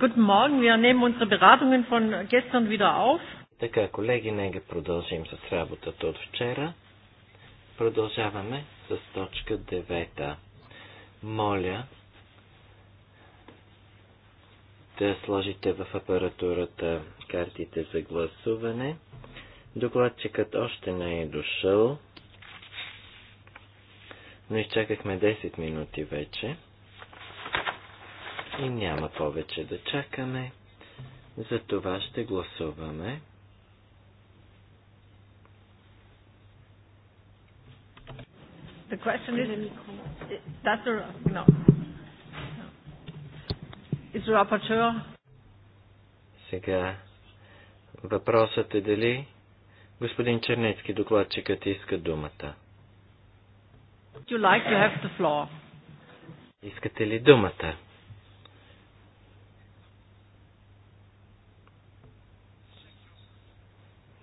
Guten Morgen, wir nehmen unsere Beratungen von gestern wieder auf. Така, колеги, нека продължим с работата от вчера. Продължаваме с точка 9. Моля да сложите в апаратурата картите за гласуване. Докладчикът още не е дошъл, но изчакахме 10 минути вече. И няма повече да чакаме. За това ще гласуваме. The question is, that's a, no. Is the rapporteur... Сега въпросът е дали господин Чернецки, докладчикът, иска думата. You like to have the floor. Искате ли думата?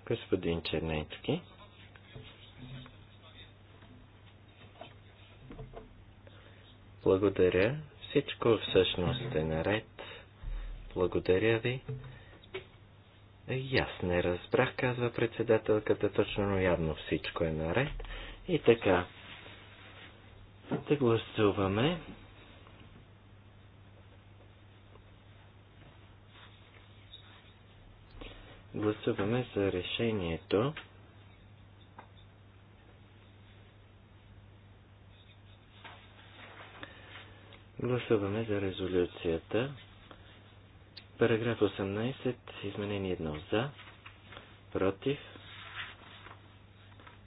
Господин Чернецки. Благодаря. Всичко всъщност е наред. Благодаря ви. аз не разбрах, казва председателката, точно, но явно всичко е наред. И така, да гласуваме Гласуваме за решението. Гласуваме за резолюцията. Параграф 18, изменение 1 за, против,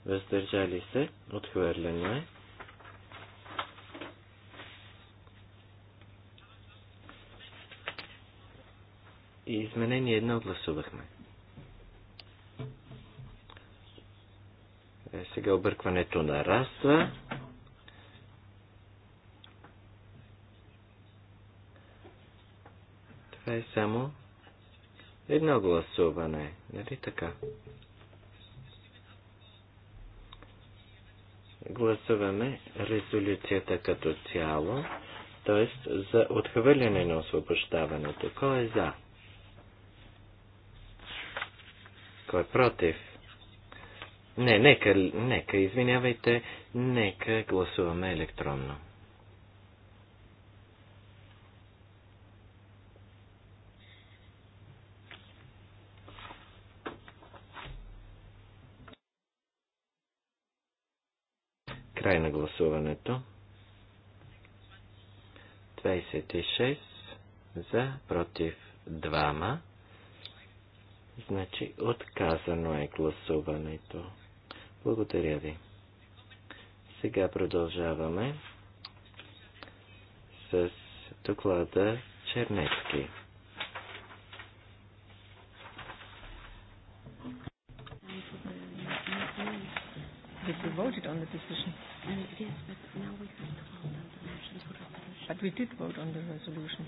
въздържали се, отхвърлено е. И изменение едно гласувахме. Е, сега объркването нараства. Това е само едно гласуване, нали така? Гласуваме резолюцията като цяло, т.е. за отхвърляне на освобождаването. Кой е за? Кой е против? Не, нека, нека, извинявайте, нека гласуваме електронно. Край на гласуването. 26 за, против 2. Значи отказано е гласуването. Благодаря ви. Сега продължаваме с доклада Чернецки. But we voted on the decision. yes, but now we have to vote on the for resolution. But we did vote on the resolution.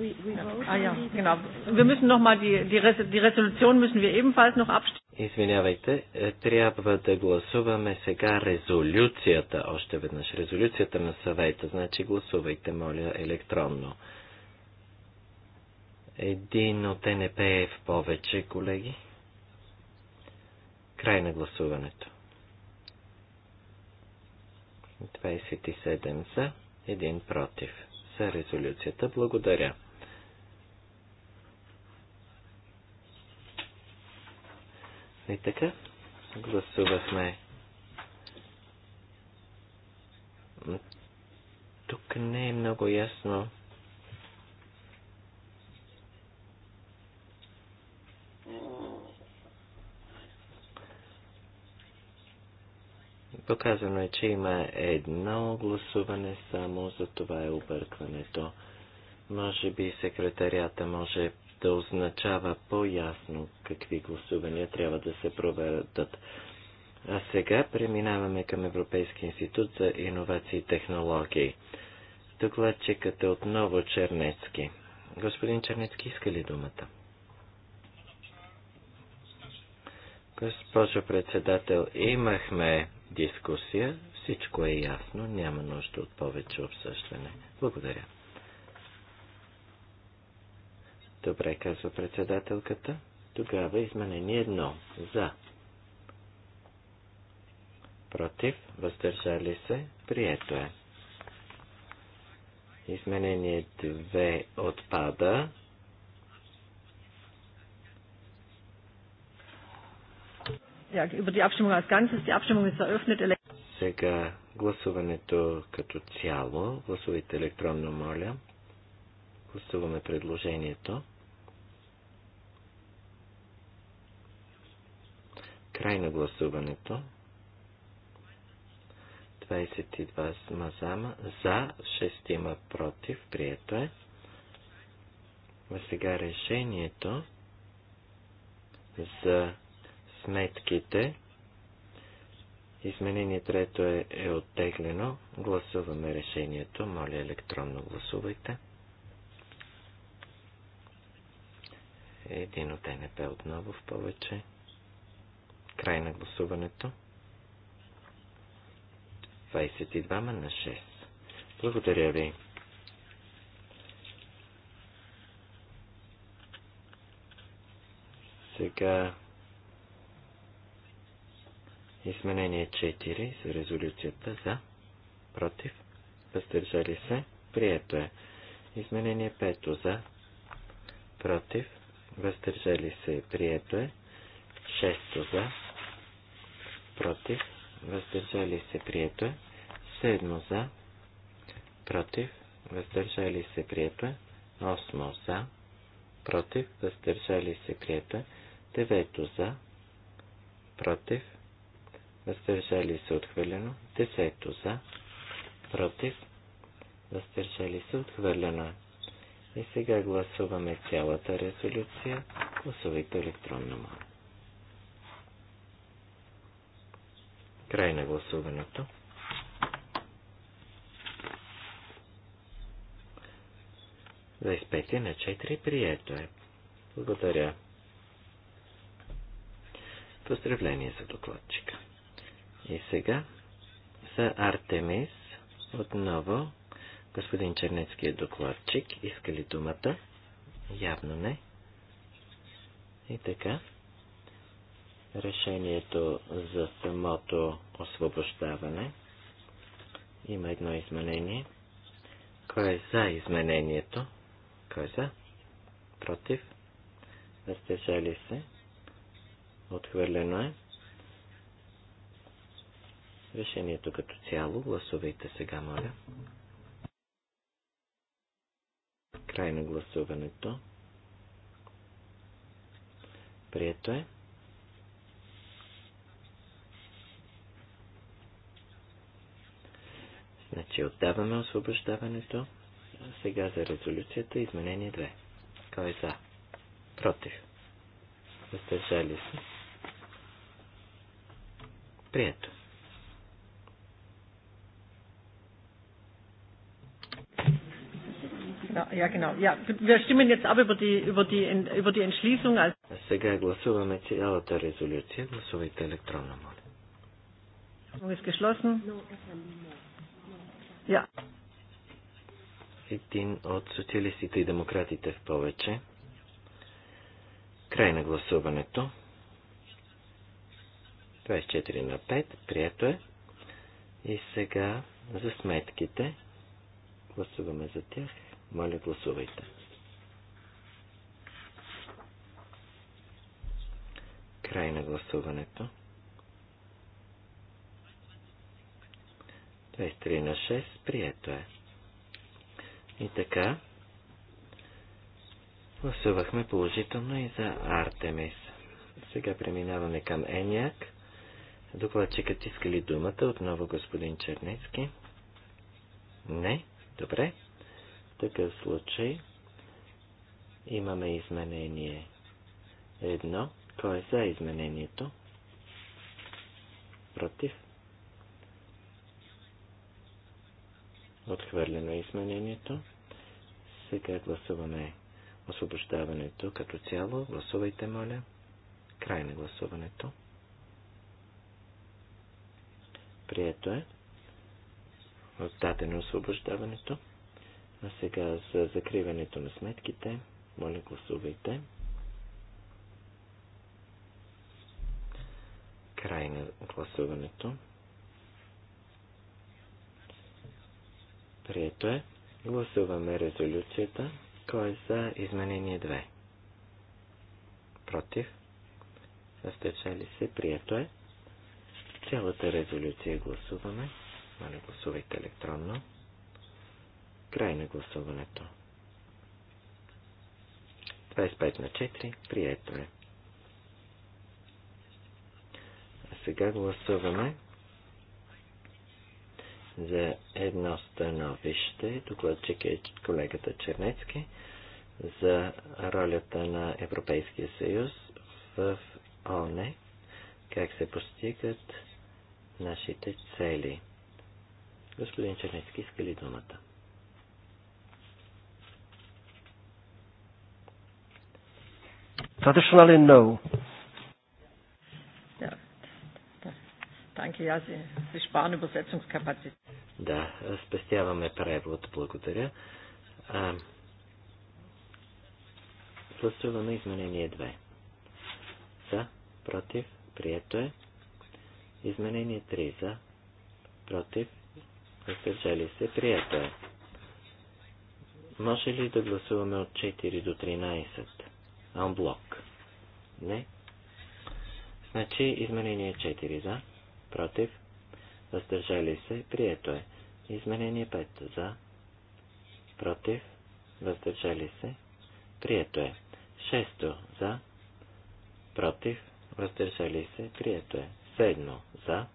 We, we ah ja, genau. Wir müssen noch mal die, die, Res die Resolution müssen wir ebenfalls noch abstimmen. Извинявайте, е, трябва да гласуваме сега резолюцията, още веднъж резолюцията на съвета, значи гласувайте, моля, електронно. Един от НП е в повече, колеги. Край на гласуването. 27 за, един против. За резолюцията благодаря. И така, гласувахме. Тук не е много ясно. Показано е, че има едно гласуване само, за това е объркването. Може би секретарията може да означава по-ясно какви гласувания трябва да се проведат. А сега преминаваме към Европейски институт за иновации и технологии. Докладчикът е отново Чернецки. Господин Чернецки иска ли думата? Госпожо председател, имахме дискусия, всичко е ясно, няма нужда от повече обсъждане. Благодаря. Добре, казва председателката. Тогава изменение едно. За. Против. Въздържали се. Прието е. Изменение 2 отпада. Сега гласуването като цяло. Гласувайте електронно, моля. Гласуваме предложението. Край на гласуването. 22 мазама за, 6 има против, прието е. А сега решението за сметките. Изменение трето е, е оттеглено. Гласуваме решението. Моля електронно гласувайте. Един от НП отново в повече. Край на гласуването. 22 на 6. Благодаря ви. Сега изменение 4 за резолюцията за, против, въздържали се, прието е. Изменение 5 за, против, въздържали се, прието е. 6 за, против, въздържали се, прието е. Седмо за, против, въздържали се, прието е. Осмо за, против, въздържали се, прието е. Девето за, против, въздържали се, отхвърлено. Десето за, против, въздържали се, отхвърлено е. И сега гласуваме цялата резолюция. Гласувайте електронно, малко. Край на гласуването. За изпетие на 4 прието е. Благодаря. Поздравление за докладчика. И сега за Артемис отново господин Чернецки е докладчик. Иска ли думата? Явно не. И така решението за самото освобождаване. Има едно изменение. Кой е за изменението? Кой е за? Против? Въздържали се? Отхвърлено е. Решението като цяло. Гласувайте сега, моля. Край на гласуването. Прието е. Значи отдаваме освобождаването. Сега за резолюцията изменение 2. Кой е за? Против. Въздържали се. Прието. Ja, genau. Ja, wir stimmen jetzt ab über die, über die, über die Entschließung. Сега гласуваме цялата резолюция. Гласувайте електронно, моля. Ist geschlossen. No, Ja. Един от социалистите и демократите в повече. Край на гласуването. 24 на 5. Прието е. И сега за сметките. Гласуваме за тях. Моля, гласувайте. Край на гласуването. 23 на 6, прието е. И така, гласувахме положително и за Артемис. Сега преминаваме към Еняк. Докладчикът иска ли думата? Отново господин Чернецки. Не? Добре. В такъв случай имаме изменение. Едно. Кой е за изменението? Против? Отхвърлено е изменението. Сега е гласуваме освобождаването като цяло. Гласувайте, моля. Край на гласуването. Прието е. Отдадено е освобождаването. А сега за закриването на сметките. Моля, гласувайте. Край на гласуването. Прието е. Гласуваме резолюцията. Кой е за изменение 2? Против. Въстъчали се. Прието е. Цялата резолюция гласуваме. Моля, гласувайте електронно. Край на гласуването. 25 на 4. Прието е. А сега гласуваме за едно становище, тук е колегата Чернецки, за ролята на Европейския съюз в ОНЕ, как се постигат нашите цели. Господин Чернецки, иска ли думата? Traditionally, no. Danke, ja, Sie, Sie sparen Übersetzungskapazität. Да, спестяваме превод, благодаря. А, гласуваме изменение 2. За, против, прието е. Изменение 3 за, против, въздържали се, прието е. Може ли да гласуваме от 4 до 13? Анблок. Не. Значи изменение 4 за против, въздържали се, прието е. Изменение 5 за, против, въздържали се, прието е. Шесто за, против, въздържали се, прието е. Седмо за,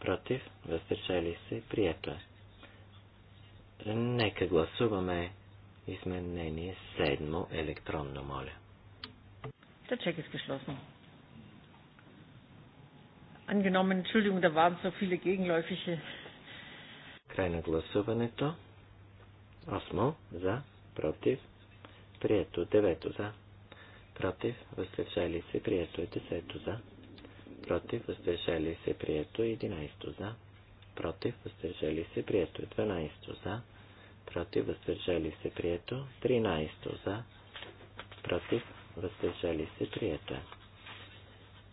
против, въздържали се, прието е. Нека гласуваме изменение седмо електронно, моля. Да чекай изкашлосно. Angenommen, Entschuldigung, da waren so viele gegenläufige. Край на гласуването. Осмо за, против, прието. Девето за, против, въздържали се, прието. Десето за, против, въздържали се, прието. Единайсто за, против, въздържали се, прието. Дванайсто за, против, въздържали се, прието. Тринайсто за, против, въздържали се, прието.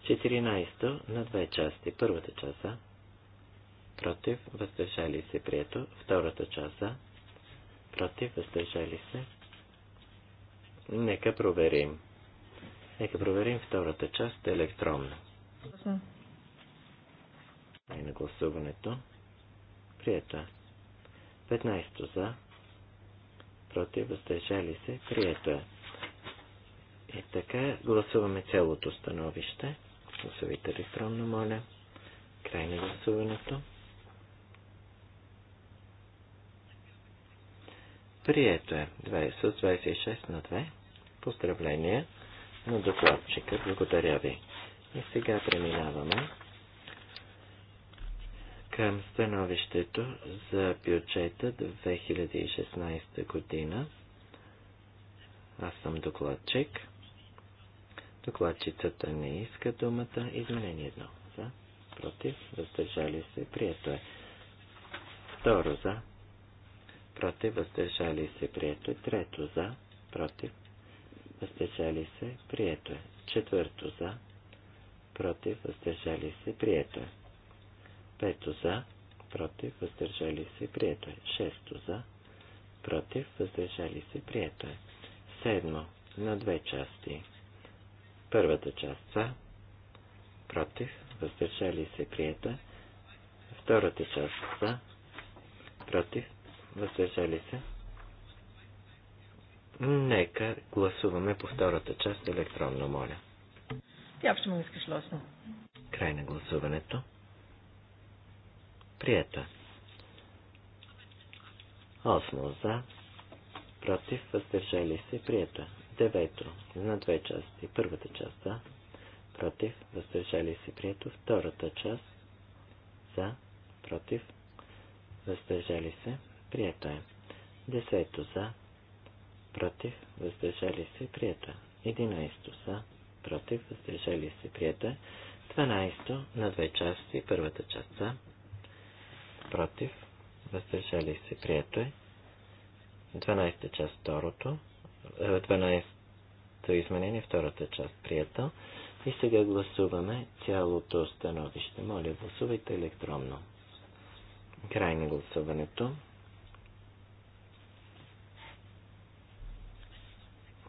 14 на две части. Първата част за, против, въздържали се, прието. Втората част за, против, въздържали се. Нека проверим. Нека проверим втората част електронно. Ай на гласуването. Прието. 15 е. за, против, въздържали се, прието е. И така гласуваме цялото становище. Гласувайте електронно, моля. Край на гласуването. Прието е 20 от 26 на 2. Поздравления на докладчика. Благодаря ви. И сега преминаваме към становището за бюджета 2016 година. Аз съм докладчик. Докладчицата не иска думата. Изменение едно. За. Против. Въздържали се. Прието е. Второ за. Против. Въздържали се. Прието е. Трето за. Против. Въздържали се. Прието е. Четвърто за. Против. Въздържали се. Прието е. Пето за. Против. Въздържали се. Прието е. Шесто за. Против. Въздържали се. Прието е. Седмо. На две части. Първата част за, против, въздържали се, приета. Втората част са против, въздържали се. Нека гласуваме по втората част електронно, моля. Тя ще му искаш лосно. Край на гласуването. Приета. Осмо за, против, въздържали се, приета. Девето. На две части. Първата част за. Против. Въздържали се. Прието. Втората част. За. Против. Въздържали се. Прието е. Десето. За. Против. Въздържали се. Прието е. Единайсто. За. Против. Въздържали се. Прието е. Дванайсто. На две части. Първата част. За. Против. Въздържали се. Прието е. 12 част второто, 12-то изменение, втората част прието. И сега гласуваме цялото становище. Моля, гласувайте електронно. Край на гласуването.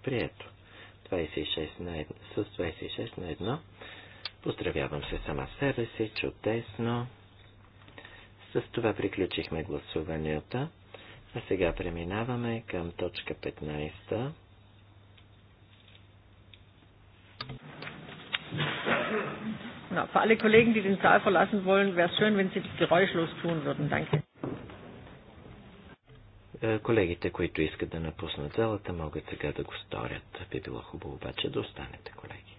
Прието. 26 на 1, с 26 на 1. Поздравявам се сама себе си. Чудесно. С това приключихме гласуванията. А сега преминаваме към точка 15. Na, für alle Kollegen, die den Saal verlassen wollen, wäre es schön, wenn sie das geräuschlos tun würden. Danke. Е, колегите, които искат да напуснат залата, могат сега да го сторят. Би било хубаво обаче да останете, колеги.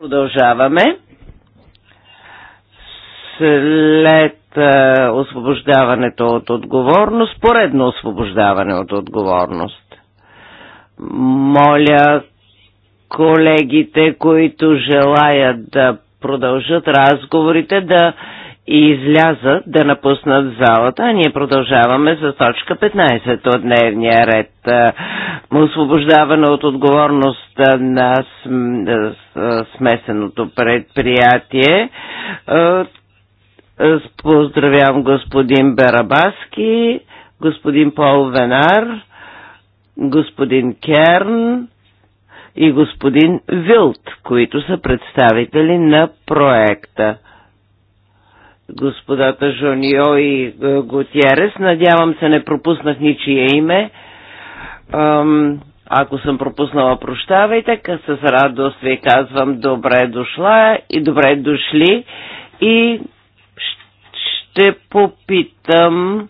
Продължаваме. След е, освобождаването от отговорност, поредно освобождаване от отговорност. Моля колегите, които желаят да продължат разговорите, да и излязат да напуснат залата, а ние продължаваме за точка 15 от дневния ред. Е, освобождаване от отговорност на е, е, смесеното предприятие. Поздравявам господин Барабаски, господин Пол Венар, господин Керн, и господин Вилт, които са представители на проекта господата Жонио и е, Готиерес. Надявам се не пропуснах ничие име. Ако съм пропуснала, прощавайте. С радост ви казвам добре дошла и добре дошли. И ще попитам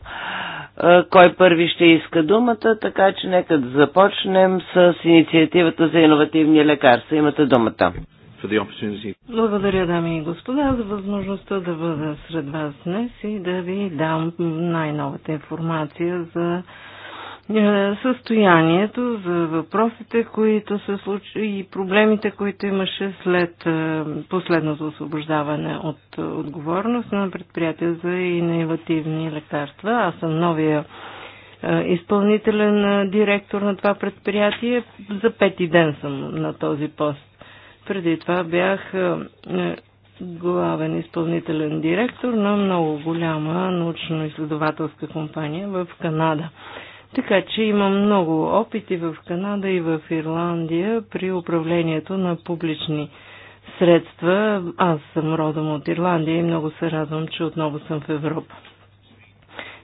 е, кой първи ще иска думата, така че нека да започнем с инициативата за иновативни лекарства. Имате думата for the opportunity. Благодаря, дами и господа, за възможността да бъда сред вас днес и да ви дам най-новата информация за е, състоянието, за въпросите, които се случи и проблемите, които имаше след е, последното освобождаване от отговорност на предприятия за иновативни лекарства. Аз съм новия е, изпълнителен директор на това предприятие. За пети ден съм на този пост. Преди това бях е, е, главен изпълнителен директор на много голяма научно-изследователска компания в Канада. Така че имам много опити в Канада и в Ирландия при управлението на публични средства. Аз съм родом от Ирландия и много се радвам, че отново съм в Европа.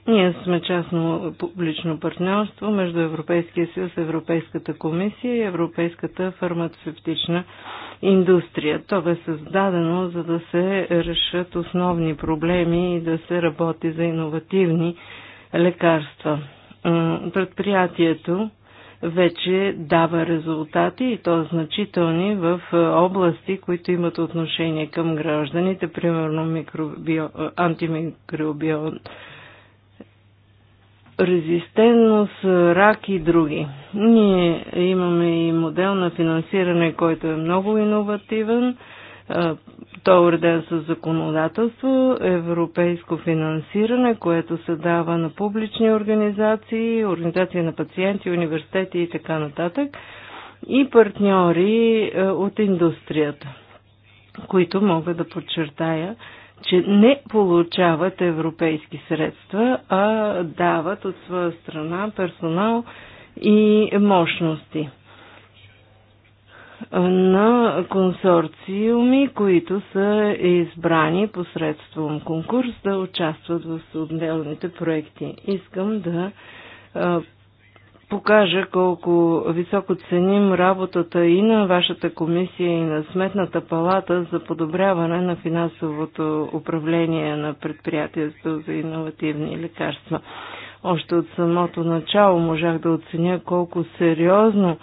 Ние сме частно публично партньорство между Европейския съюз, Европейската комисия и Европейската фармацевтична индустрия. То бе създадено, за да се решат основни проблеми и да се работи за иновативни лекарства. Предприятието вече дава резултати и то значителни в е, области, които имат отношение към гражданите, примерно микробио, е, антимикробион резистентност, рак и други. Ние имаме и модел на финансиране, който е много иновативен. Той е уреден с законодателство, европейско финансиране, което се дава на публични организации, организации на пациенти, университети и така нататък, и партньори от индустрията, които мога да подчертая – че не получават европейски средства, а дават от своя страна персонал и мощности на консорциуми, които са избрани посредством конкурс да участват в отделните проекти. Искам да покажа колко високо ценим работата и на вашата комисия и на Сметната палата за подобряване на финансовото управление на предприятието за иновативни лекарства. Още от самото начало можах да оценя колко сериозно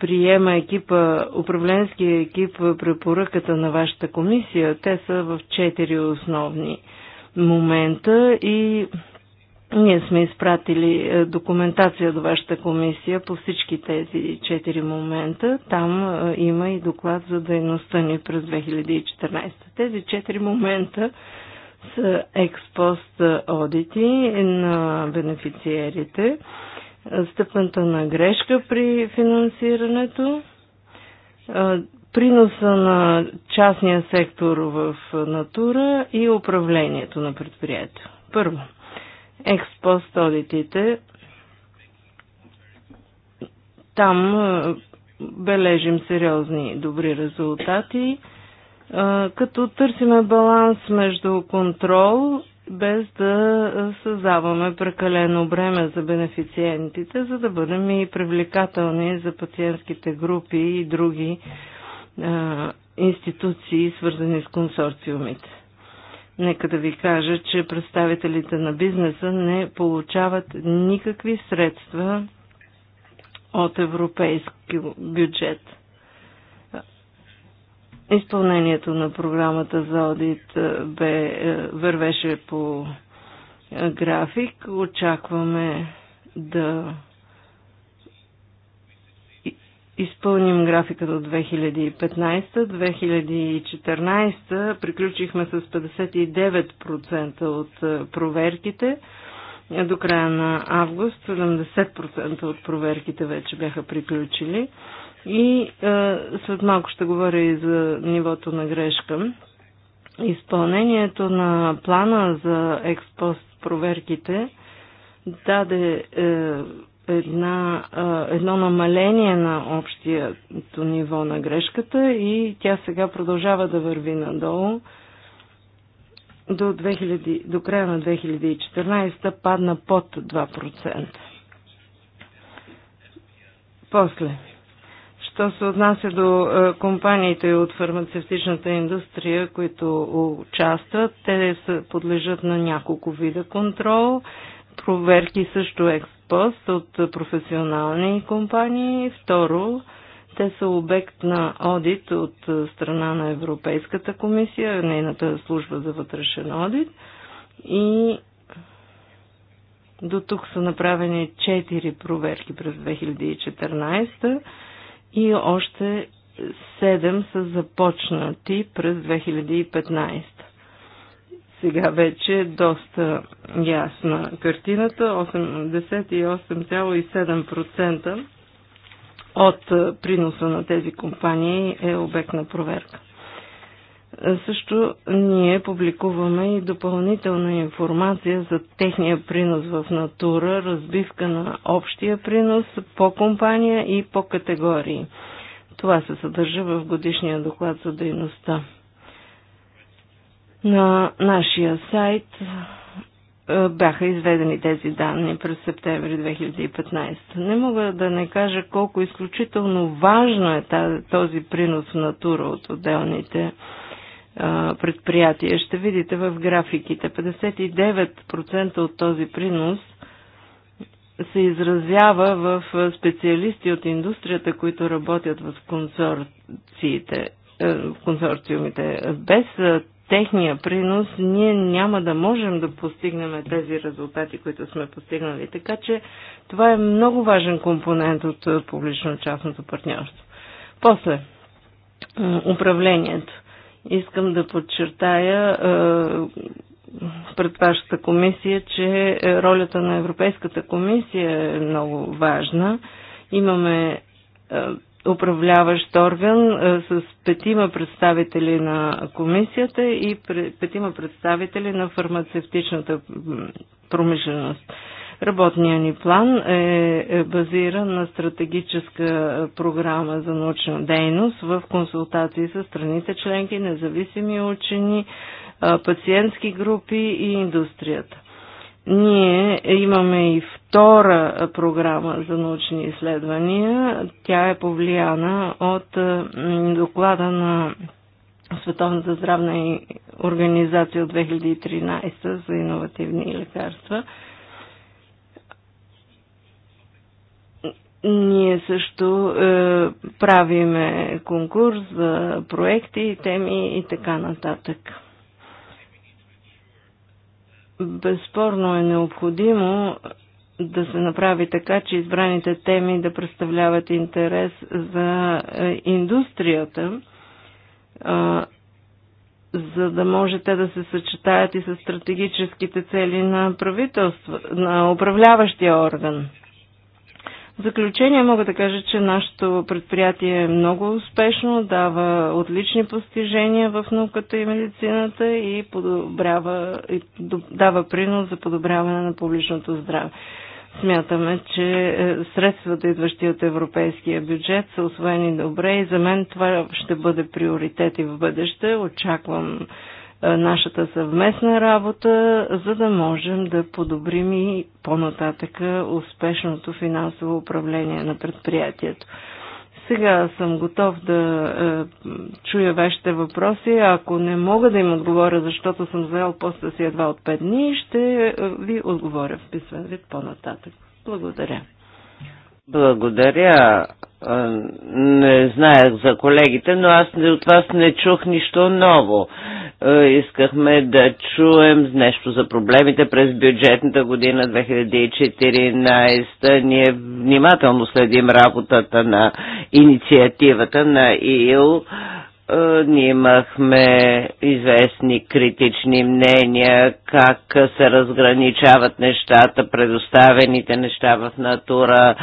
приема екипа, управленския екип препоръката на вашата комисия. Те са в четири основни момента и ние сме изпратили е, документация до вашата комисия по всички тези четири момента. Там е, има и доклад за дейността ни през 2014. Тези четири момента са експост одити на бенефициерите, стъпната на грешка при финансирането, е, приноса на частния сектор в натура и управлението на предприятието. Първо – експост одитите. Там бележим сериозни добри резултати, като търсиме баланс между контрол, без да създаваме прекалено бреме за бенефициентите, за да бъдем и привлекателни за пациентските групи и други институции, свързани с консорциумите. Нека да ви кажа, че представителите на бизнеса не получават никакви средства от европейски бюджет. Изпълнението на програмата за аудит е, бе, е, вървеше по е, график. Очакваме да изпълним графика до 2015-2014. Приключихме с 59% от е, проверките. До края на август 70% от проверките вече бяха приключили. И е, след малко ще говоря и за нивото на грешка. Изпълнението на плана за експост проверките даде е, една, едно намаление на общието ниво на грешката и тя сега продължава да върви надолу. До, 2000, до края на 2014 падна под 2%. После, що се отнася до компаниите от фармацевтичната индустрия, които участват, те подлежат на няколко вида контрол проверки също екс пост от професионални компании. Второ, те са обект на одит от страна на Европейската комисия, нейната служба за вътрешен одит. И до тук са направени 4 проверки през 2014 и още 7 са започнати през 2015. Сега вече е доста ясна картината. 88,7% от приноса на тези компании е обект на проверка. Също ние публикуваме и допълнителна информация за техния принос в натура, разбивка на общия принос по компания и по категории. Това се съдържа в годишния доклад за дейността. На нашия сайт е, бяха изведени тези данни през септември 2015. Не мога да не кажа колко изключително важно е този принос в натура от отделните е, предприятия. Ще видите в графиките. 59% от този принос се изразява в специалисти от индустрията, които работят в консорциите е, в консорциумите. Без техния принос, ние няма да можем да постигнем тези резултати, които сме постигнали. Така че това е много важен компонент от е, публично-частното партньорство. После, управлението. Искам да подчертая е, пред вашата комисия, че е, ролята на Европейската комисия е много важна. Имаме управляващ орган с петима представители на комисията и петима представители на фармацевтичната промишленост. Работният ни план е, е базиран на стратегическа програма за научна дейност в консултации с страните членки, независими учени, пациентски групи и индустрията. Ние имаме и втора програма за научни изследвания. Тя е повлияна от е, доклада на Световната здравна организация от 2013 за иновативни лекарства. Ние също е, правиме конкурс за проекти, теми и така нататък безспорно е необходимо да се направи така, че избраните теми да представляват интерес за е, индустрията, за да може те да се съчетаят и с стратегическите цели на на управляващия орган. В заключение мога да кажа, че нашето предприятие е много успешно, дава отлични постижения в науката и медицината и, подобрява, и дава принос за подобряване на публичното здраве. Смятаме, че е, средствата, идващи от европейския бюджет, са освоени добре и за мен това ще бъде приоритет и в бъдеще. Очаквам е, нашата съвместна работа, за да можем да подобрим и по-нататъка успешното финансово управление на предприятието. Сега съм готов да е, чуя вашите въпроси. Ако не мога да им отговоря, защото съм заел поста си едва от 5 дни, ще е, ви отговоря в писмен вид по-нататък. Благодаря. Благодаря, не знаех за колегите, но аз от вас не чух нищо ново. Искахме да чуем нещо за проблемите през бюджетната година 2014. Ние внимателно следим работата на инициативата на ИИЛ е, ние имахме известни критични мнения как се разграничават нещата, предоставените неща в натура.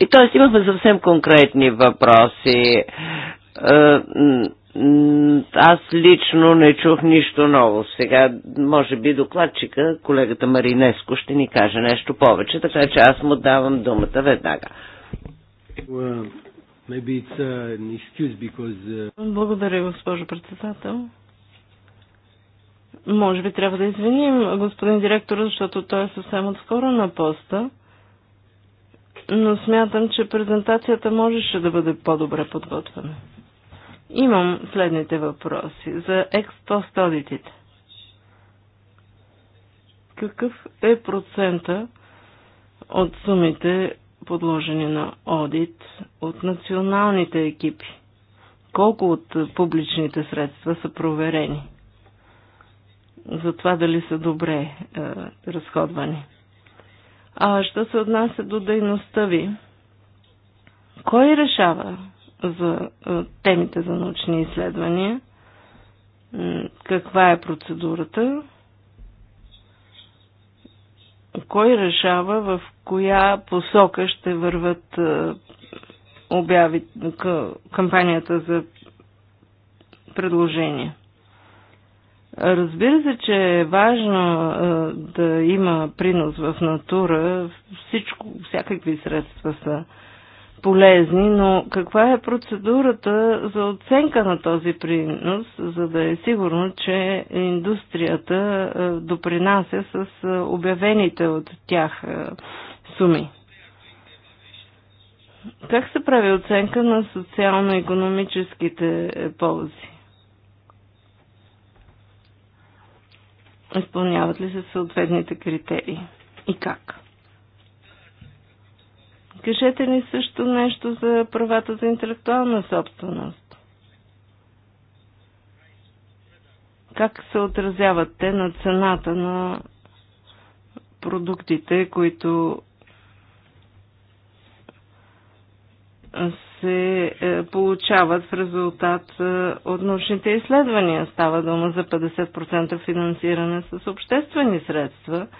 И т.е. имахме съвсем конкретни въпроси. Е, аз лично не чух нищо ново. Сега, може би докладчика, колегата Маринеско, ще ни каже нещо повече, така че аз му давам думата веднага. Е, Uh, uh, Благодаря, госпожо председател. Може би трябва да извиним господин директора, защото той е съвсем отскоро на поста. Но смятам, че презентацията можеше да бъде по-добре подготвена. Имам следните въпроси за експост Какъв е процента от сумите подложени на одит от националните екипи? Колко от публичните средства са проверени? За това дали са добре е, разходвани. А що се отнася до дейността ви? Кой решава за е, темите за научни изследвания? Каква е процедурата? кой решава в коя посока ще върват е, обяви, кампанията за предложения. Разбира се, че е важно е, да има принос в натура. Всичко, всякакви средства са полезни, но каква е процедурата за оценка на този принос, за да е сигурно, че индустрията е, допринася с е, обявените от тях е, суми? Как се прави оценка на социално-економическите ползи? Изпълняват ли се съответните критерии? И как? Кажете ни също нещо за правата за интелектуална собственост. Как се отразяват те на цената на продуктите, които се е, получават в резултат е, от научните изследвания. Става дума за 50% финансиране с обществени средства –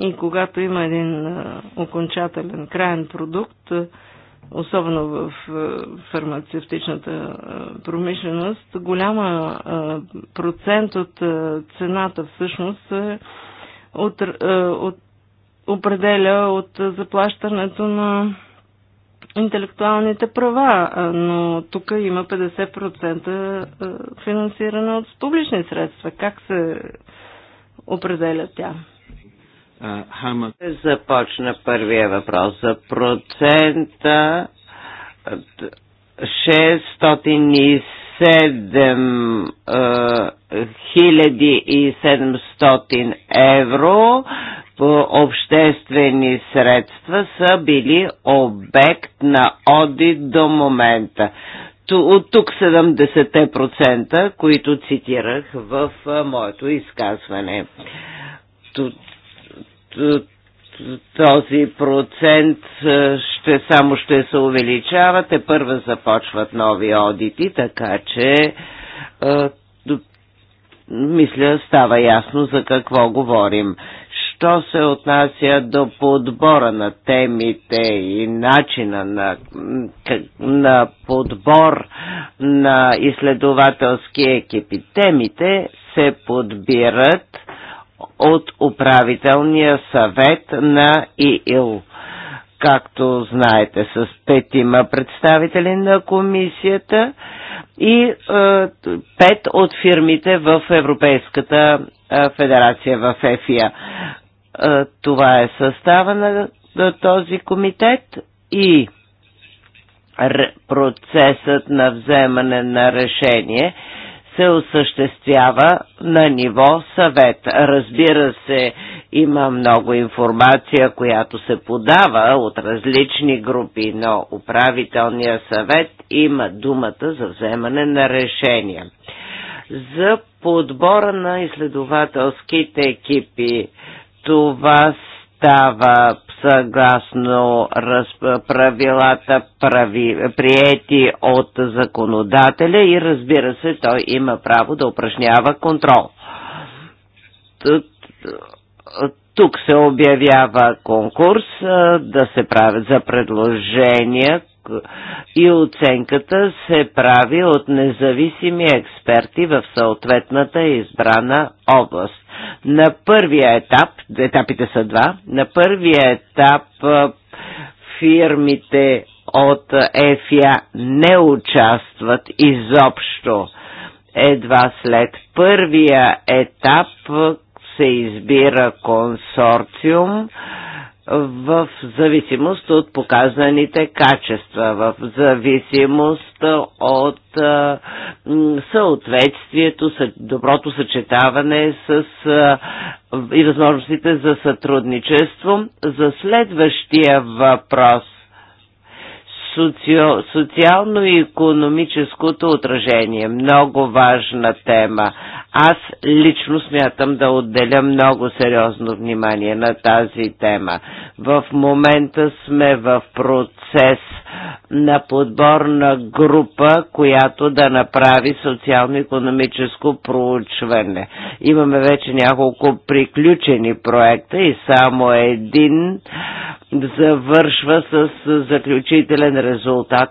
и когато има един окончателен крайен продукт, особено в фармацевтичната промишленост, голяма процент от цената всъщност е от, от, определя от заплащането на интелектуалните права, но тук има 50% финансиране от публични средства. Как се определя тя? Започна първия въпрос за процента 607 1700 евро по обществени средства са били обект на одит до момента. От тук 70%, които цитирах в моето изказване този процент ще само ще се увеличава. Те първа започват нови одити, така че мисля става ясно за какво говорим. Що се отнася до подбора на темите и начина на, на подбор на изследователски екипи, темите се подбират от управителния съвет на ИИЛ. Както знаете, с петима представители на комисията и е, пет от фирмите в Европейската е, федерация в ЕФИА. Е, това е състава на, на този комитет и процесът на вземане на решение се осъществява на ниво съвет. Разбира се, има много информация, която се подава от различни групи, но управителния съвет има думата за вземане на решения. За подбора на изследователските екипи това става съгласно правилата прави, приети от законодателя и разбира се, той има право да упражнява контрол. Тук се обявява конкурс да се правят за предложения, и оценката се прави от независими експерти в съответната избрана област. На първия етап, етапите са два, на първия етап фирмите от ЕФИА не участват изобщо. Едва след първия етап се избира консорциум, в зависимост от показаните качества, в зависимост от съответствието, доброто съчетаване с и възможностите за сътрудничество. За следващия въпрос социо, социално и економическото отражение. Много важна тема. Аз лично смятам да отделя много сериозно внимание на тази тема. В момента сме в процес на подборна група, която да направи социално-економическо проучване. Имаме вече няколко приключени проекта и само един завършва с заключителен резултат,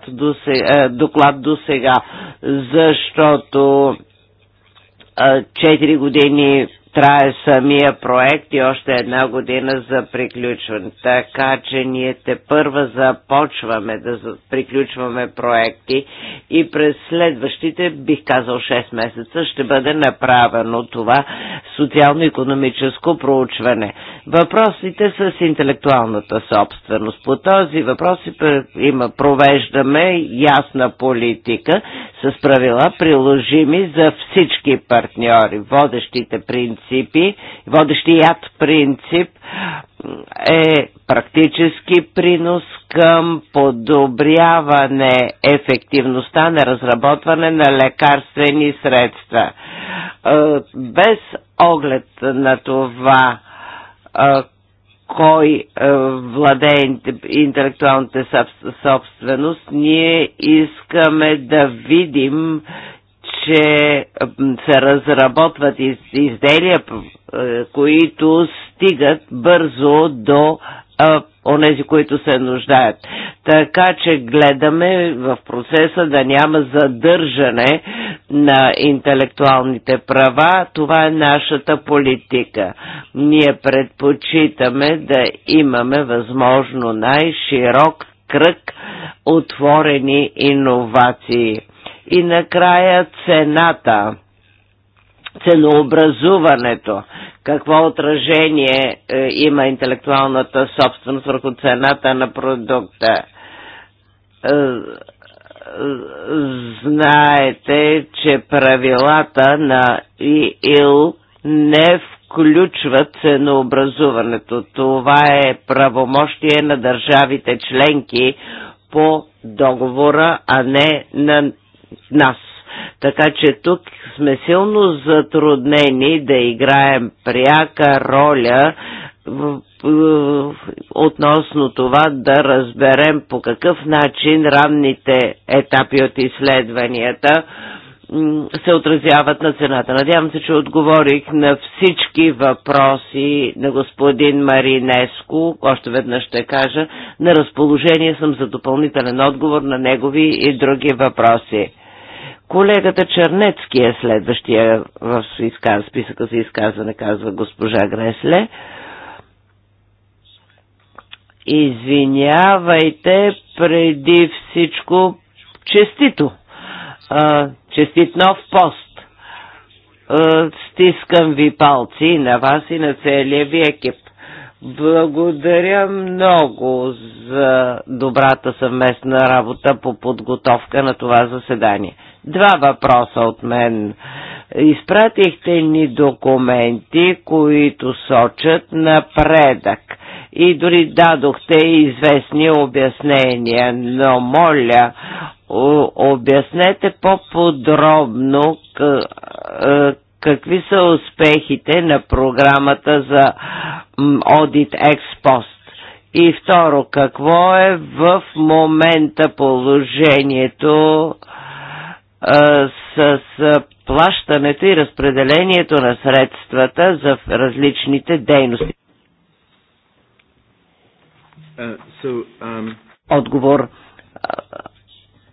е, доклад до сега, защото 4 години трае самия проект и още една година за приключване. Така че ние те първа започваме да приключваме проекти и през следващите, бих казал 6 месеца, ще бъде направено това социално-економическо проучване. Въпросите с интелектуалната собственост. По този въпрос има, провеждаме ясна политика с правила приложими за всички партньори. Водещите принципи принципи, водещият принцип е практически принос към подобряване ефективността на разработване на лекарствени средства. Е, без оглед на това, е, кой е, владее интелектуалната собственост, ние искаме да видим че се разработват из, изделия, е, които стигат бързо до а, онези, които се нуждаят. Така че гледаме в процеса да няма задържане на интелектуалните права. Това е нашата политика. Ние предпочитаме да имаме възможно най-широк кръг отворени иновации и накрая цената, ценообразуването, какво отражение е, има интелектуалната собственост върху цената на продукта е, знаете, че правилата на ИИЛ не включват ценообразуването. Това е правомощие на държавите членки по договора, а не на нас. Така че тук сме силно затруднени да играем пряка роля относно това да разберем по какъв начин ранните етапи от изследванията се отразяват на цената. Надявам се, че отговорих на всички въпроси на господин Маринеско. Още веднъж ще кажа, на разположение съм за допълнителен отговор на негови и други въпроси. Колегата Чернецки е следващия в списъка за изказване, казва госпожа Гресле. Извинявайте преди всичко честито. Честит нов пост! Е, стискам ви палци на вас и на целия ви екип. Благодаря много за добрата съвместна работа по подготовка на това заседание. Два въпроса от мен. Изпратихте ни документи, които сочат напредък и дори дадохте известни обяснения, но моля, обяснете по-подробно какви са успехите на програмата за Audit Експост. И второ, какво е в момента положението а, с, плащането и разпределението на средствата за различните дейности? Uh, um, Отговор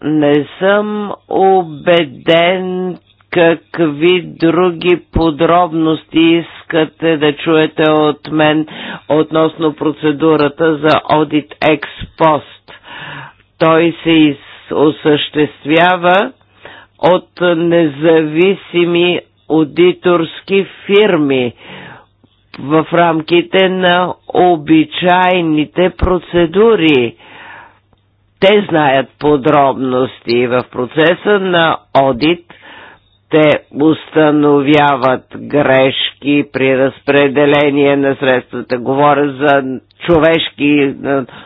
не съм убеден какви други подробности искате да чуете от мен относно процедурата за одит експост. Той се осъществява от независими аудиторски фирми в рамките на обичайните процедури те знаят подробности в процеса на одит те установяват грешки при разпределение на средствата. Говоря за човешки, е,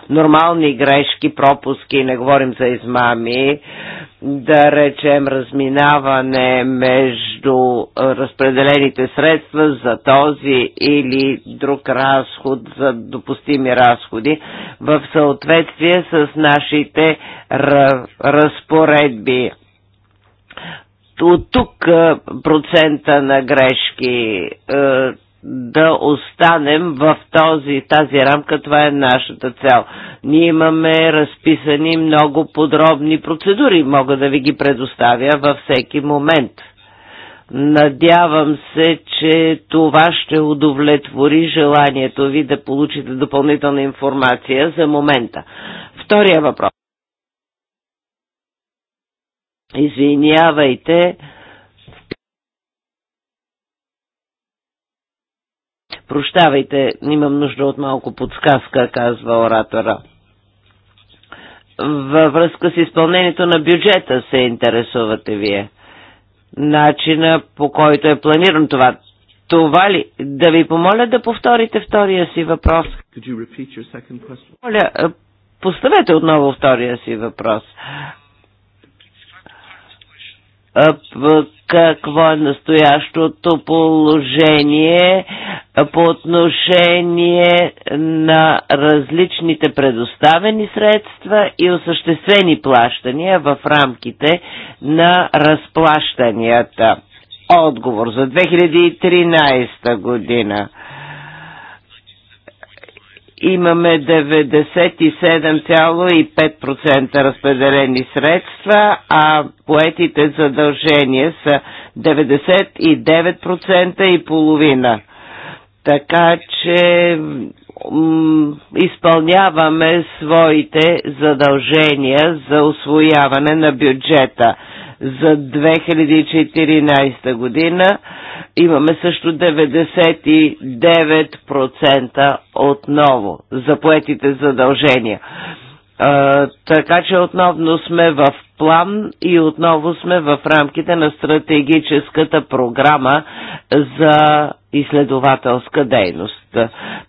нормални грешки, пропуски, не говорим за измами, да речем разминаване между е, разпределените средства за този или друг разход, за допустими разходи, в съответствие с нашите разпоредби от тук е, процента на грешки е, да останем в този, тази рамка, това е нашата цел. Ние имаме разписани много подробни процедури, мога да ви ги предоставя във всеки момент. Надявам се, че това ще удовлетвори желанието ви да получите допълнителна информация за момента. Втория въпрос. Извинявайте. Прощавайте, имам нужда от малко подсказка, казва оратора. Във връзка с изпълнението на бюджета се интересувате вие. Начина по който е планиран това. Това ли? Да ви помоля да повторите втория си въпрос. Моля, е, поставете отново втория си въпрос какво е настоящото положение по отношение на различните предоставени средства и осъществени плащания в рамките на разплащанията. Отговор за 2013 година имаме 97,5% разпределени средства, а поетите задължения са 99% и половина. Така че изпълняваме своите задължения за освояване на бюджета за 2014 година. Имаме също 99% отново за поетите задължения. А, така че отново сме в план и отново сме в рамките на стратегическата програма за изследователска дейност.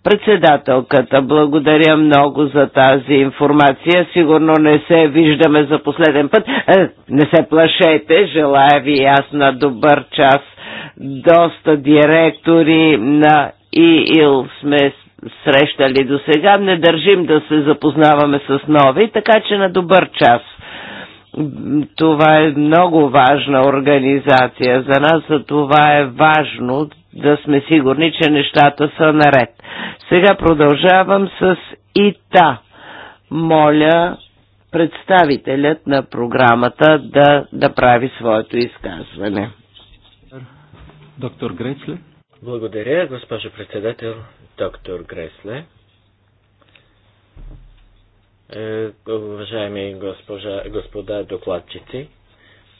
Председателката, благодаря много за тази информация. Сигурно не се виждаме за последен път. Е, не се плашете, желая ви ясна добър час. Доста директори на ИИЛ сме срещали до сега. Не държим да се запознаваме с нови, така че на добър час. Това е много важна организация за нас, за това е важно да сме сигурни, че нещата са наред. Сега продължавам с ИТА. Моля представителят на програмата да, да прави своето изказване. Доктор Гресле. Благодаря, госпожо председател, доктор Гресле. Е, уважаеми госпожа, господа докладчици,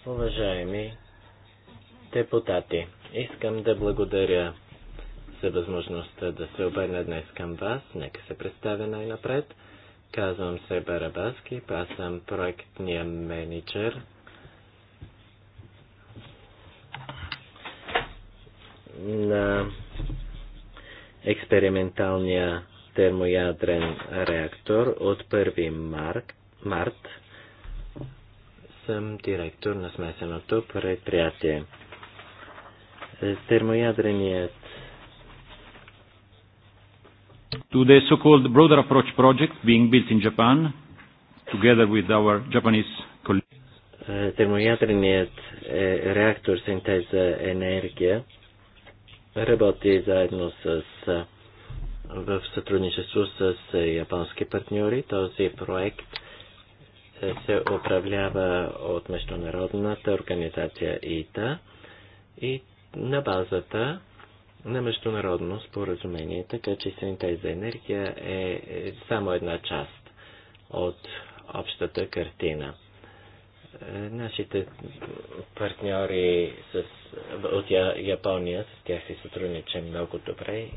уважаеми депутати. Искам да благодаря за възможността да се обърна днес към вас. Нека се представя най-напред. Казвам се Барабаски, аз съм проектния менеджер. на експерименталния термоядрен е реактор от 1 март, март съм директор на смесеното предприятие. Термоядреният To the so-called broader approach project being built in Japan, together with our Japanese colleagues. Е, термоядреният е, реактор синтеза енергия работи заедно с е, в сътрудничество с японски партньори. Този проект се управлява от Международната организация ИТА и на базата на международно споразумение, така че синтеза енергия е, е само една част от общата картина. Нашите партньори с, от Япония, с тях си сътрудничим много добре. Е,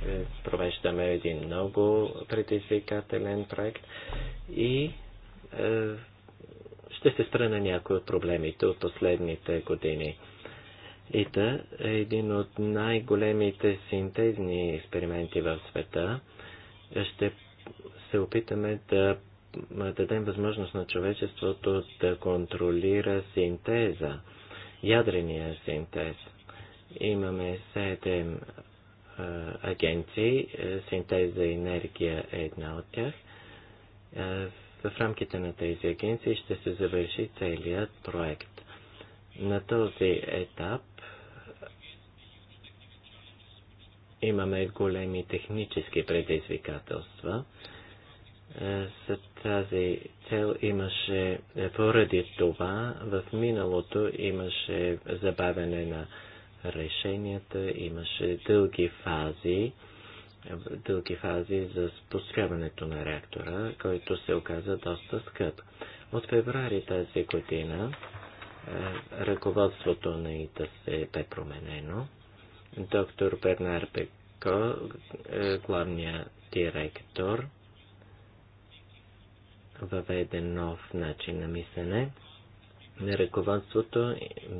провеждаме един много предизвикателен проект и е, ще се спра на някои от проблемите от последните години. И е един от най-големите синтезни експерименти в света. Ще се опитаме да дадем възможност на човечеството да контролира синтеза, ядрения синтез. Имаме 7 е, агенции, е, синтеза енергия е една от тях. Е, в рамките на тези агенции ще се завърши целият проект. На този етап имаме големи технически предизвикателства. С е, тази цел имаше, е, поради това в миналото имаше забавяне на решенията, имаше дълги фази, дълги фази за спускаването на реактора, който се оказа доста скъп. От феврари тази година е, ръководството на ИТА се бе променено. Доктор Бернар Пеко, главният директор, въведе нов начин на мислене. На ръководството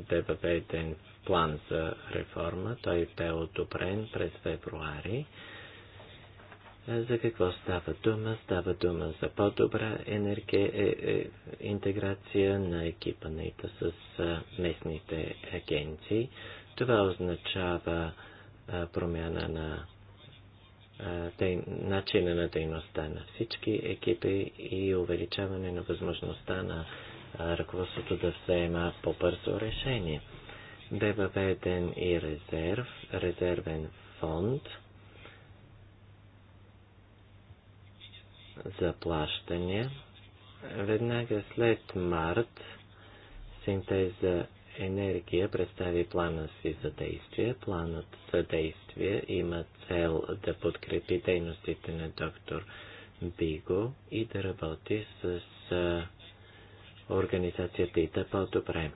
бе въведен план за реформа. Той бе одобрен през февруари. За какво става дума? Става дума за по-добра енерге... е, е, интеграция на екипа на ИТА с местните агенции. Това означава промяна на начина на дейността на всички екипи и увеличаване на възможността на ръководството да взема по-бързо решение. Бе въведен и резерв, резервен фонд за плащане. Веднага след март синтеза енергия представи плана си за действие. Планът за действие има цел да подкрепи дейностите на доктор Биго и да работи с организацията и да е по-добре.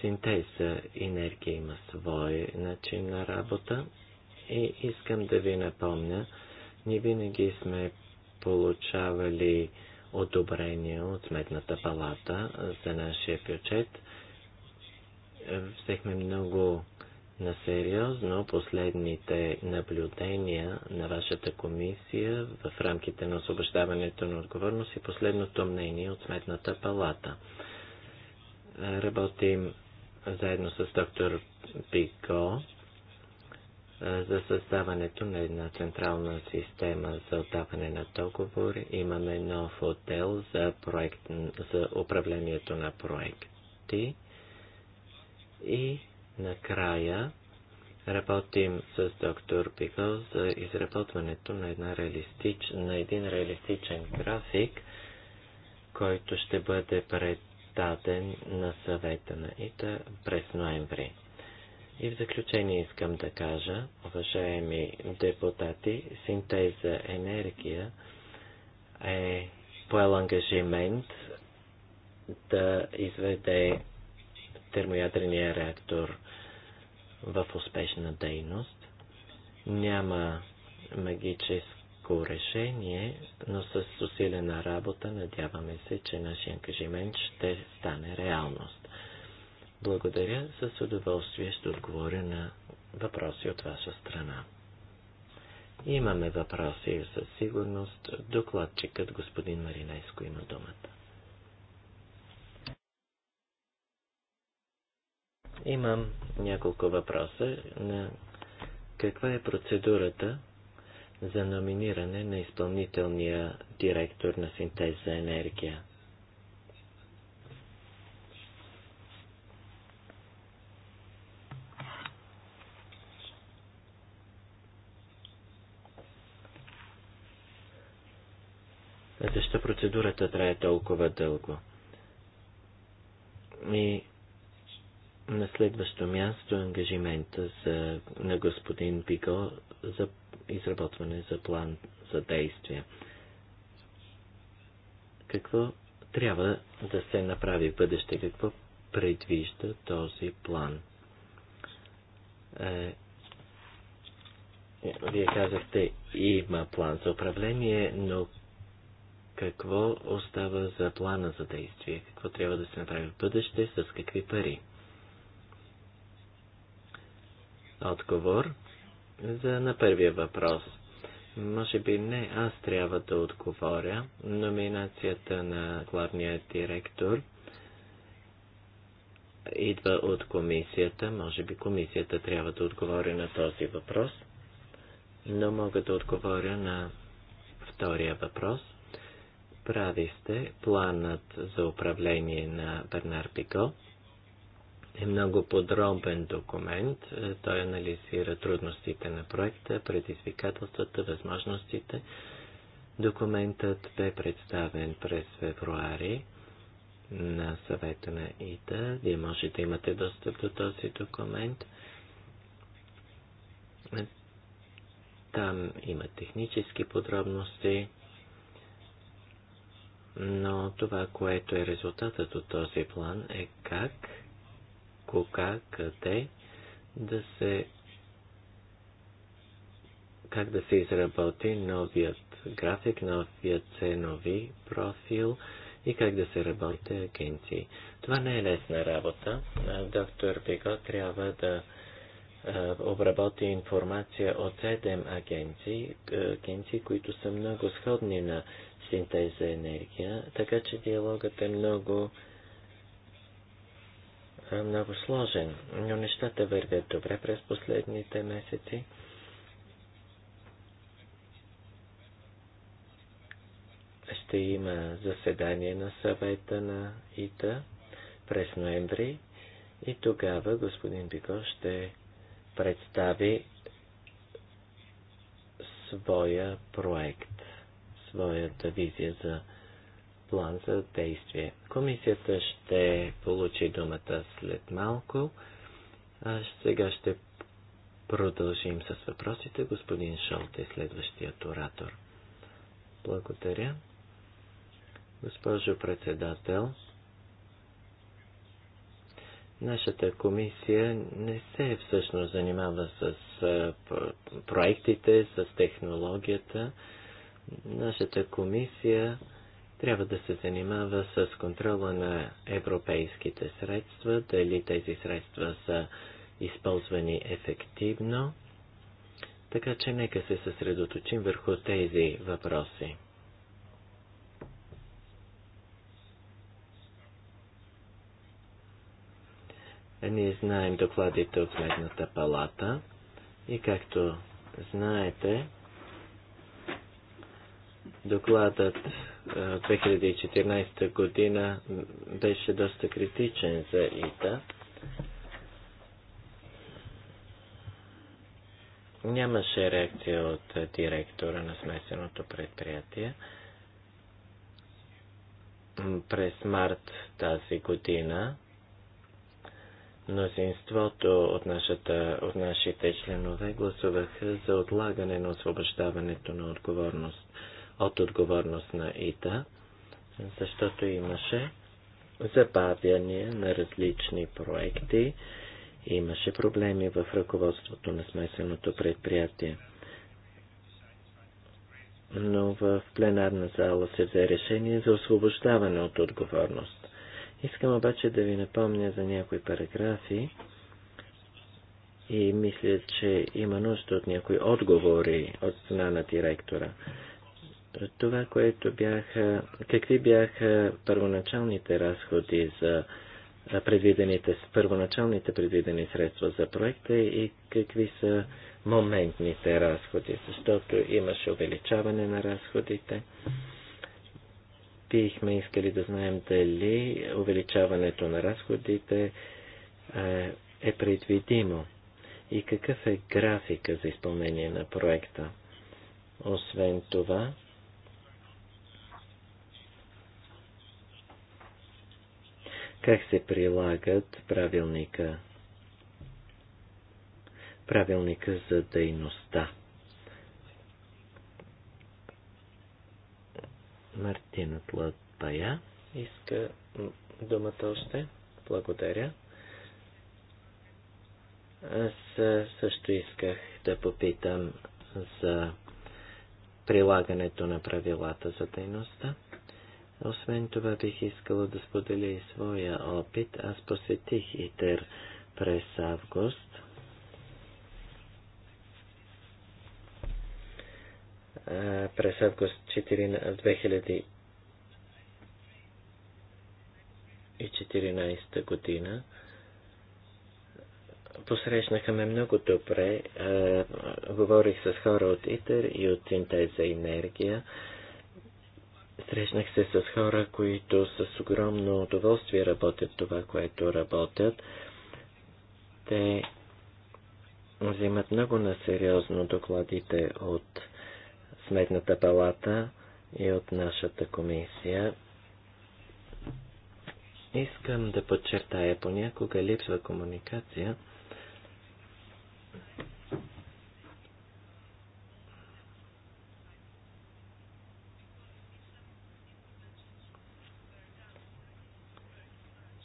Синтеза енергия има свой начин на работа и искам да ви напомня, ние винаги сме получавали одобрение от Сметната палата за нашия бюджет – взехме много на сериозно последните наблюдения на вашата комисия в рамките на освобождаването на отговорност и последното мнение от Сметната палата. Работим заедно с доктор Пико за създаването на една централна система за отдаване на договори. Имаме нов отдел за, проект, за управлението на проекти и накрая работим с доктор Пикъл за изработването на, една реалистич, на един реалистичен график, който ще бъде предаден на съвета на ИТА през ноември. И в заключение искам да кажа, уважаеми депутати, синтеза енергия е поел ангажимент да изведе термоядрения реактор в успешна дейност. Няма магическо решение, но с усилена работа надяваме се, че нашия ангажимент ще стане реалност. Благодаря, с удоволствие ще отговоря на въпроси от ваша страна. Имаме въпроси със сигурност. Докладчикът господин Маринайско има думата. Имам няколко въпроса на каква е процедурата за номиниране на изпълнителния директор на синтез за енергия. Защо процедурата трае толкова дълго? И на следващо място ангажимента за, на господин Пико за изработване за план за действие. Какво трябва да се направи в бъдеще? Какво предвижда този план? Е, вие казахте, има план за управление, но какво остава за плана за действие? Какво трябва да се направи в бъдеще? С какви пари? отговор за, на първия въпрос. Може би не аз трябва да отговоря. Номинацията на главния директор идва от комисията. Може би комисията трябва да отговори на този въпрос. Но мога да отговоря на втория въпрос. Прави сте планът за управление на Бернар Пико е много подробен документ. Е, той анализира трудностите на проекта, предизвикателствата, възможностите. Документът бе представен през февруари на съвета на ИТА. Вие можете да имате достъп до този документ. Е, там има технически подробности, но това, което е резултатът от този план е как кога, къде да се как да се изработи новият график, новият ценови профил и как да се работи агенции. Това не е лесна работа. Доктор Биго трябва да обработи информация от 7 агенции, агенции, които са много сходни на синтеза енергия, така че диалогът е много много сложен, но нещата вървят добре през последните месеци. Ще има заседание на съвета на ИТА през ноември и тогава господин Бико ще представи своя проект, своята визия за план за действие. Комисията ще получи думата след малко. А сега ще продължим с въпросите. Господин Шолт е следващият оратор. Благодаря. Госпожо председател, Нашата комисия не се всъщност занимава с проектите, с технологията. Нашата комисия трябва да се занимава с контрола на европейските средства, дали тези средства са използвани ефективно. Така че нека се съсредоточим върху тези въпроси. Ние знаем докладите от Медната палата и както знаете, докладът 2014 година беше доста критичен за ИТА. Нямаше реакция от директора на смесеното предприятие. През март тази година мнозинството от, нашата, от нашите членове гласуваха за отлагане на освобождаването на отговорност от отговорност на ИТА, защото имаше забавяне на различни проекти, имаше проблеми в ръководството на смесеното предприятие. Но в пленарна зала се взе решение за освобождаване от отговорност. Искам обаче да ви напомня за някои параграфи и мисля, че има нужда от някои отговори от страна на директора. Това, което бяха, какви бяха първоначалните разходи за предвидените, първоначалните предвидени средства за проекта и какви са моментните разходи, защото имаше увеличаване на разходите. Бихме искали да знаем дали увеличаването на разходите е предвидимо и какъв е графика за изпълнение на проекта. Освен това, как се прилагат правилника, правилника за дейността. Мартина Латпая иска думата още. Благодаря. Аз също исках да попитам за прилагането на правилата за дейността. Освен това бих искала да споделя и своя опит. Аз посетих ИТЕР през август. през август 2014 година. Посрещнаха ме много добре. Говорих с хора от ИТЕР и от Синтеза енергия. Срещнах се с хора, които с огромно удоволствие работят това, което работят. Те взимат много на сериозно докладите от Сметната палата и от нашата комисия. Искам да подчертая, понякога липсва комуникация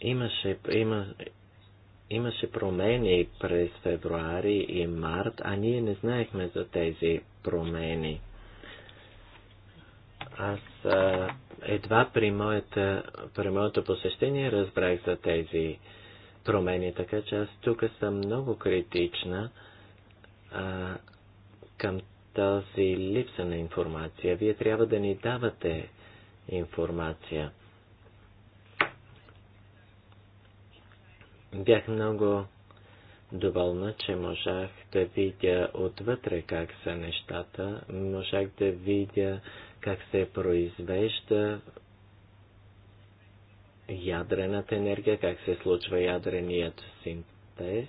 Имаше, има, имаше промени през февруари и март, а ние не знаехме за тези промени. Аз а, едва при, моята, при моето посещение разбрах за тези промени, така че аз тук съм много критична а, към тази липса на информация. Вие трябва да ни давате информация. Бях много доволна, че можах да видя отвътре как са нещата, можах да видя как се произвежда ядрената енергия, как се случва ядреният синтез.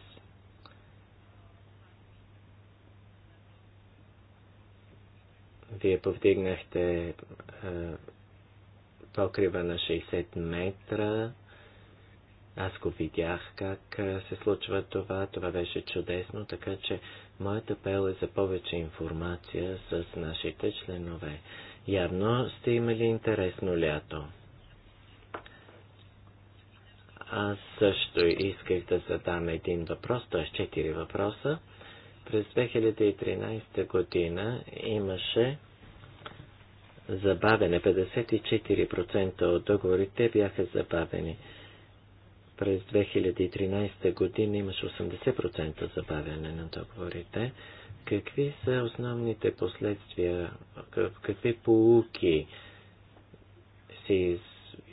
Вие повдигнахте е, покрива на 60 метра аз го видях как се случва това, това беше чудесно, така че моят апел е за повече информация с нашите членове. Явно сте имали интересно лято. Аз също исках да задам един въпрос, т.е. четири въпроса. През 2013 година имаше забавене. 54% от договорите бяха забавени през 2013 година имаше 80% забавяне на договорите. Какви са основните последствия, какви полуки си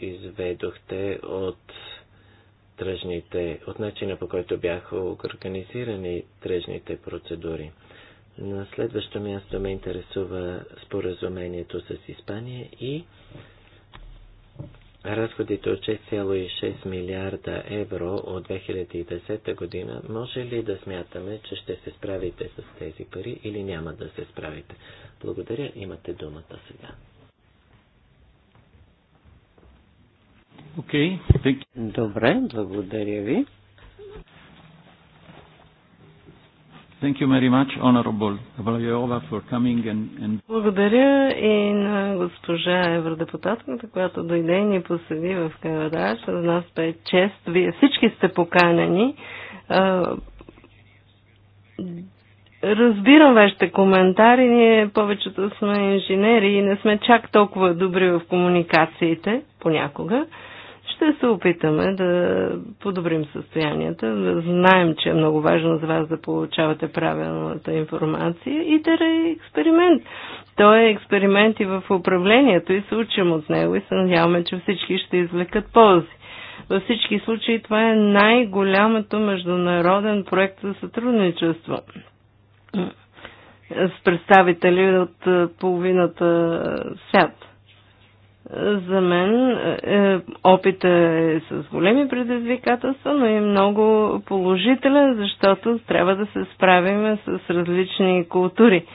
изведохте от тръжните, от начина по който бяха организирани тръжните процедури? На следващо място ме интересува споразумението с Испания и разходите от 6,6 милиарда евро от 2010 година, може ли да смятаме, че ще се справите с тези пари или няма да се справите? Благодаря, имате думата сега. Okay, Добре, благодаря ви. Благодаря и на госпожа евродепутатката, която дойде и ни посъди в Кавадаш. За нас бе чест. Вие всички сте поканени. Разбирам вашите коментари. Ние повечето сме инженери и не сме чак толкова добри в комуникациите понякога ще се опитаме да подобрим състоянията. Знаем, че е много важно за вас да получавате правилната информация и да е експеримент. Той е експеримент и в управлението и се учим от него и се надяваме, че всички ще извлекат ползи. Във всички случаи това е най-голямото международен проект за сътрудничество с представители от половината свят. За мен е, опита е с големи предизвикателства, но и много положителен, защото трябва да се справим с различни култури.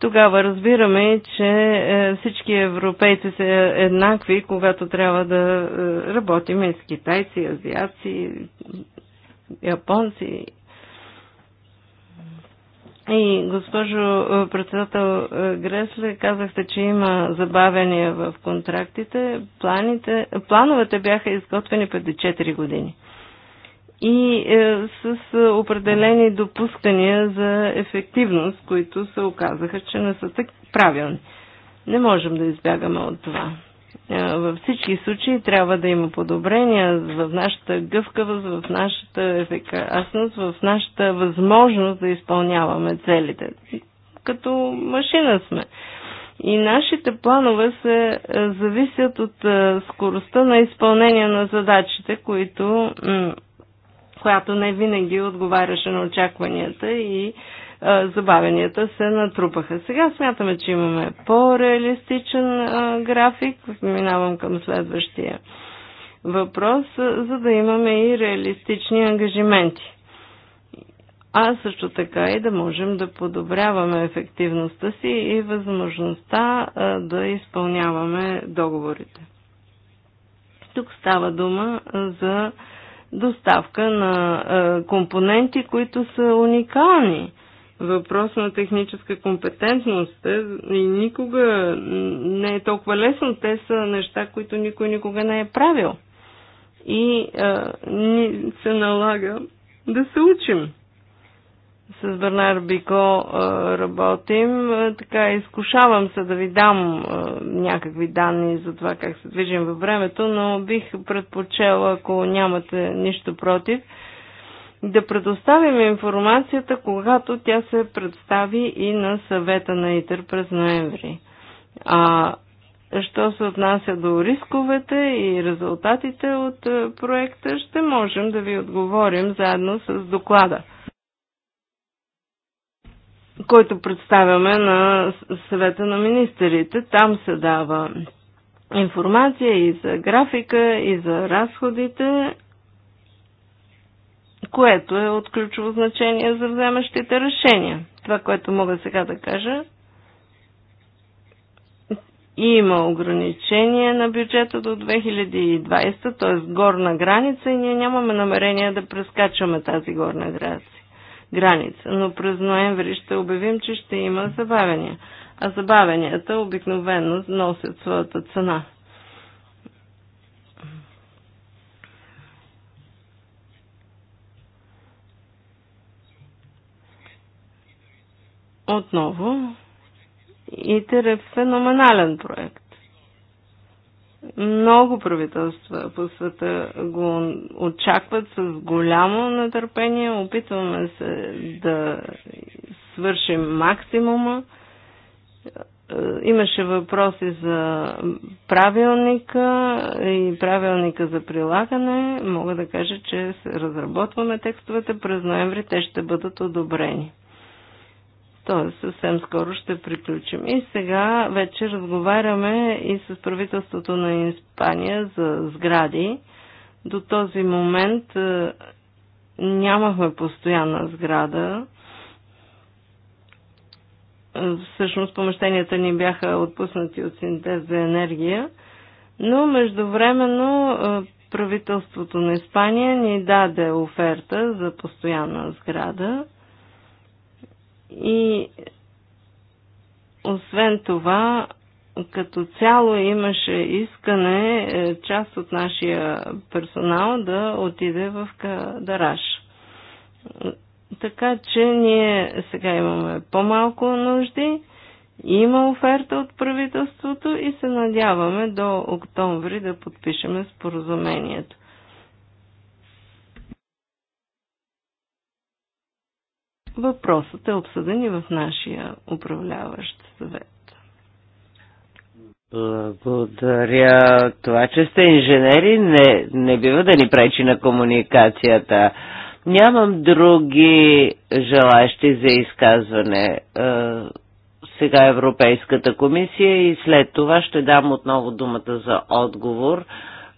Тогава разбираме, че е, всички европейци са еднакви, когато трябва да е, работим с китайци, азиаци, японци и госпожо е, председател е, Гресле, казахте, че има забавяния в контрактите. Планите, плановете бяха изготвени преди 4 години и е, с е, определени допускания за ефективност, които се оказаха, че не са так правилни. Не можем да избягаме от това. Е, във всички случаи трябва да има подобрения в нашата гъвкавост, в нашата ефикасност, в нашата възможност да изпълняваме целите. Като машина сме. И нашите планове се е, зависят от е, скоростта на изпълнение на задачите, които, която не винаги отговаряше на очакванията и забавенията се натрупаха. Сега смятаме, че имаме по-реалистичен график. Минавам към следващия въпрос, за да имаме и реалистични ангажименти. А също така и да можем да подобряваме ефективността си и възможността да изпълняваме договорите. Тук става дума за доставка на компоненти, които са уникални въпрос на техническа компетентност и никога не е толкова лесно. Те са неща, които никой никога не е правил. И а, ни се налага да се учим. С Бернар Бико а, работим. А, така, изкушавам се да ви дам а, някакви данни за това как се движим във времето, но бих предпочела, ако нямате нищо против, а, да предоставим информацията, когато тя се представи и на съвета на ИТЕР през ноември. А що се отнася до рисковете и резултатите от е, проекта, ще можем да ви отговорим заедно с доклада, който представяме на съвета на министерите. Там се дава информация и за графика, и за разходите, което е от ключово значение за вземащите решения. Това, което мога сега да кажа, има ограничение на бюджета до 2020, т.е. горна граница и ние нямаме намерение да прескачаме тази горна граница. Но през ноември ще обявим, че ще има забавения. А забавенията обикновено носят своята цена. Отново, ИТЕР е феноменален проект. Много правителства по света го очакват с голямо нетърпение. Опитваме се да свършим максимума. Имаше въпроси за правилника и правилника за прилагане. Мога да кажа, че разработваме текстовете. През ноември те ще бъдат одобрени. Тоест, съвсем скоро ще приключим. И сега вече разговаряме и с правителството на Испания за сгради. До този момент е, нямахме постоянна сграда. Е, всъщност помещенията ни бяха отпуснати от синтез за енергия, но междувременно е, правителството на Испания ни даде оферта за постоянна сграда и освен това, като цяло имаше искане е, част от нашия персонал да отиде в Кадараш. Така че ние сега имаме по-малко нужди, има оферта от правителството и се надяваме до октомври да подпишеме споразумението. Въпросът е обсъден и в нашия управляващ съвет. Благодаря. Това, че сте инженери, не, не бива да ни пречи на комуникацията. Нямам други желащи за изказване. Е, сега Европейската комисия и след това ще дам отново думата за отговор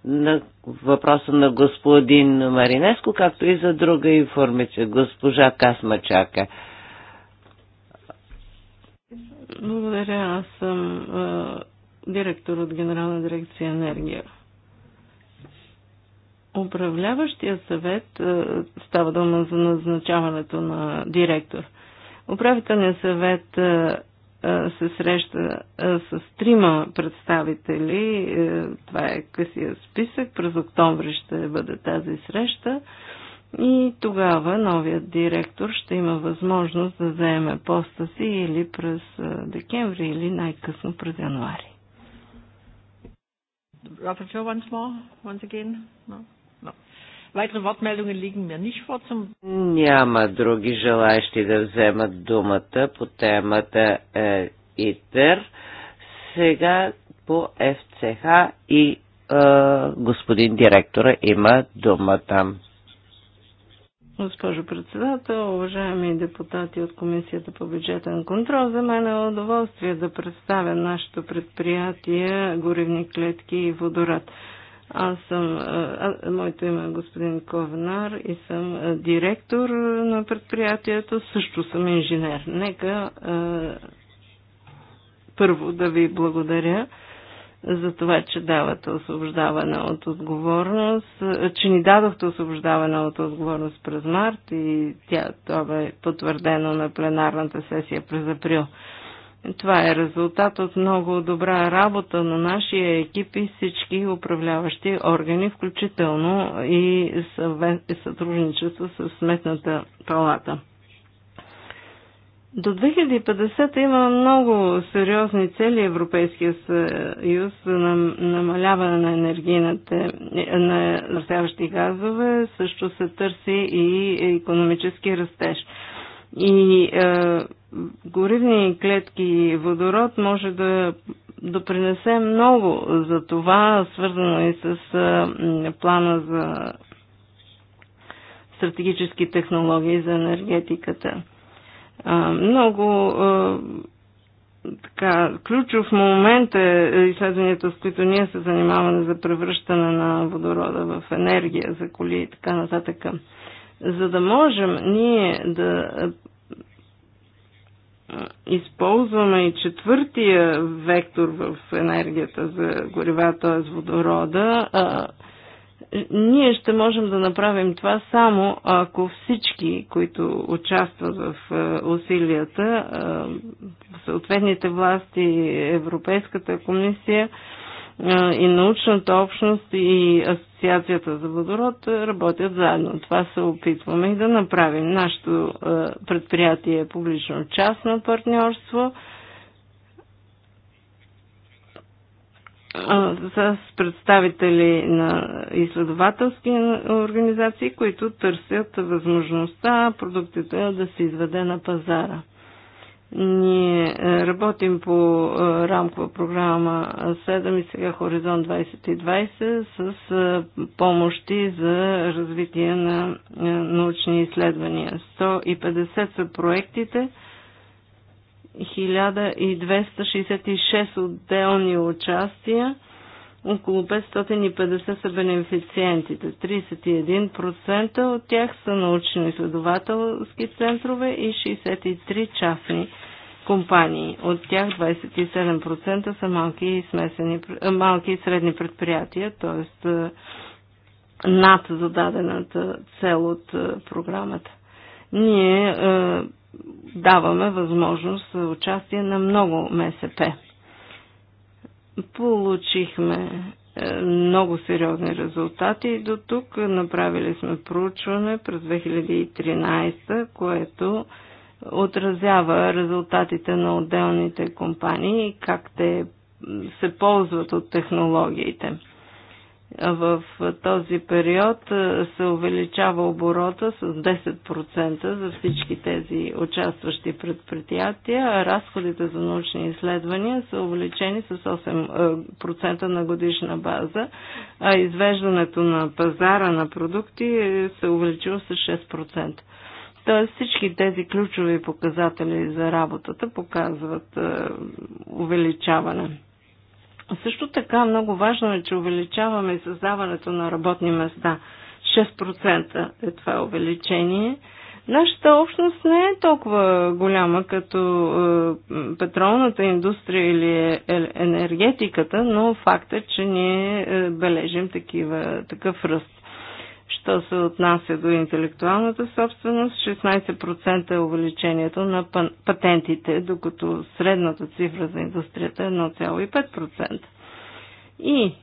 на въпроса на господин Маринеско, както и за друга информация, госпожа Касмачака. Благодаря, аз съм а, директор от Генерална дирекция енергия. Управляващия съвет а, става дума за назначаването на директор. Управителният съвет е, се среща с трима представители. Е, това е късия списък. През октомври ще бъде тази среща. И тогава новият директор ще има възможност да заеме поста си или през декември, или най-късно през януари. once more, once again? No? Няма други желаящи да вземат думата по темата е, ИТЕР. Сега по ФЦХ и е, господин директора има думата. Госпожо председател, уважаеми депутати от Комисията по бюджетен контрол, за мен е удоволствие да представя нашето предприятие Горивни клетки и водород. Аз съм, а, моето име е господин Ковенар и съм директор на предприятието, също съм инженер. Нека а, първо да ви благодаря за това, че давате освобождаване от отговорност, че ни дадохте освобождаване от отговорност през март и тя, това бе потвърдено на пленарната сесия през април. Това е резултат от много добра работа на нашия екип и всички управляващи органи, включително и сътрудничество с Сметната палата. До 2050 има много сериозни цели Европейския съюз за намаляване на енергийните на разяващи газове. Също се търси и економически растеж. И е, горивни клетки и водород може да допринесе много за това, свързано и с плана за стратегически технологии за енергетиката. Много така, ключов момент е изследванията, с които ние се занимаваме за превръщане на водорода в енергия за коли и така нататък. За да можем ние да използваме и четвъртия вектор в енергията за горива, т.е. водорода, ние ще можем да направим това само ако всички, които участват в усилията, съответните власти, Европейската комисия и научната общност и Асоциацията за водород е, работят заедно. Това се опитваме и да направим. Нашето е, предприятие е публично-частно партньорство е, с представители на изследователски организации, които търсят възможността продуктите да се изведе на пазара. Ние е, работим по е, рамкова програма 7 и сега Хоризонт 2020 с е, помощи за развитие на научни изследвания. 150 са проектите, 1266 отделни участия, около 550 са бенефициентите. 31% от тях са научно-изследователски центрове и 63 частни компании. От тях 27% са малки и, смесени, малки и средни предприятия, т.е. Е, над зададената цел от е, програмата. Ние е, даваме възможност за участие на много МСП. Получихме много сериозни резултати и до тук. Направили сме проучване през 2013, което е, отразява резултатите на отделните компании и как те се ползват от технологиите. В този период се увеличава оборота с 10% за всички тези участващи предприятия, а разходите за научни изследвания са увеличени с 8% на годишна база, а извеждането на пазара на продукти е, се увеличило с 6%. Тоест всички тези ключови показатели за работата показват е, увеличаване. Също така много важно е, че увеличаваме създаването на работни места. 6% е това увеличение. Нашата общност не е толкова голяма като е, петролната индустрия или е, е, енергетиката, но факт е, че ние е, бележим такива, такъв ръст. Що се отнася до интелектуалната собственост, 16% е увеличението на патентите, докато средната цифра за индустрията е 1,5%. И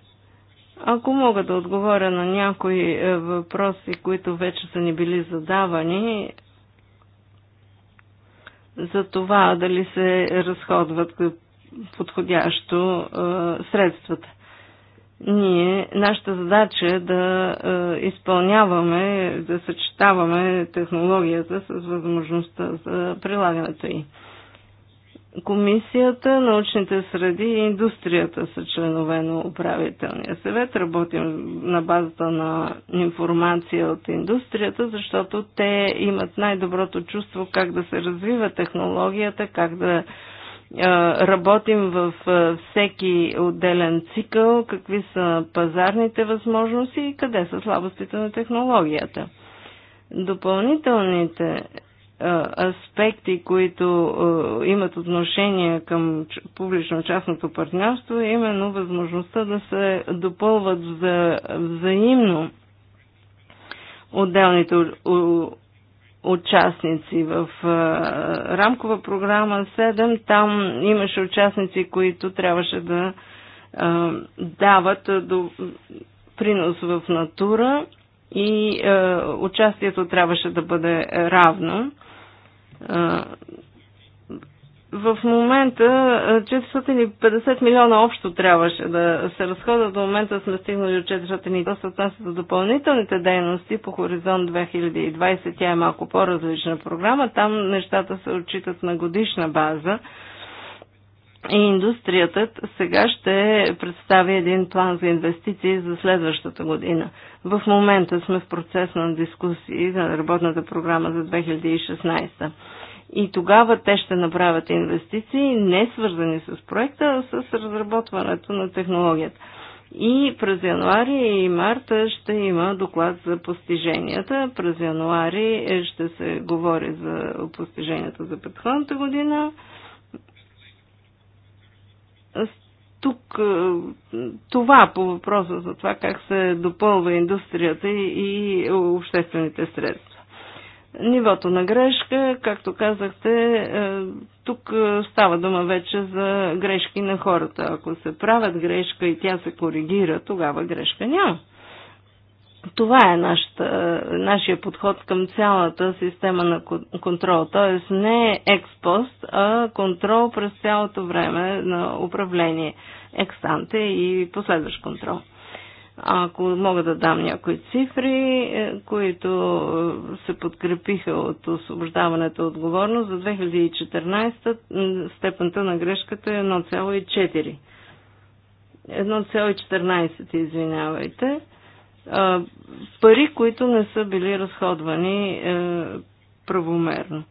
ако мога да отговоря на някои е, въпроси, които вече са ни били задавани, за това дали се разходват подходящо е, средствата ние, нашата задача е да е, изпълняваме, да съчетаваме технологията с възможността за прилагането й. Комисията, научните среди и индустрията са членове на управителния съвет. Работим на базата на информация от индустрията, защото те имат най-доброто чувство как да се развива технологията, как да работим в всеки отделен цикъл, какви са пазарните възможности и къде са слабостите на технологията. Допълнителните аспекти, които имат отношение към публично-частното партньорство, е именно възможността да се допълват за взаимно отделните участници. В рамкова програма 7 там имаше участници, които трябваше да дават до принос в натура и участието трябваше да бъде равно в момента 450 милиона общо трябваше да се разходят. До момента сме стигнали от 400. се отнася до допълнителните дейности по Хоризонт 2020. Тя е малко по-различна програма. Там нещата се отчитат на годишна база. И индустрията сега ще представи един план за инвестиции за следващата година. В момента сме в процес на дискусии за работната програма за 2016 и тогава те ще направят инвестиции, не свързани с проекта, а с разработването на технологията. И през януари и марта ще има доклад за постиженията. През януари ще се говори за постиженията за предходната година. Тук е, това по въпроса за това как се допълва индустрията и обществените средства. Нивото на грешка, както казахте, е, тук е, става дума вече за грешки на хората. Ако се правят грешка и тя се коригира, тогава грешка няма. Това е нашата, нашия подход към цялата система на контрол. Т.е. не експост, а контрол през цялото време на управление. Екстанте и последващ контрол. Ако мога да дам някои цифри, е, които е, се подкрепиха от освобождаването отговорност, за 2014 степента на грешката е 1,4. 1,14, извинявайте. Е, пари, които не са били разходвани правомерно.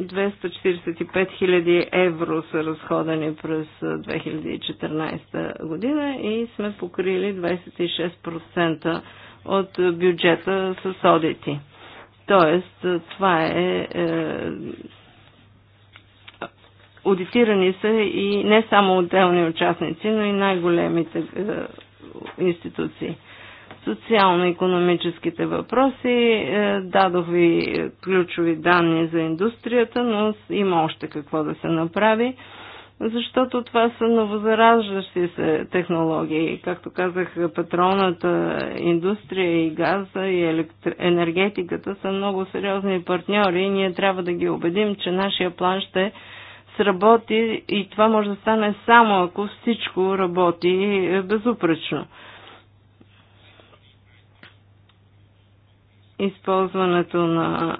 245 000 евро са разходени през 2014 година и сме покрили 26% от бюджета с одити. Тоест, това е, е аудитирани са и не само отделни участници, но и най-големите е, институции социално-економическите въпроси. Е, дадох ви ключови данни за индустрията, но има още какво да се направи, защото това са новозараждащи се технологии. Както казах, петролната индустрия и газа и електр... енергетиката са много сериозни партньори и ние трябва да ги убедим, че нашия план ще сработи и това може да стане само ако всичко работи е, безупречно. използването на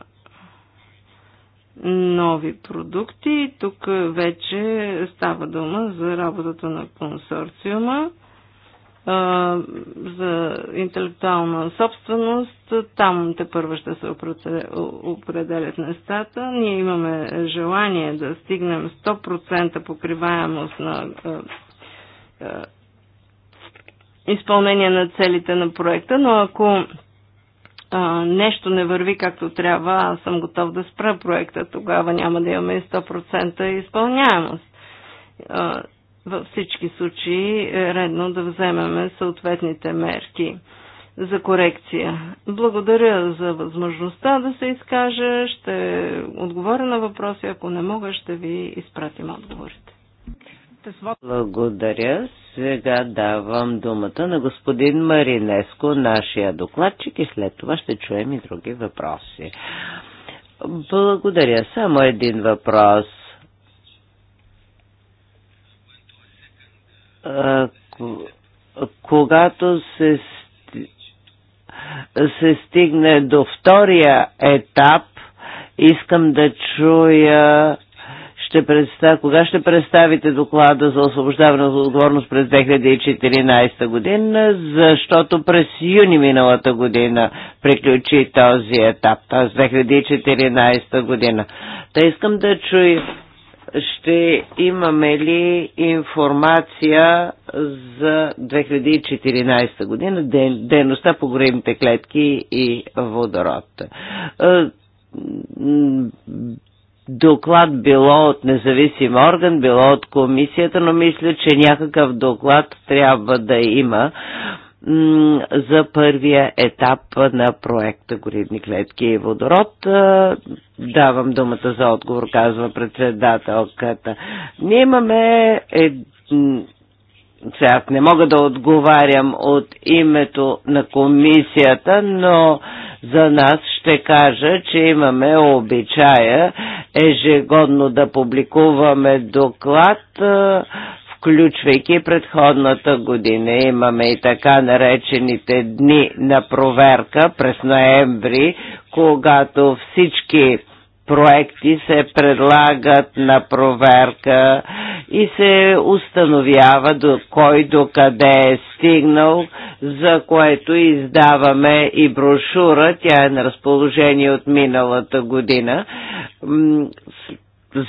нови продукти. Тук вече става дума за работата на консорциума за интелектуална собственост. Там те първо ще се определят нещата. Ние имаме желание да стигнем 100% покриваемост на изпълнение на целите на проекта, но ако а, нещо не върви както трябва, аз съм готов да спра проекта, тогава няма да имаме 100% изпълняемост. А, във всички случаи е редно да вземеме съответните мерки за корекция. Благодаря за възможността да се изкажа. Ще отговоря на въпроси. Ако не мога, ще ви изпратим отговорите. Благодаря. Сега давам думата на господин Маринеско, нашия докладчик и след това ще чуем и други въпроси. Благодаря. Само един въпрос. Когато се, се стигне до втория етап, искам да чуя ще представ... кога ще представите доклада за освобождаване от отговорност през 2014 година, защото през юни миналата година приключи този етап, т.е. 2014 година. Та искам да чуя ще имаме ли информация за 2014 година, дейността по големите клетки и водород. Е, доклад било от независим орган, било от комисията, но мисля, че някакъв доклад трябва да има за първия етап на проекта Горивни клетки и водород. Давам думата за отговор, казва председателката. Ние имаме е... Сега не мога да отговарям от името на комисията, но за нас, ще кажа, че имаме обичая ежегодно да публикуваме доклад включвайки предходната година. Имаме и така наречените дни на проверка през ноември, когато всички проекти се предлагат на проверка и се установява до кой до къде е стигнал, за което издаваме и брошура. Тя е на разположение от миналата година.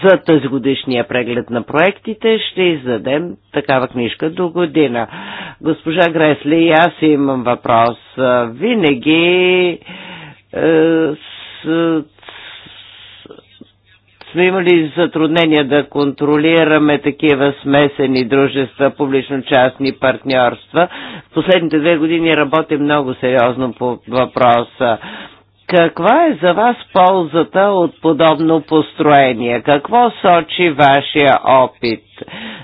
За тази годишния преглед на проектите ще издадем такава книжка до година. Госпожа Гресли, аз имам въпрос. Винаги е, с, сме имали затруднения да контролираме такива смесени дружества, публично-частни партньорства. В последните две години работим много сериозно по въпроса. Каква е за вас ползата от подобно построение? Какво сочи вашия опит?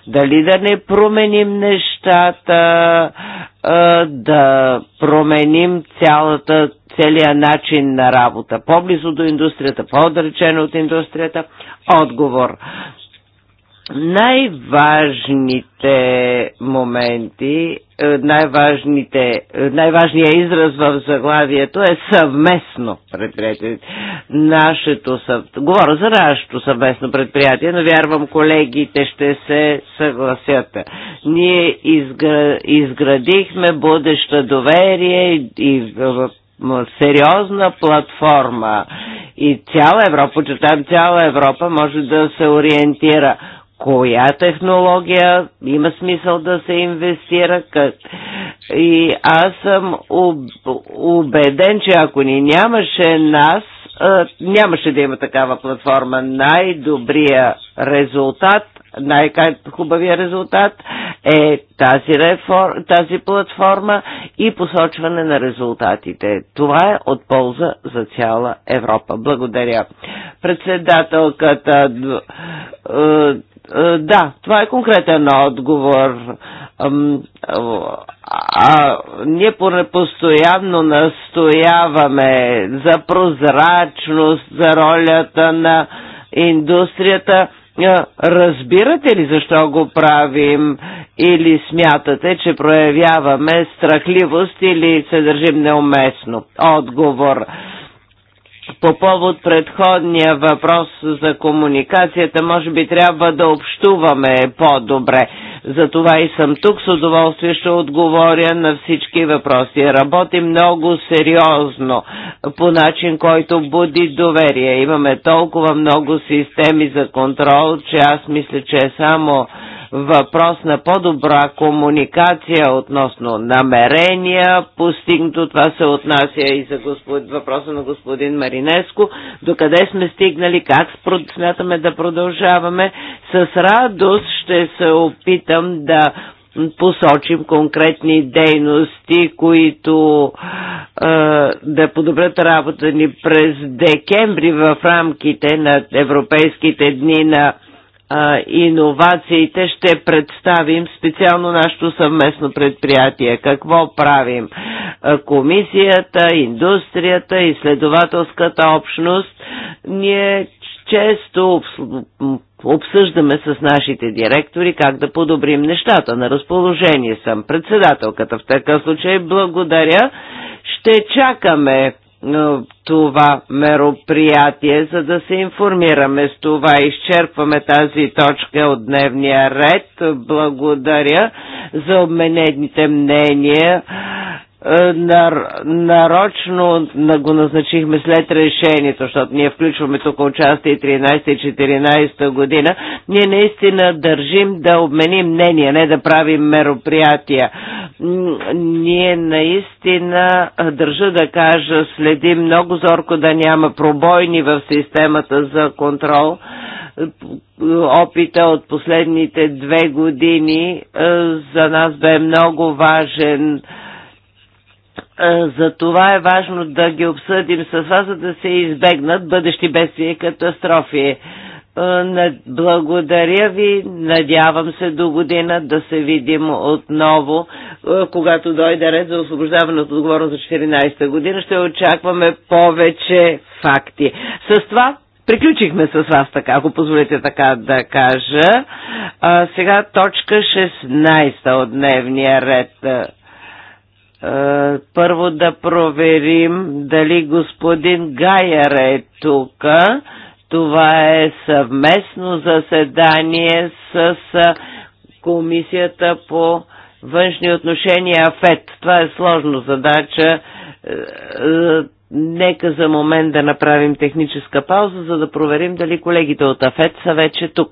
Дали да не променим нещата, да променим цялата целият начин на работа, по-близо до индустрията, по-отдалечено от индустрията, отговор. Най-важните моменти, е, най-важните, е, най-важният израз в заглавието е съвместно предприятие. Нашето съв... Говоря за нашето съвместно предприятие, но вярвам колегите ще се съгласят. Ние изградихме бъдеща доверие и сериозна платформа и цяла Европа, почетам цяла Европа, може да се ориентира коя технология има смисъл да се инвестира. Как... И аз съм убеден, че ако ни нямаше нас, нямаше да има такава платформа. Най-добрия резултат, най-хубавия резултат е тази, рефор, тази платформа и посочване на резултатите. Това е от полза за цяла Европа. Благодаря. Председателката да, това е конкретен отговор а, ние постоянно настояваме за прозрачност, за ролята на индустрията. Разбирате ли защо го правим или смятате, че проявяваме страхливост или се държим неуместно? Отговор по повод предходния въпрос за комуникацията, може би трябва да общуваме по-добре. Затова и съм тук. С удоволствие ще отговоря на всички въпроси. Работи много сериозно, по начин, който буди доверие. Имаме толкова много системи за контрол, че аз мисля, че е само въпрос на по-добра комуникация относно намерения, постигнато това се отнася и за господ... въпроса на господин Маринеско, До къде сме стигнали, как смятаме да продължаваме. С радост ще се опитам да посочим конкретни дейности, които е, да подобрят работа ни през декември в рамките на Европейските дни на иновациите ще представим специално нашето съвместно предприятие. Какво правим? Комисията, индустрията, изследователската общност. Ние често обсъждаме с нашите директори как да подобрим нещата. На разположение съм председателката. В такъв случай благодаря. Ще чакаме това мероприятие, за да се информираме с това. Изчерпваме тази точка от дневния ред. Благодаря за обменените мнения е, нарочно нарочно го назначихме след решението, защото ние включваме тук участие 13-14 и година. Ние наистина държим да обменим мнение, не да правим мероприятия. Ние наистина, е, държа да кажа, следим много зорко да няма пробойни в системата за контрол опита от последните две години е, за нас бе много важен е, за това е важно да ги обсъдим с вас, за да се избегнат бъдещи бедствия и катастрофи. Е, благодаря ви, надявам се до година да се видим отново, е, когато дойде ред за освобождаване от отговорност за 14-та година. Ще очакваме повече факти. С това Приключихме с вас така, ако позволите така да кажа. А, сега точка 16 от дневния ред. Е, първо да проверим дали господин Гайер е тук. Това е съвместно заседание с е, Комисията по външни отношения АФЕТ. Това е сложна задача. Е, нека за момент да направим техническа пауза, за да проверим дали колегите от АФЕТ са вече тук.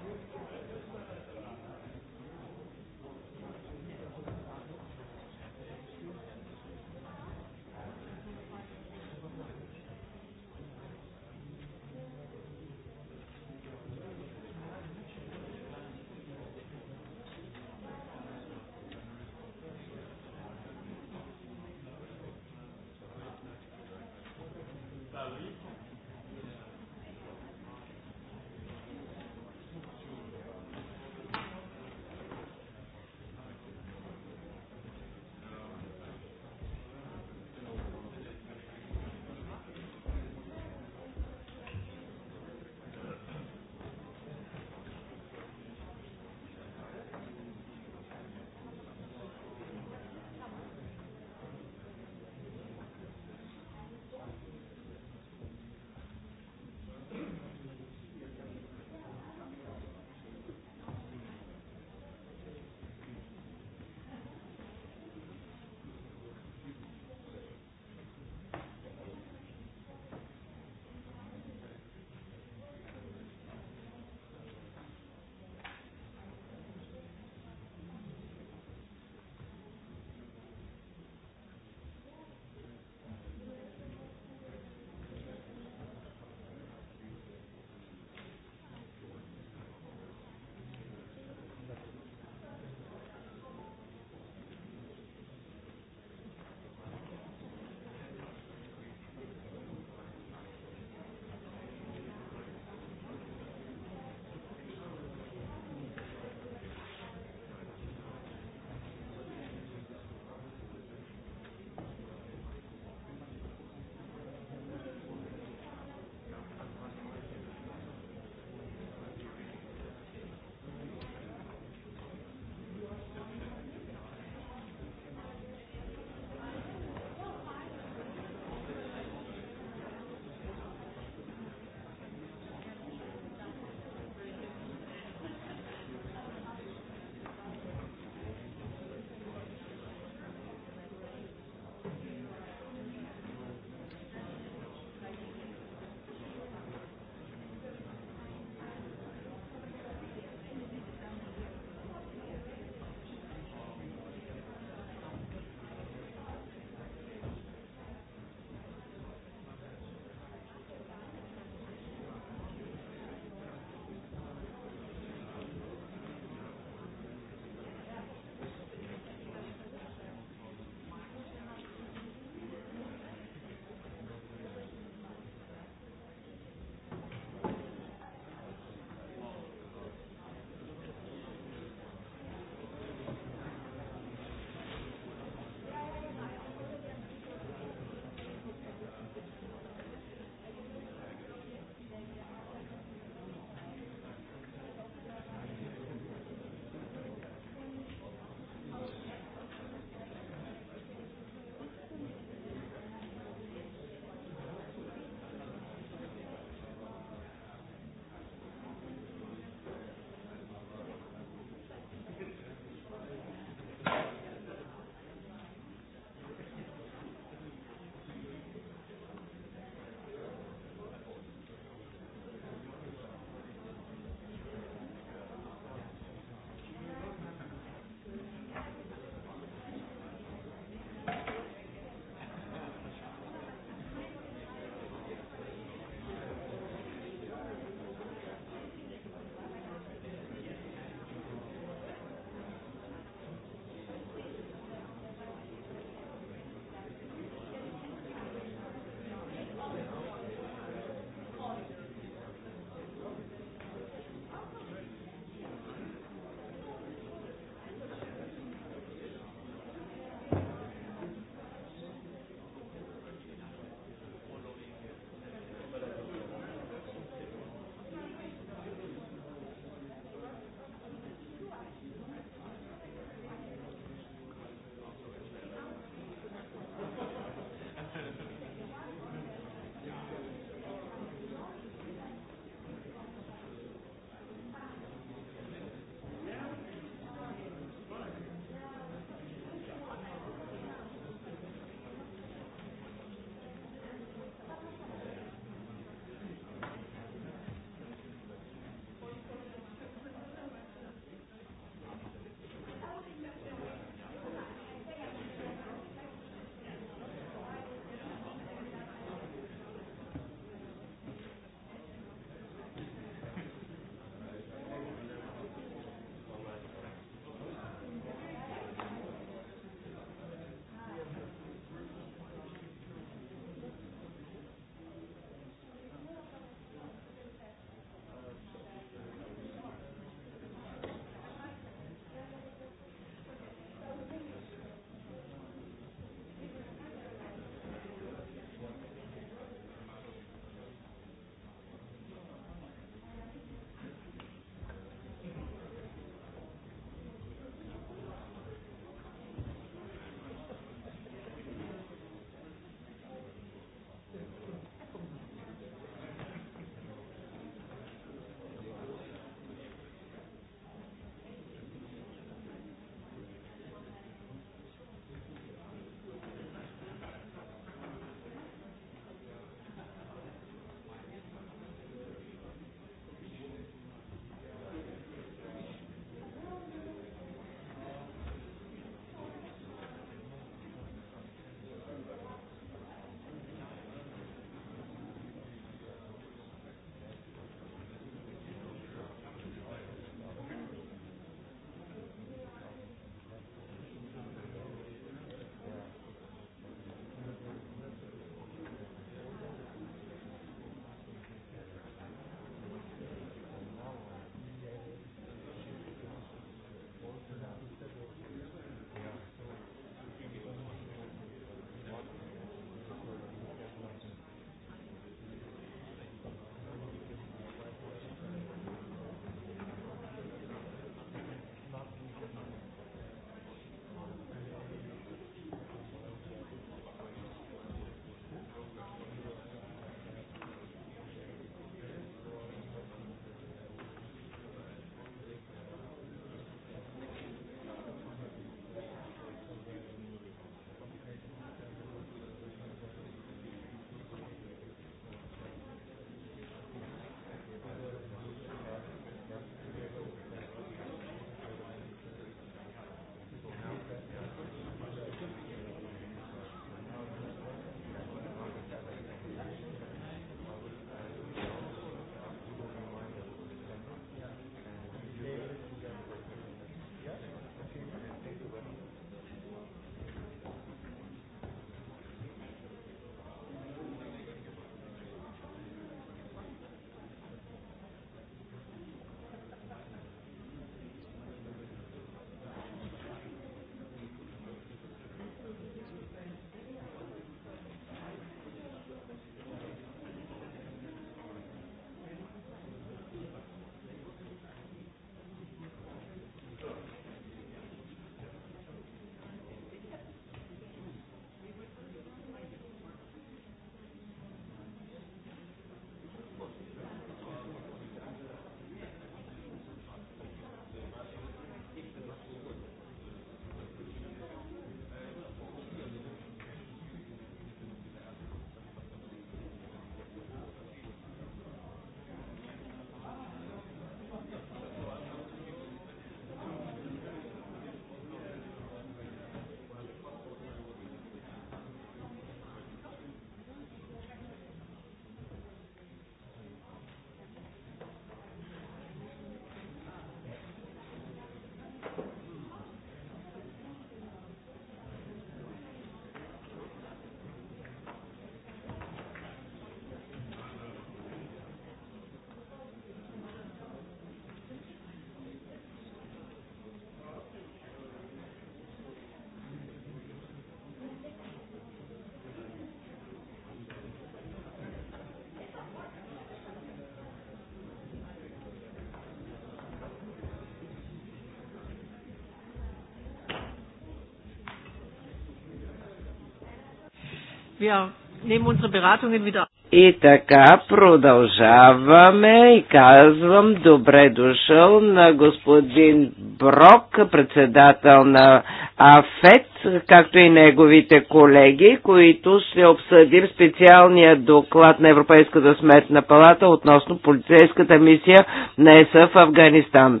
И така продължаваме и казвам добре дошъл на господин Брок, председател на АФЕТ, както и неговите колеги, които ще обсъдим специалния доклад на Европейската сметна палата относно полицейската мисия на ЕСА в Афганистан.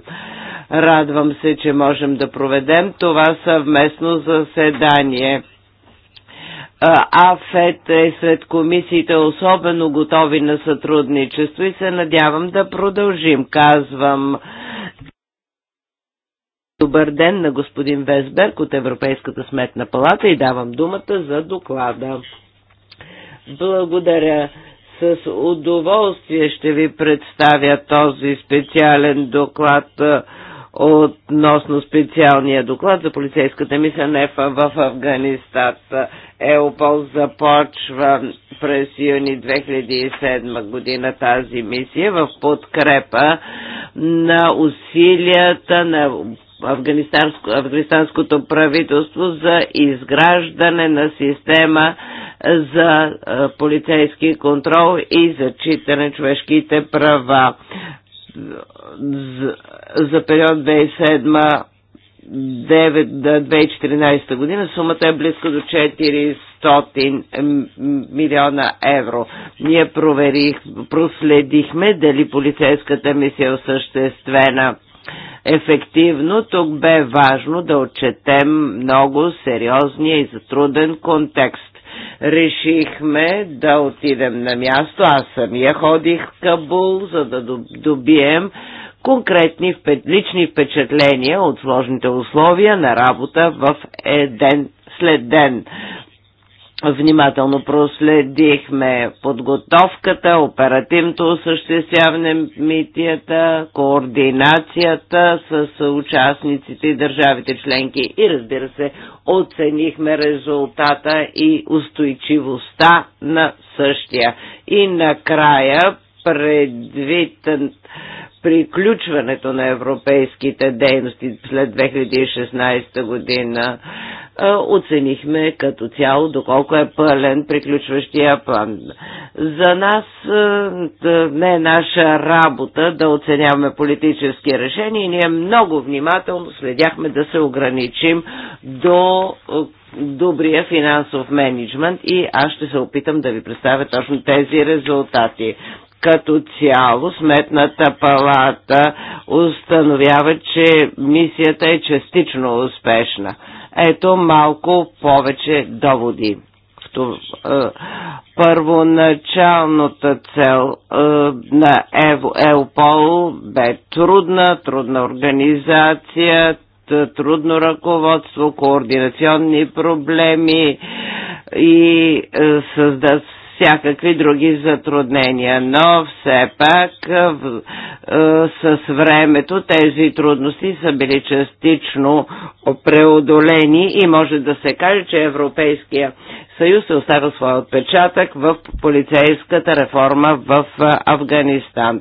Радвам се, че можем да проведем това съвместно заседание АФЕТ е сред комисиите особено готови на сътрудничество и се надявам да продължим. Казвам добър ден на господин Весберг от Европейската сметна палата и давам думата за доклада. Благодаря. С удоволствие ще ви представя този специален доклад относно специалния доклад за полицейската мисия НЕФА в Афганистан. ЕОПОЛ започва през юни 2007 година тази мисия в подкрепа на усилията на Афганистанско, афганистанското правителство за изграждане на система за полицейски контрол и зачитане на човешките права за, период 2007 2014 година сумата е близко до 400 милиона евро. Ние проверих, проследихме дали полицейската мисия е осъществена ефективно. Тук бе важно да отчетем много сериозния и затруден контекст решихме да отидем на място. Аз самия ходих в Кабул, за да добием конкретни лични впечатления от сложните условия на работа в ден след ден. Внимателно проследихме подготовката, оперативното осъществяване митията, координацията с участниците и държавите членки и разбира се, оценихме резултата и устойчивостта на същия. И накрая предвид приключването на европейските дейности след 2016 година оценихме като цяло доколко е пълен приключващия план. За нас не е наша работа да оценяваме политически решения и ние много внимателно следяхме да се ограничим до добрия финансов менеджмент и аз ще се опитам да ви представя точно тези резултати. Като цяло Сметната палата установява, че мисията е частично успешна. Ето малко повече доводи е, първоначалната цел е, на ЕЛПОЛ бе трудна, трудна организация, трудно ръководство, координационни проблеми и е, създат всякакви други затруднения. Но все пак е, в, е, с времето тези трудности са били частично преодолени и може да се каже, че Европейския съюз е оставил своя отпечатък в полицейската реформа в Афганистан.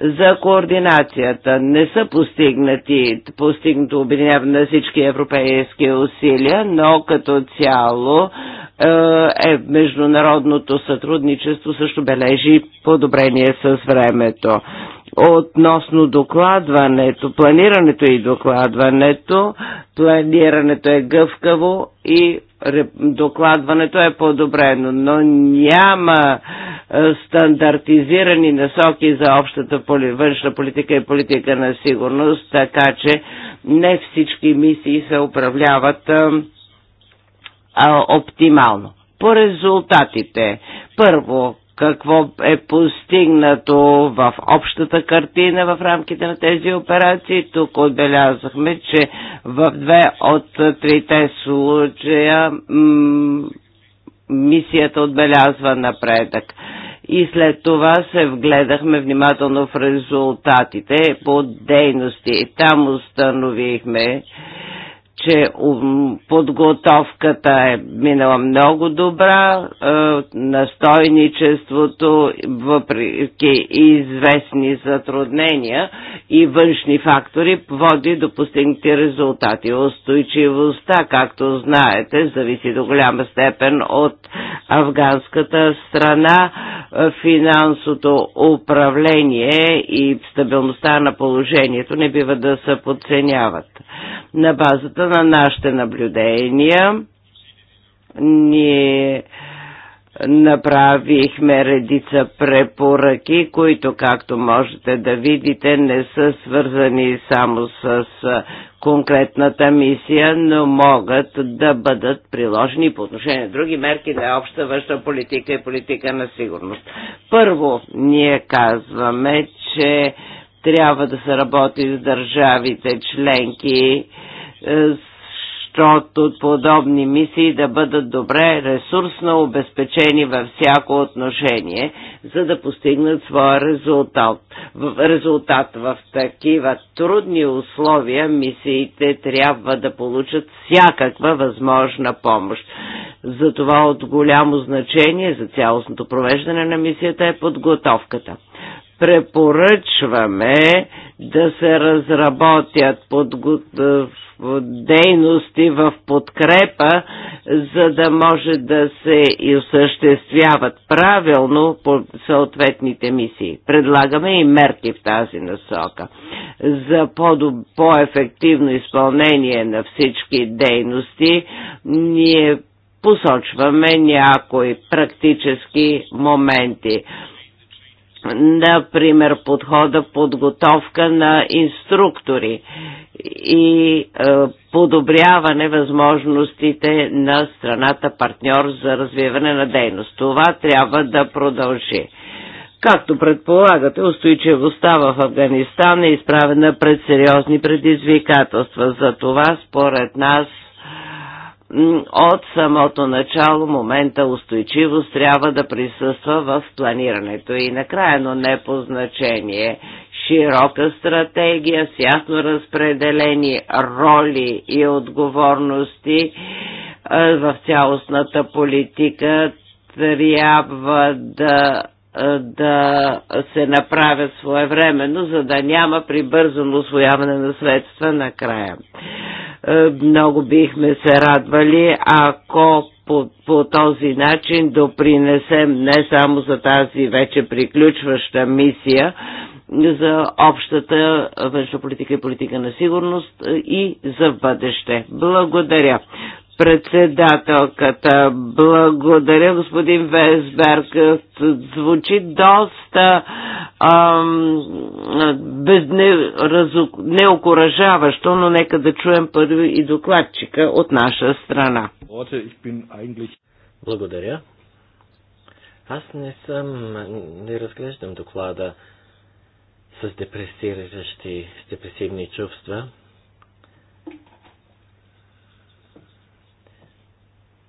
За координацията не са постигнати, постигнато обединяване на всички европейски усилия, но като цяло е, е, международното сътрудничество също бележи подобрение с времето относно докладването, планирането и докладването. Планирането е гъвкаво и докладването е подобрено, но няма е, стандартизирани насоки за общата външна политика и политика на сигурност, така че не всички мисии се управляват е, оптимално. По резултатите. Първо, какво е постигнато в общата картина в рамките на тези операции. Тук отбелязахме, че в две от трите случая мисията отбелязва напредък. И след това се вгледахме внимателно в резултатите по дейности. Там установихме, че подготовката е минала много добра, е, настойничеството, въпреки известни затруднения и външни фактори, води до постигнати резултати. Устойчивостта, както знаете, зависи до голяма степен от афганската страна, е, финансото управление и стабилността на положението не бива да се подценяват. На базата базата на нашите наблюдения ние направихме редица препоръки, които, както можете да видите, не са свързани само с конкретната мисия, но могат да бъдат приложени по отношение на други мерки на обща външна политика и политика на сигурност. Първо, ние казваме, че трябва да се работи с държавите членки защото е, от подобни мисии да бъдат добре ресурсно обезпечени във всяко отношение, за да постигнат своя резултат. В резултат в такива трудни условия мисиите трябва да получат всякаква възможна помощ. Затова от голямо значение за цялостното провеждане на мисията е подготовката препоръчваме да се разработят под дейности в подкрепа, за да може да се и осъществяват правилно по съответните мисии. Предлагаме и мерки в тази насока за по-ефективно по изпълнение на всички дейности. Ние посочваме някои практически моменти например, подхода подготовка на инструктори и е, подобряване възможностите на страната партньор за развиване на дейност. Това трябва да продължи. Както предполагате, устойчивостта в Афганистан е изправена пред сериозни предизвикателства. За това, според нас, от самото начало момента устойчивост трябва да присъства в планирането и накрая, но не по значение широка стратегия с ясно разпределени роли и отговорности е, в цялостната политика трябва да да се направят своевременно, за да няма прибързано освояване на средства накрая. Много бихме се радвали, ако по, по този начин допринесем не само за тази вече приключваща мисия, за общата външна политика и политика на сигурност и за бъдеще. Благодаря председателката. Благодаря, господин Весберг. Звучи доста неокоражаващо, не, но нека да чуем първи и докладчика от наша страна. Благодаря. Аз не съм, не разглеждам доклада с депресиращи, с депресивни чувства.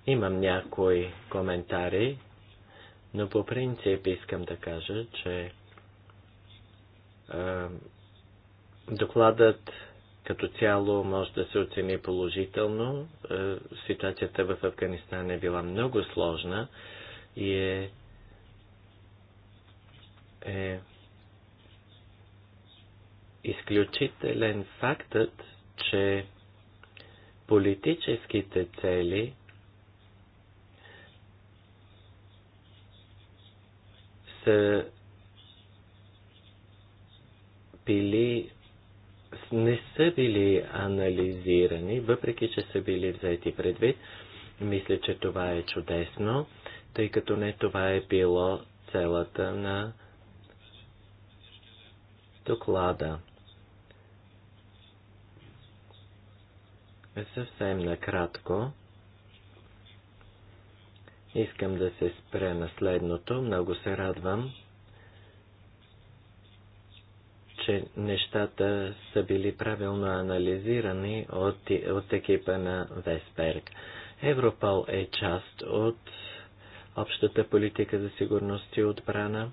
Имам някои коментари, но по принцип искам да кажа, че е, докладът като цяло може да се оцени положително. Е, ситуацията в Афганистан е била много сложна и е, е изключителен фактът, че политическите цели са били не са били анализирани, въпреки че са били взети предвид. Мисля, че това е чудесно, тъй като не това е било целата на доклада. Съвсем накратко. Искам да се спре на следното. Много се радвам, че нещата са били правилно анализирани от, от екипа на Весберг. Европол е част от общата политика за сигурност и отбрана.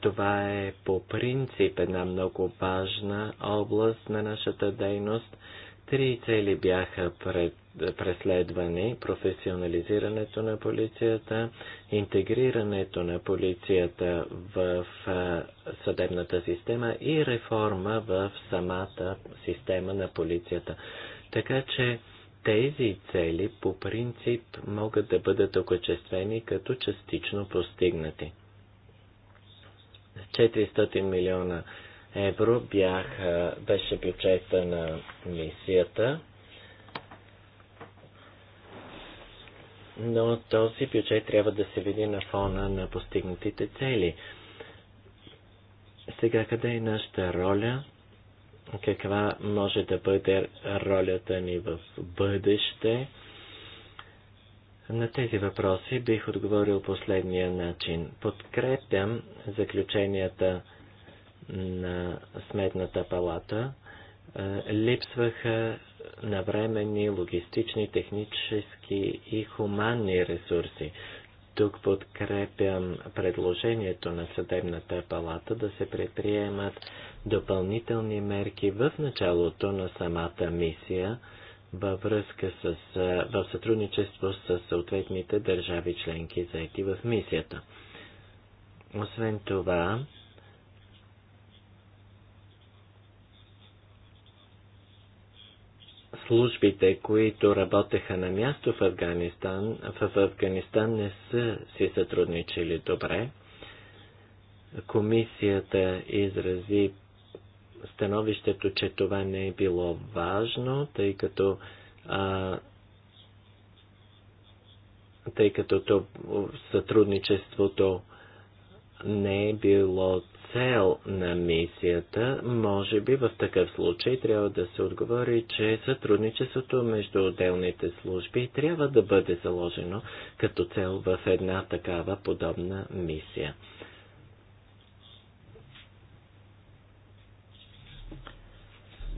Това е по принцип една много важна област на нашата дейност – Три цели бяха пред, преследвани професионализирането на полицията, интегрирането на полицията в съдебната система и реформа в самата система на полицията. Така че тези цели по принцип могат да бъдат окачествени като частично постигнати. 400 милиона евро бяха, беше бюджета на мисията. Но този бюджет трябва да се види на фона на постигнатите цели. Сега къде е нашата роля? Каква може да бъде ролята ни в бъдеще? На тези въпроси бих отговорил последния начин. Подкрепям заключенията на Сметната палата е, липсваха навремени логистични, технически и хуманни ресурси. Тук подкрепям предложението на Съдебната палата да се предприемат допълнителни мерки в началото на самата мисия във връзка с, е, в сътрудничество с съответните държави членки заети в мисията. Освен това, службите, които работеха на място в Афганистан, в Афганистан не са си сътрудничили добре. Комисията изрази становището, че това не е било важно, тъй като а, тъй като то, сътрудничеството не е било цел на мисията, може би в такъв случай трябва да се отговори, че сътрудничеството между отделните служби трябва да бъде заложено като цел в една такава подобна мисия.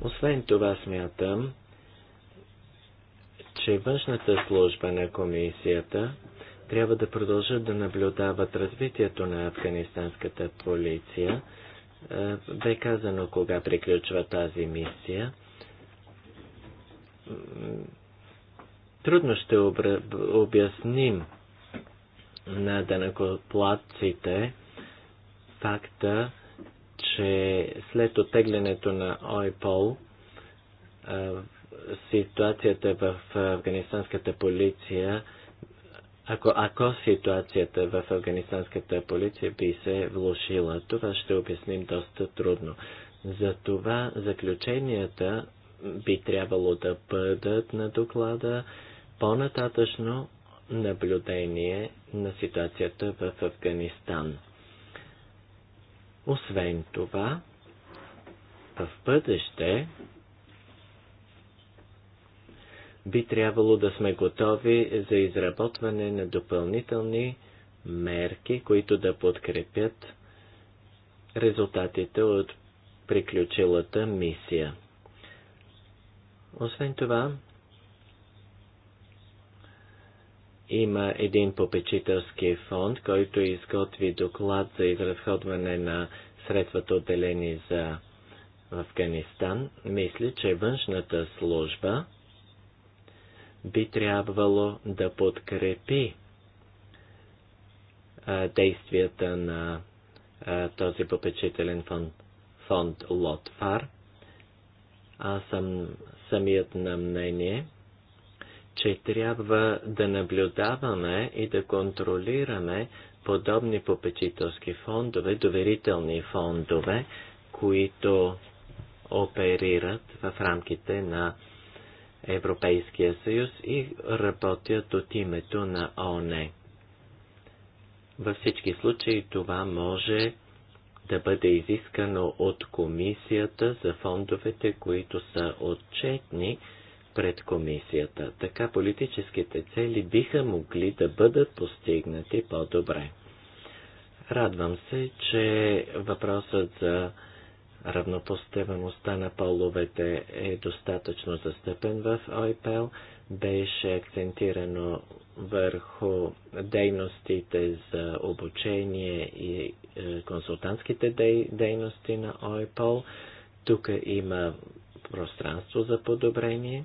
Освен това смятам, че външната служба на комисията трябва да продължат да наблюдават развитието на афганистанската полиция. Е, бе казано кога приключва тази мисия. Трудно ще обясним на данъкоплатците факта, че след отеглянето на ОИПОЛ е, ситуацията в афганистанската полиция ако, ако ситуацията в афганистанската полиция би се влушила, това ще обясним доста трудно. Затова заключенията би трябвало да бъдат на доклада по-нататъчно наблюдение на ситуацията в Афганистан. Освен това, в бъдеще би трябвало да сме готови за изработване на допълнителни мерки, които да подкрепят резултатите от приключилата мисия. Освен това, има един попечителски фонд, който изготви доклад за изразходване на средствата отделени за Афганистан. Мисля, че външната служба би трябвало да подкрепи а, действията на а, този попечителен фонд, фонд Лотфар. Аз съм самият на мнение, че трябва да наблюдаваме и да контролираме подобни попечителски фондове, доверителни фондове, които оперират в рамките на Европейския съюз и работят от името на ООН. Във всички случаи това може да бъде изискано от комисията за фондовете, които са отчетни пред комисията. Така политическите цели биха могли да бъдат постигнати по-добре. Радвам се, че въпросът за равнопоставеността на половете е достатъчно застъпен в ОИПЕЛ. Беше акцентирано върху дейностите за обучение и е, консултантските дей, дейности на ОИПОЛ. Тук има пространство за подобрение.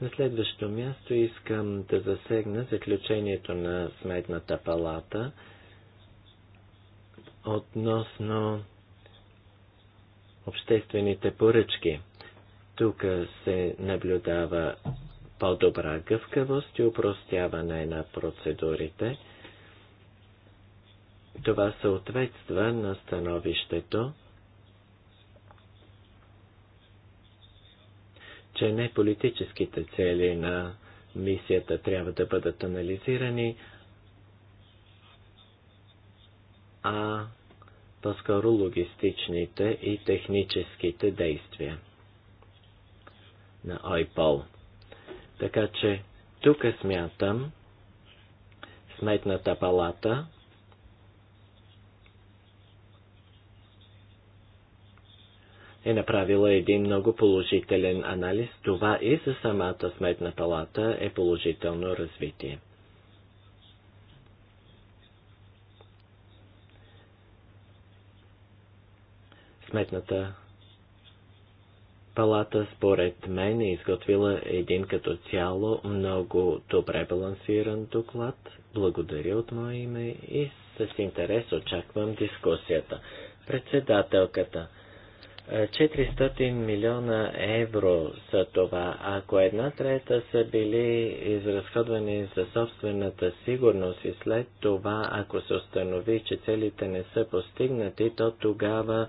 На следващо място искам да засегна заключението на Сметната палата относно обществените поръчки. Тук се наблюдава по-добра гъвкавост и упростяване на процедурите. Това съответства на становището, че не политическите цели на мисията трябва да бъдат анализирани, а по-скоро логистичните и техническите действия на ОИПОЛ. Така че тук смятам Сметната палата е направила един много положителен анализ. Това и за самата Сметна палата е положително развитие. Сметната палата, според мен, е изготвила един като цяло много добре балансиран доклад. Благодаря от мое име и с интерес очаквам дискусията. Председателката. 400 е, милиона евро са това. Ако една трета са били изразходвани за собствената сигурност и след това, ако се установи, че целите не са постигнати, то тогава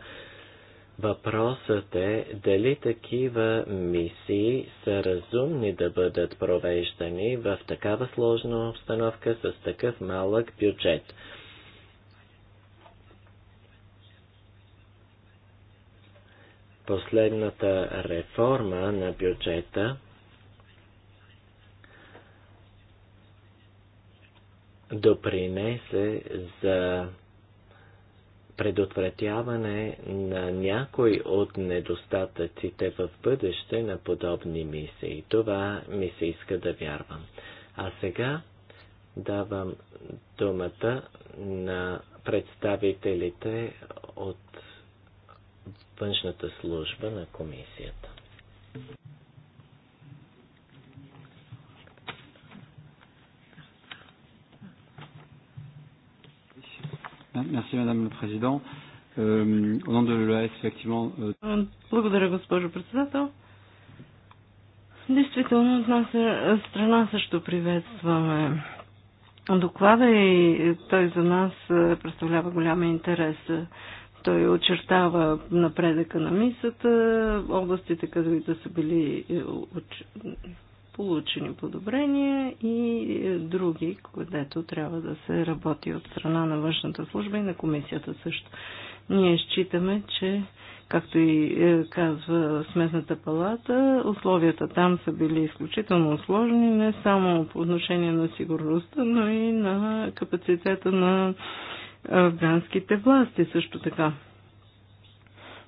Въпросът е дали такива мисии са разумни да бъдат провеждани в такава сложна обстановка с такъв малък бюджет. Последната реформа на бюджета допринесе за предотвратяване на някой от недостатъците в бъдеще на подобни мисии. Това ми се иска да вярвам. А сега давам думата на представителите от външната служба на комисията. Merci, Madame euh, Au nom de effectivement. Euh, Благодаря, госпожо председател. Действително, от наша страна също приветстваме доклада и той за нас е, представлява голям интерес. Той очертава напредъка на мисата, областите, където са били е, получени подобрения и е, други, където трябва да се работи от страна на външната служба и на комисията също. Ние считаме, че, както и е, казва Сметната палата, условията там са били изключително сложни, не само по отношение на сигурността, но и на капацитета на афганските власти също така.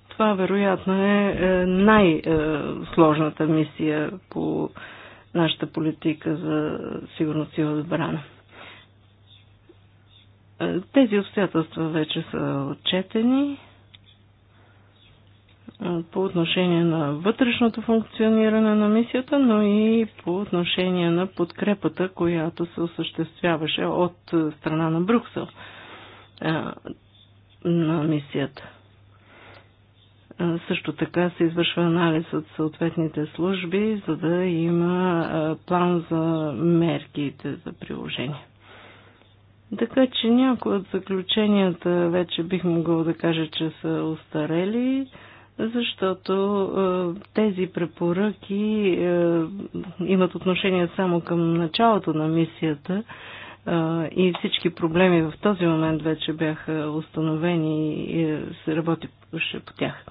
Това вероятно е, е най-сложната мисия по нашата политика за сигурност и отбрана. Е, тези обстоятелства вече са отчетени е, по отношение на вътрешното функциониране на мисията, но и по отношение на подкрепата, която се осъществяваше от страна на Брюксел е, на мисията. Също така се извършва анализ от съответните служби, за да има план за мерките за приложение. Така че някои от заключенията вече бих могъл да кажа, че са устарели, защото тези препоръки имат отношение само към началото на мисията и всички проблеми в този момент вече бяха установени и е, се работи по тях.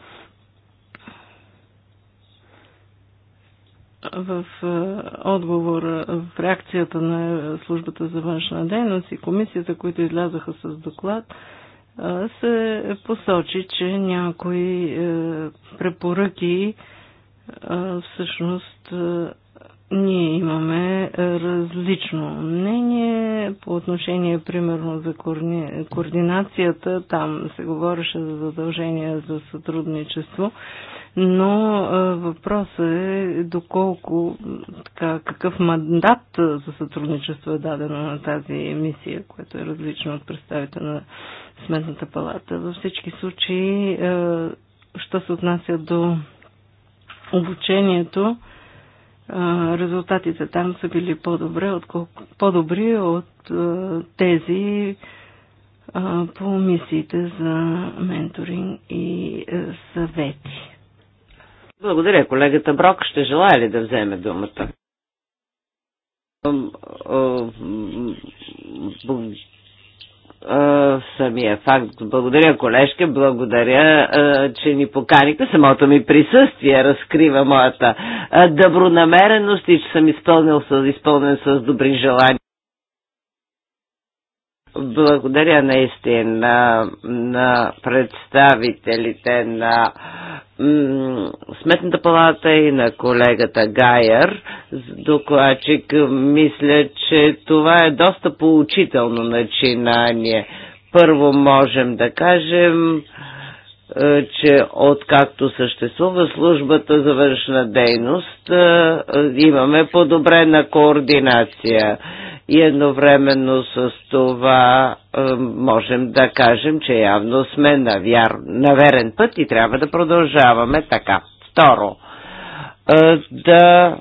В е, отговор, е, в реакцията на службата за външна дейност и комисията, които излязаха с доклад, се посочи, че някои препоръки всъщност ние имаме е, различно мнение по отношение, примерно, за координацията. Там се говореше за задължения за сътрудничество, но е, въпросът е доколко, така, какъв мандат за сътрудничество е дадено на тази мисия, което е различно от представите на Сметната палата. Във всички случаи, е, що се отнася до обучението, резултатите там са били по-добре, отколко, по-добри от тези по мисиите за менторинг и съвети. Благодаря, колегата Брок. Ще желая ли да вземе думата? самия факт. Благодаря, колежка, благодаря, че ни поканите. Самото ми присъствие разкрива моята добронамереност и че съм изпълнил изпълнен с добри желания. Благодаря наистина на представителите на Сметната палата и на колегата Гайер, докладчик. Мисля, че това е доста поучително начинание. Първо можем да кажем, е, че откакто съществува службата за външна дейност, е, е, имаме подобрена координация. И едновременно с това можем да кажем, че явно сме на, вяр, на верен път и трябва да продължаваме така. Второ, да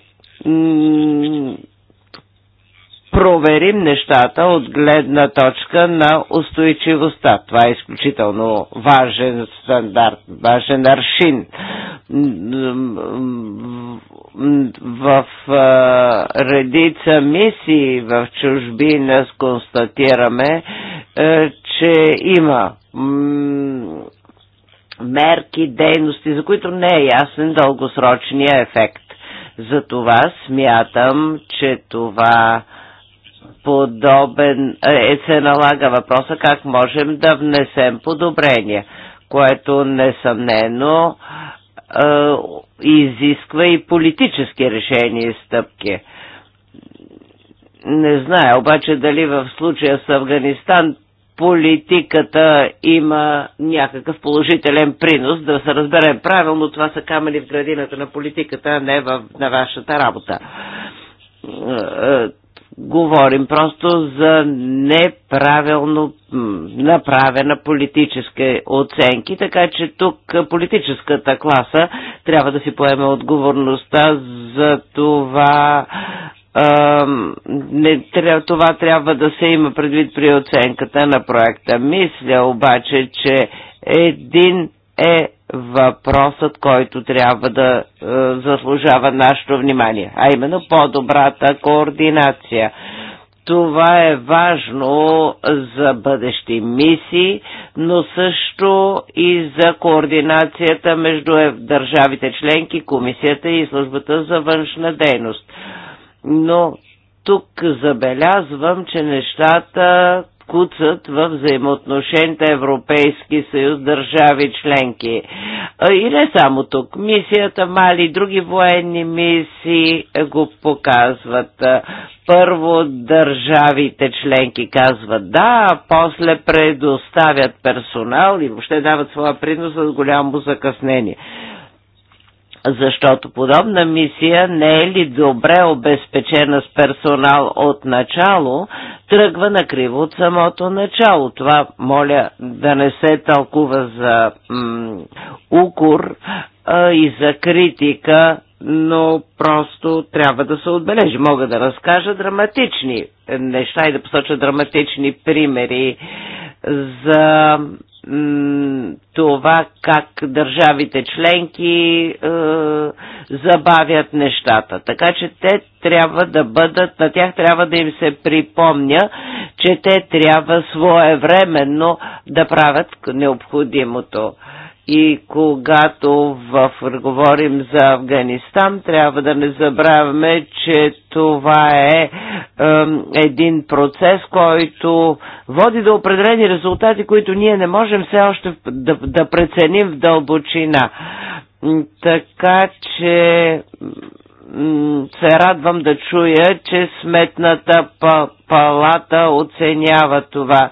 проверим нещата от гледна точка на устойчивостта. Това е изключително важен стандарт, важен аршин. В редица мисии в чужбина констатираме, че има мерки, дейности, за които не е ясен дългосрочния ефект. Затова смятам, че това подобен, е, е, се налага въпроса как можем да внесем подобрение, което несъмнено е, изисква и политически решения и стъпки. Не знае обаче дали в случая с Афганистан политиката има някакъв положителен принос, да се разберем правилно, това са камъни в градината на политиката, а не в, на вашата работа е, е, Говорим просто за неправилно направена политическа оценки, така че тук политическата класа трябва да си поеме отговорността за това не, това трябва да се има предвид при оценката на проекта. Мисля обаче, че един е въпросът, който трябва да е, заслужава нашето внимание, а именно по-добрата координация. Това е важно за бъдещи мисии, но също и за координацията между е, държавите членки, комисията и службата за външна дейност. Но тук забелязвам, че нещата куцат в взаимоотношенията Европейски съюз държави членки. И не само тук. Мисията Мали, други военни мисии е, го показват. Първо държавите членки казват да, а после предоставят персонал и въобще дават своя принос с голямо закъснение защото подобна мисия не е ли добре обезпечена с персонал от начало, тръгва на криво от самото начало. Това моля да не се тълкува за укор а, и за критика, но просто трябва да се отбележи. Мога да разкажа драматични неща и да посоча драматични примери за това как държавите членки е, забавят нещата. Така че те трябва да бъдат, на тях трябва да им се припомня, че те трябва своевременно да правят необходимото. И когато в, говорим за Афганистан, трябва да не забравяме, че това е, е един процес, който води до определени резултати, които ние не можем все още да, да преценим в дълбочина. Така че се радвам да чуя, че сметната палата оценява това.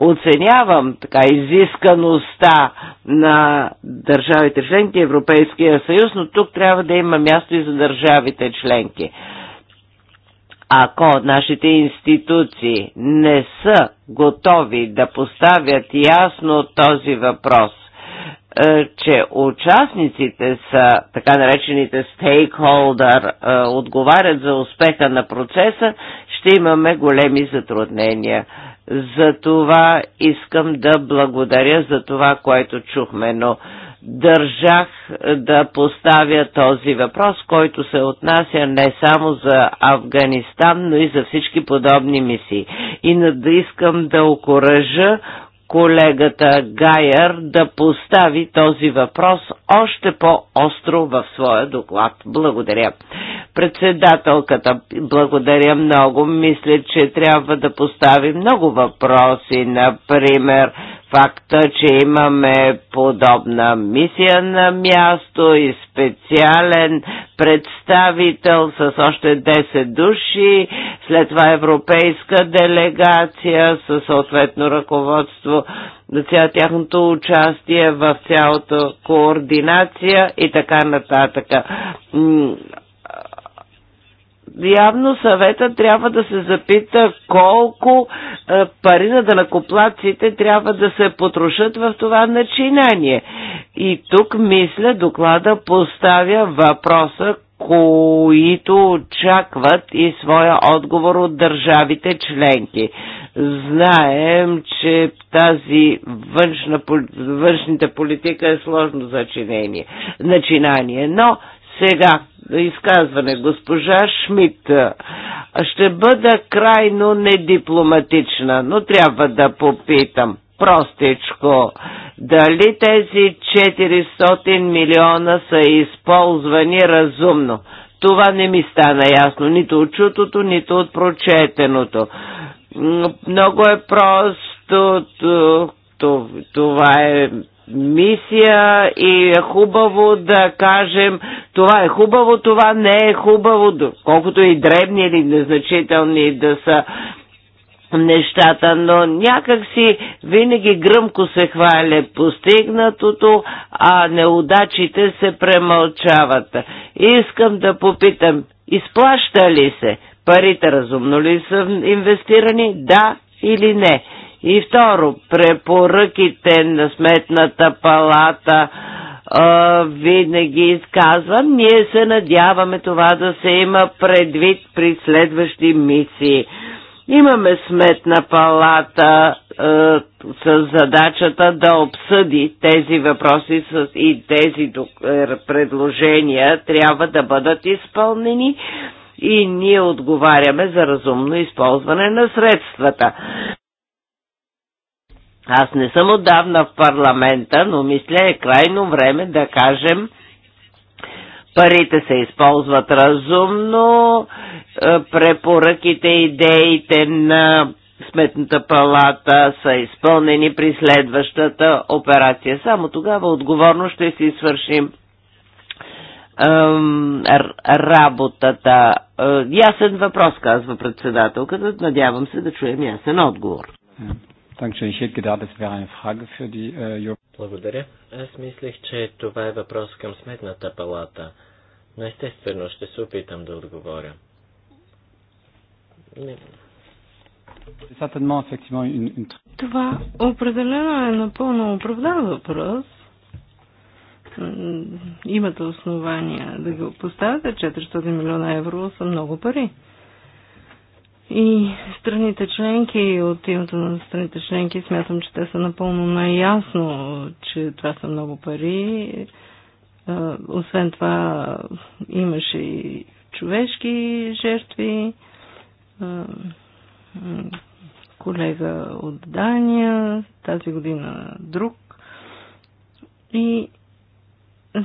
Оценявам така изискаността на държавите членки Европейския съюз, но тук трябва да има място и за държавите членки ако нашите институции не са готови да поставят ясно този въпрос, е, че участниците са, така наречените стейкхолдър, отговарят за успеха на процеса, ще имаме големи затруднения. За това искам да благодаря за това, което чухме, но държах да поставя този въпрос, който се отнася не само за Афганистан, но и за всички подобни мисии. И да искам да окоръжа колегата Гайер да постави този въпрос още по-остро в своя доклад. Благодаря. Председателката, благодаря много. Мисля, че трябва да постави много въпроси. Например, факта, че имаме подобна мисия на място, с специален представител с още 10 души, след това европейска делегация със съответно ръководство на цяло тяхното участие в цялото координация и така нататък явно съвета трябва да се запита колко е, пари на данакоплаците трябва да се потрошат в това начинание. И тук, мисля, доклада поставя въпроса, които очакват и своя отговор от държавите членки. Знаем, че тази външна, външната политика е сложно зачинение, начинание, но сега, изказване госпожа Шмидт. Ще бъда крайно недипломатична, но трябва да попитам простичко. Дали тези 400 милиона са използвани разумно? Това не ми стана ясно, нито от чутото, нито от прочетеното. Много е просто, това е мисия и е хубаво да кажем това е хубаво, това не е хубаво, колкото и дребни или незначителни да са нещата, но някак си винаги гръмко се хваля постигнатото, а неудачите се премълчават. Искам да попитам, изплаща ли се? Парите разумно ли са инвестирани? Да или не? И второ, препоръките на Сметната палата а, винаги изказвам. Ние се надяваме това да се има предвид при следващи мисии. Имаме сметна палата а, с задачата да обсъди тези въпроси с, и тези е, предложения трябва да бъдат изпълнени и ние отговаряме за разумно използване на средствата. Аз не съм отдавна в парламента, но мисля е крайно време да кажем, парите се използват разумно, е, препоръките, идеите на Сметната палата са изпълнени при следващата операция. Само тогава отговорно ще си свършим работата. Е, ясен въпрос, казва председателката. Надявам се да чуем ясен отговор. Äh, Благодаря. Аз мислех, че това е въпрос към сметната палата, но естествено ще се опитам да отговоря. Не. Това определено е напълно оправдан въпрос. Имате основания да го поставите. 400 милиона евро са много пари. И страните членки, от името на страните членки, смятам, че те са напълно наясно, че това са много пари. Освен това, имаше и човешки жертви. Колега от Дания, тази година друг. И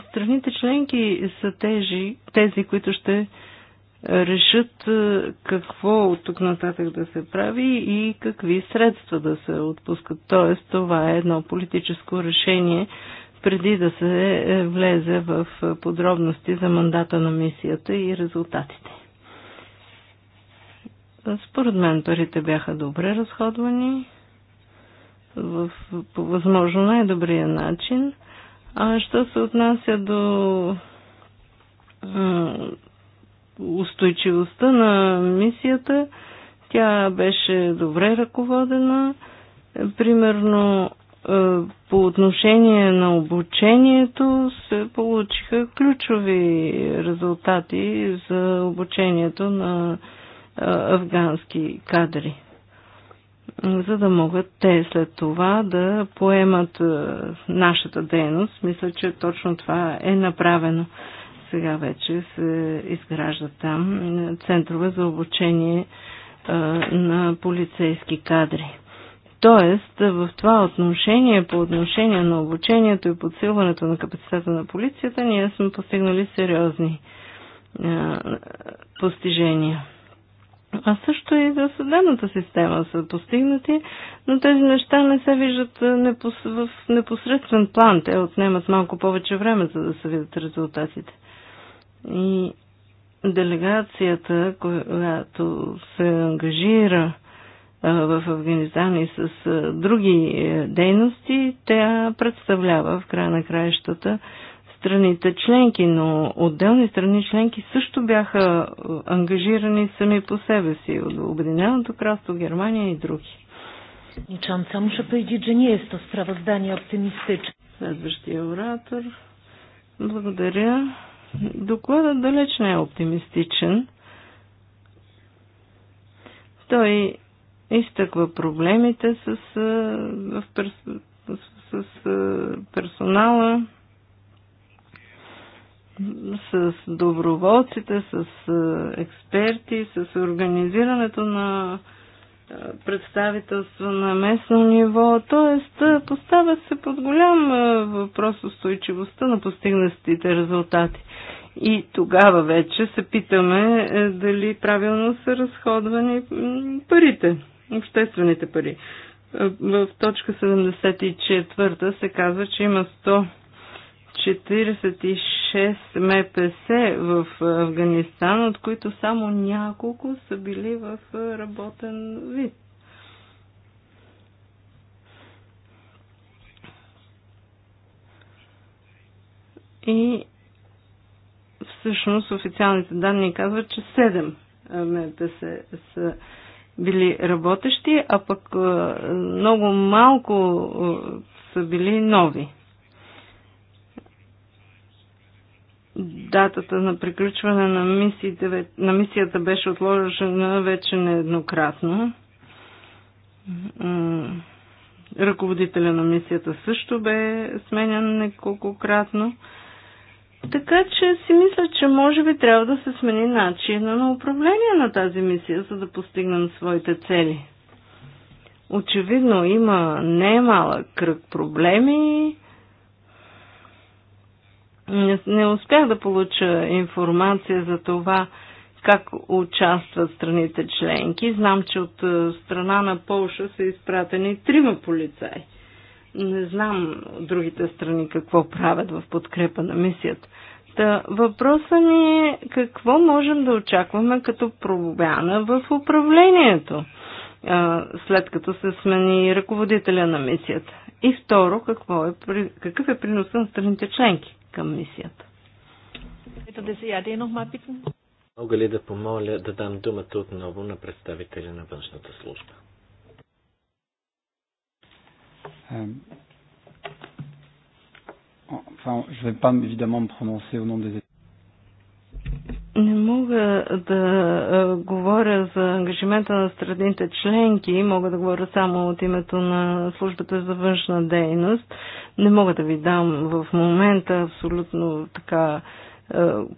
страните членки са тежи, тези които ще решат е, какво от тук нататък да се прави и какви средства да се отпускат. Тоест, това е едно политическо решение преди да се е, влезе в подробности за мандата на мисията и резултатите. Според мен парите бяха добре разходвани в, по възможно най-добрия начин. А що се отнася до устойчивостта на мисията. Тя беше добре ръководена. Примерно е, по отношение на обучението се получиха ключови резултати за обучението на е, афгански кадри, за да могат те след това да поемат е, нашата дейност. Мисля, че точно това е направено сега вече се изграждат там центрове за обучение на полицейски кадри. Тоест, в това отношение, по отношение на обучението и подсилването на капацитета на полицията, ние сме постигнали сериозни постижения. А също и за съдебната система са постигнати, но тези неща не се виждат непос... в непосредствен план. Те отнемат малко повече време, за да се видят резултатите. И делегацията, която се ангажира в Афганистан и с други е, дейности, тя представлява в края на краищата страните членки, но отделни страни членки също бяха ангажирани сами по себе си от Обединеното кралство, Германия и други. Ничанца, muszę powiedzieć, że nie jest to sprawozdanie optymistyczne. Следващия оратор. Благодаря. Докладът далеч не е оптимистичен. Той изтъква проблемите с, с, с, с персонала, с доброволците, с експерти, с организирането на представителство на местно ниво, т.е. поставя се под голям въпрос устойчивостта на постигнатите резултати. И тогава вече се питаме е, дали правилно са разходвани парите, обществените пари. В точка 74 се казва, че има 100 46 МПС в Афганистан, от които само няколко са били в работен вид. И всъщност официалните данни казват, че 7 МПС са били работещи, а пък много малко са били нови. датата на приключване на, мисиите, на мисията беше отложена вече нееднократно. Ръководителя на мисията също бе сменян неколкократно. Така че си мисля, че може би трябва да се смени начина на управление на тази мисия, за да постигнем своите цели. Очевидно има немалък кръг проблеми, не, успях да получа информация за това как участват страните членки. Знам, че от е, страна на Полша са изпратени трима полицаи. Не знам другите страни какво правят в подкрепа на мисията. Та, въпросът ни е какво можем да очакваме като промяна в управлението, след като се смени ръководителя на мисията. И второ, какво е, какъв е приносът на страните членки? към мисията. Ето да се яде едно мапите. Мога ли да помоля да дам думата отново на представителя на външната служба? Enfin, je ne vais pas évidemment me prononcer au nom des не мога да говоря за ангажимента на страните членки, мога да говоря само от името на службата за външна дейност. Не мога да ви дам в момента абсолютно така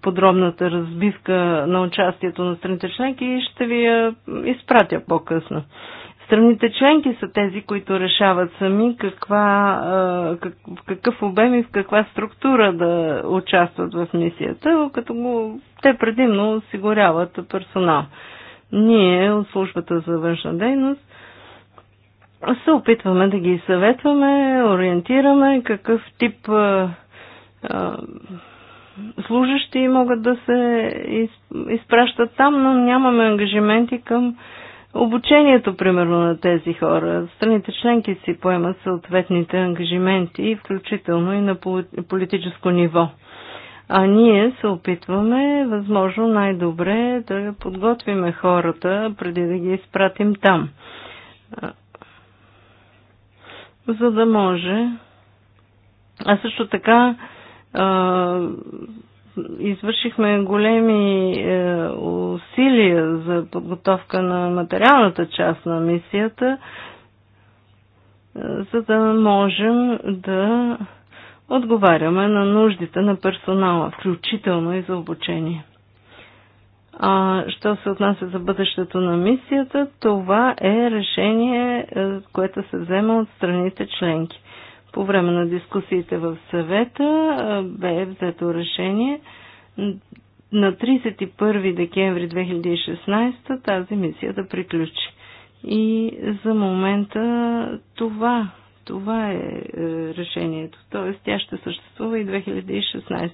подробната разбивка на участието на страните членки и ще ви я изпратя по-късно. Страните членки са тези, които решават сами каква, в какъв обем и в каква структура да участват в мисията, като го, те предимно осигуряват персонал. Ние от службата за външна дейност се опитваме да ги съветваме, ориентираме какъв тип а, а, служащи могат да се изпращат там, но нямаме ангажименти към обучението, примерно, на тези хора. Страните членки си поемат съответните ангажименти, включително и на политическо ниво. А ние се опитваме, възможно най-добре, да подготвиме хората, преди да ги изпратим там. За да може. А също така извършихме големи е, усилия за подготовка на материалната част на мисията, е, за да можем да отговаряме на нуждите на персонала, включително и за обучение. А, що се отнася за бъдещето на мисията, това е решение, е, което се взема от страните членки. По време на дискусиите в съвета бе взето решение на 31 декември 2016 тази мисия да приключи. И за момента това, това е, е решението. Тоест тя ще съществува и 2016.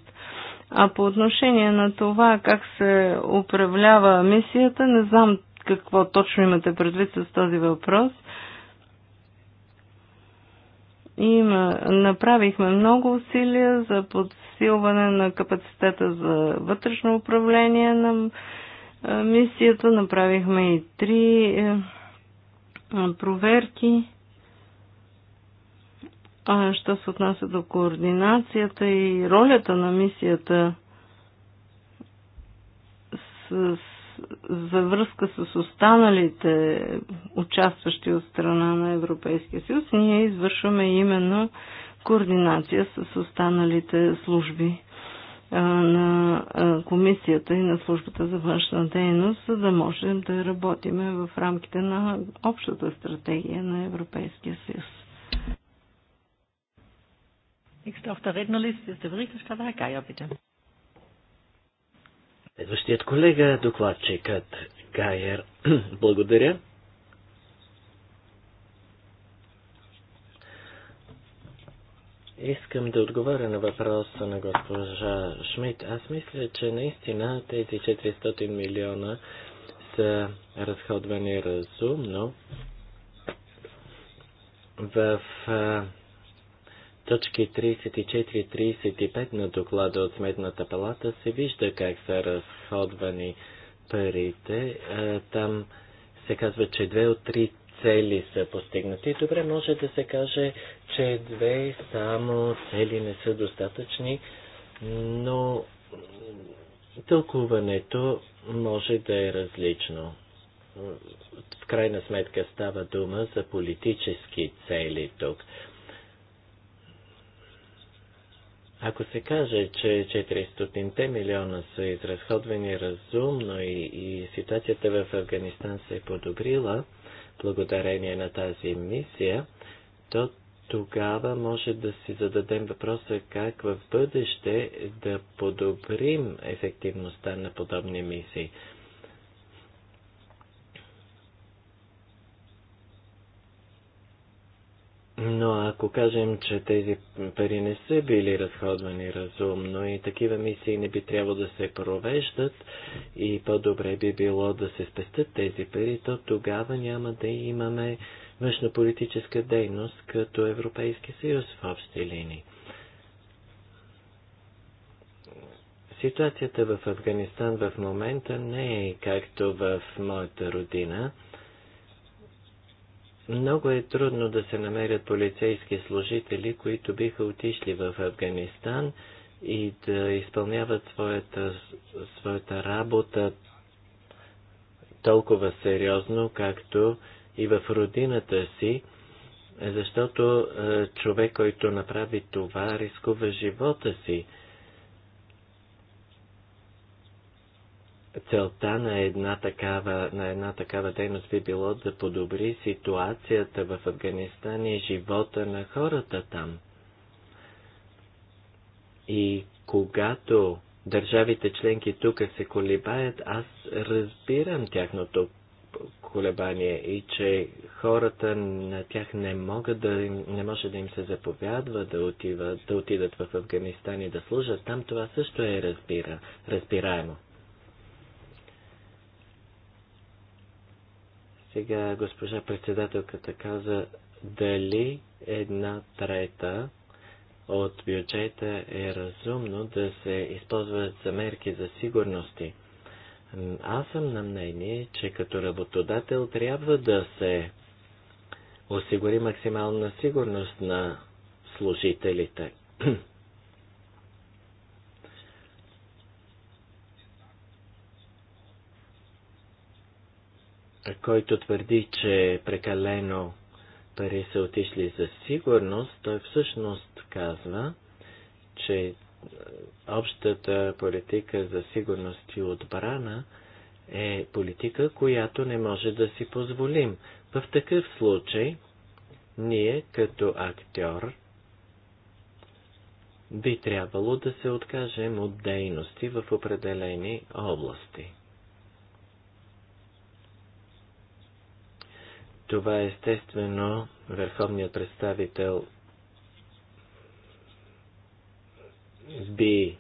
А по отношение на това как се управлява мисията, не знам какво точно имате предвид с този въпрос. Има, направихме много усилия за подсилване на капацитета за вътрешно управление на мисията. Направихме и три е, проверки. А що се отнася до координацията и ролята на мисията с за връзка с останалите участващи от страна на Европейския съюз, ние извършваме именно координация с останалите служби на комисията и на службата за външна дейност, за да можем да работим в рамките на общата стратегия на Европейския съюз. Nächster auf der Rednerliste ist der Berichterstatter Herr Geier, bitte. Следващият колега, докладчикът Гайер. Благодаря. Искам да отговоря на въпроса на госпожа Шмидт. Аз мисля, че наистина тези 400 милиона са разходвани разумно. В точки 34 35 на доклада от Сметната палата се вижда как са разходвани парите. Е, там се казва, че две от три цели са постигнати. Добре, може да се каже, че две само цели не са достатъчни, но тълкуването може да е различно. В крайна сметка става дума за политически цели тук. Ако се каже, че 400 милиона са изразходвани разумно и, и ситуацията в Афганистан се е подобрила благодарение на тази мисия, то тогава може да си зададем въпроса как в бъдеще да подобрим ефективността на подобни мисии. Но ако кажем, че тези пари не са били разходвани разумно и такива мисии не би трябвало да се провеждат и по-добре би било да се спестят тези пари, то тогава няма да имаме външнополитическа дейност като Европейски съюз в общи линии. Ситуацията в Афганистан в момента не е както в моята родина – много е трудно да се намерят полицейски служители, които биха отишли в Афганистан и да изпълняват своята, своята работа толкова сериозно, както и в родината си, защото е, човек, който направи това, рискува живота си. целта на една такава, на една такава дейност би било да подобри ситуацията в Афганистан и живота на хората там. И когато държавите членки тук се колебаят, аз разбирам тяхното колебание и че хората на тях не, могат да, не може да им се заповядва да, отиват, да отидат в Афганистан и да служат там, това също е разбира, разбираемо. Сега госпожа председателката каза дали една трета от бюджета е разумно да се използват за мерки за сигурности. Аз съм на мнение, че като работодател трябва да се осигури максимална сигурност на служителите. който твърди, че прекалено пари са отишли за сигурност, той всъщност казва, че е, общата политика за сигурност и отбрана е политика, която не може да си позволим. В такъв случай, ние като актьор би трябвало да се откажем от дейности в определени области. Това е естествено върховният представител би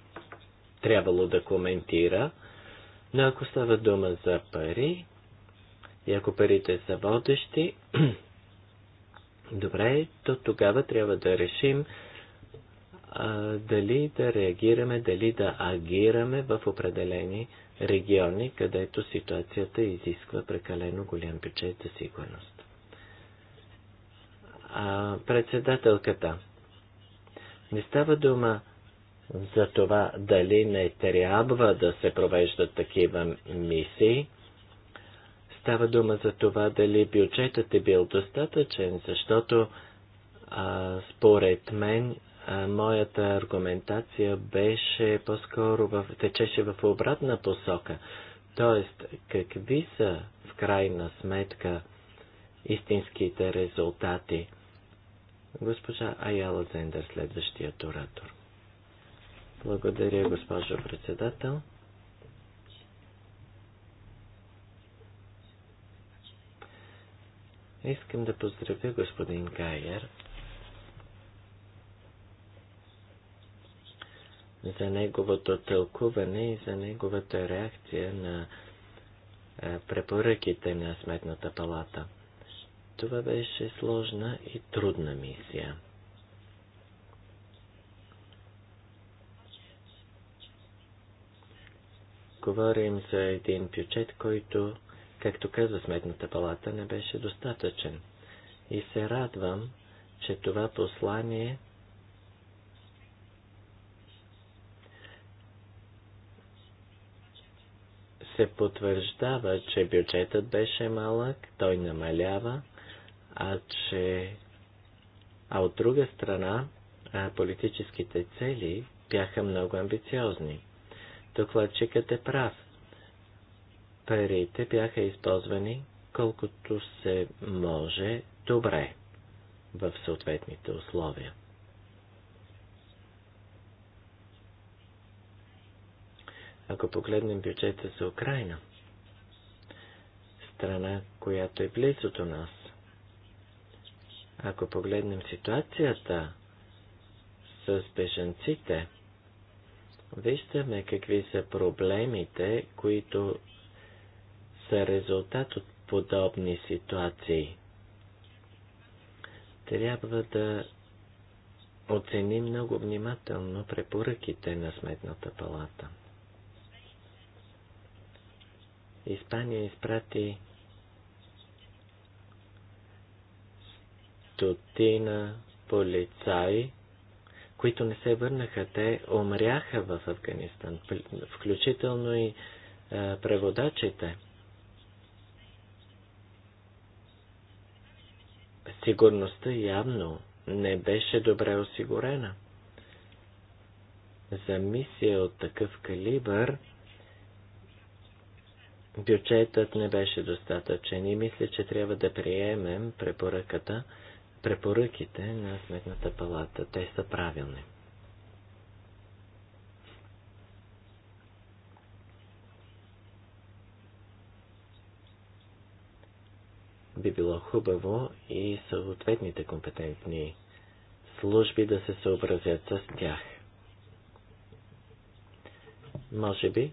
трябвало да коментира, но ако става дума за пари и ако парите са водещи, добре, то тогава трябва да решим а, дали да реагираме, дали да агираме в определени региони, където ситуацията изисква прекалено голям бюджет за сигурност а, председателката. Не става дума за това дали не трябва да се провеждат такива мисии. Става дума за това дали бюджетът е бил достатъчен, защото а, според мен а, моята аргументация беше по-скоро в, течеше в обратна посока. Тоест, какви са в крайна сметка истинските резултати – Госпожа Аяла Зендер, следващият оратор. Благодаря, госпожо председател. Искам да поздравя господин Гайер за неговото тълкуване и за неговата реакция на е, препоръките на Сметната палата. Това беше сложна и трудна мисия. Говорим за един бюджет, който, както казва Сметната палата, не беше достатъчен. И се радвам, че това послание се потвърждава, че бюджетът беше малък, той намалява, а че а от друга страна политическите цели бяха много амбициозни. Докладчикът е прав. Парите бяха използвани колкото се може добре в съответните условия. Ако погледнем бюджета за Украина, страна, която е близо до нас, ако погледнем ситуацията с бежанците, виждаме какви са проблемите, които са резултат от подобни ситуации. Трябва да оценим много внимателно препоръките на Сметната палата. Испания изпрати стотина полицаи, които не се върнаха. Те умряха в Афганистан, включително и е, преводачите. Сигурността явно не беше добре осигурена. За мисия от такъв калибър бюджетът не беше достатъчен и мисля, че трябва да приемем препоръката препоръките на Сметната палата. Те са правилни. Би било хубаво и съответните компетентни служби да се съобразят с тях. Може би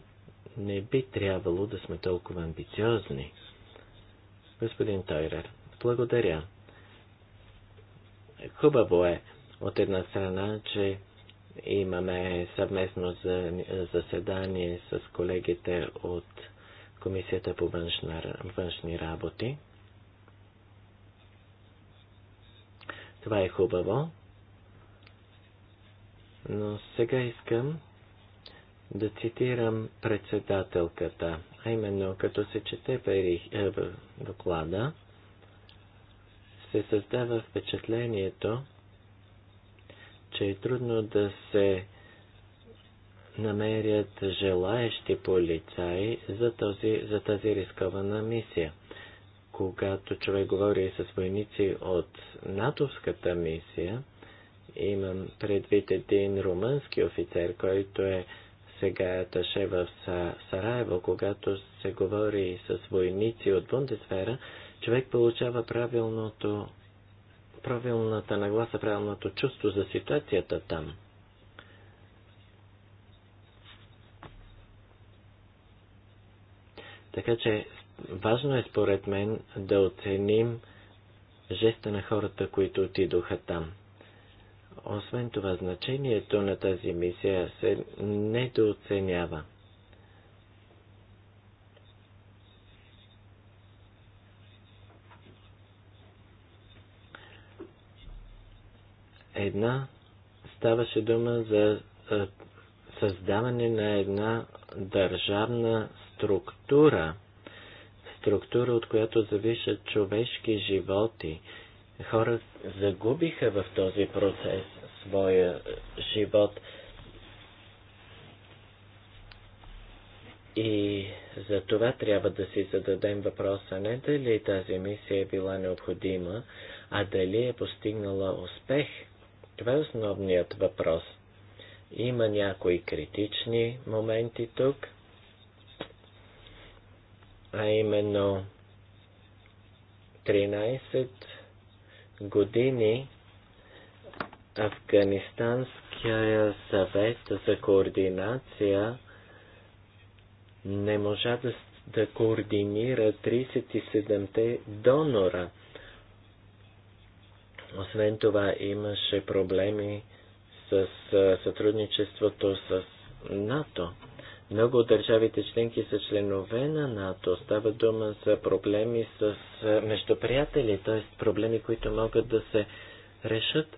не би трябвало да сме толкова амбициозни. Господин Тойрер, благодаря. Хубаво е от една страна, че имаме съвместно заседание с колегите от Комисията по външна, външни работи. Това е хубаво. Но сега искам да цитирам председателката, а именно като се чете е, доклада, се създава впечатлението, че е трудно да се намерят желаещи полицаи за, този, за тази рискована мисия. Когато човек говори с войници от натовската мисия, имам предвид един румънски офицер, който е сега таше в Сараево, когато се говори с войници от Бундесфера, човек получава правилното, правилната нагласа, правилното чувство за ситуацията там. Така че важно е според мен да оценим жеста на хората, които отидоха там. Освен това, значението на тази мисия се недооценява. Една ставаше дума за създаване на една държавна структура, структура, от която завишат човешки животи. Хора загубиха в този процес своя живот. И за това трябва да си зададем въпроса не дали тази мисия е била необходима, а дали е постигнала успех – това е основният въпрос. Има някои критични моменти тук, а именно 13 години Афганистанския съвет за координация не можа да, да координира 37-те донора. Освен това имаше проблеми с сътрудничеството с НАТО. Много от държавите членки са членове на НАТО. Става дума за проблеми с, междуприятели, т.е. проблеми, които могат да се решат.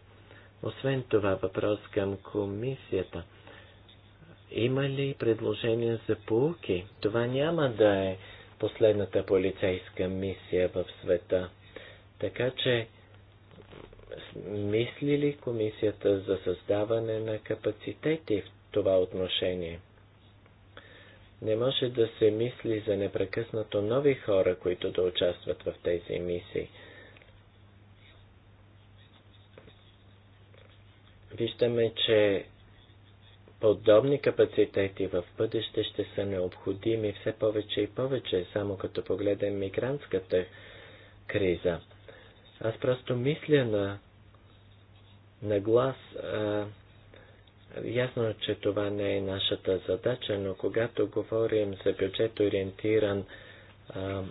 Освен това, въпрос към комисията. Има ли предложения за полуки? Това няма да е последната полицейска мисия в света. Така че мисли ли комисията за създаване на капацитети в това отношение? Не може да се мисли за непрекъснато нови хора, които да участват в тези мисии. Виждаме, че подобни капацитети в бъдеще ще са необходими все повече и повече, само като погледнем мигрантската криза. Аз просто мисля на, на глас. А, ясно, че това не е нашата задача, но когато говорим за бюджет ориентиран а,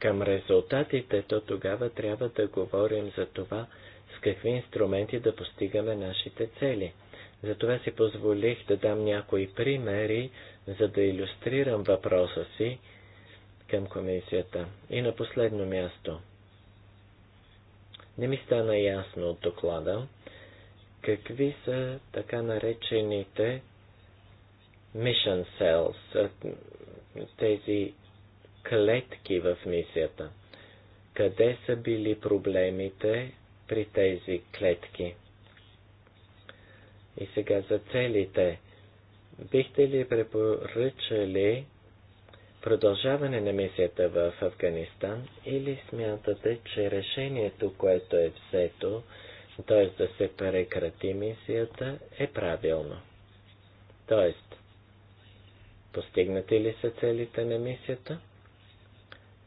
към резултатите, то тогава трябва да говорим за това, с какви инструменти да постигаме нашите цели. Затова си позволих да дам някои примери, за да иллюстрирам въпроса си към комисията. И на последно място. Не ми стана ясно от доклада какви са така наречените mission cells, тези клетки в мисията. Къде са били проблемите при тези клетки? И сега за целите. Бихте ли препоръчали продължаване на мисията в Афганистан или смятате, че решението, което е взето, т.е. да се прекрати мисията, е правилно? Т.е. постигнати ли са целите на мисията?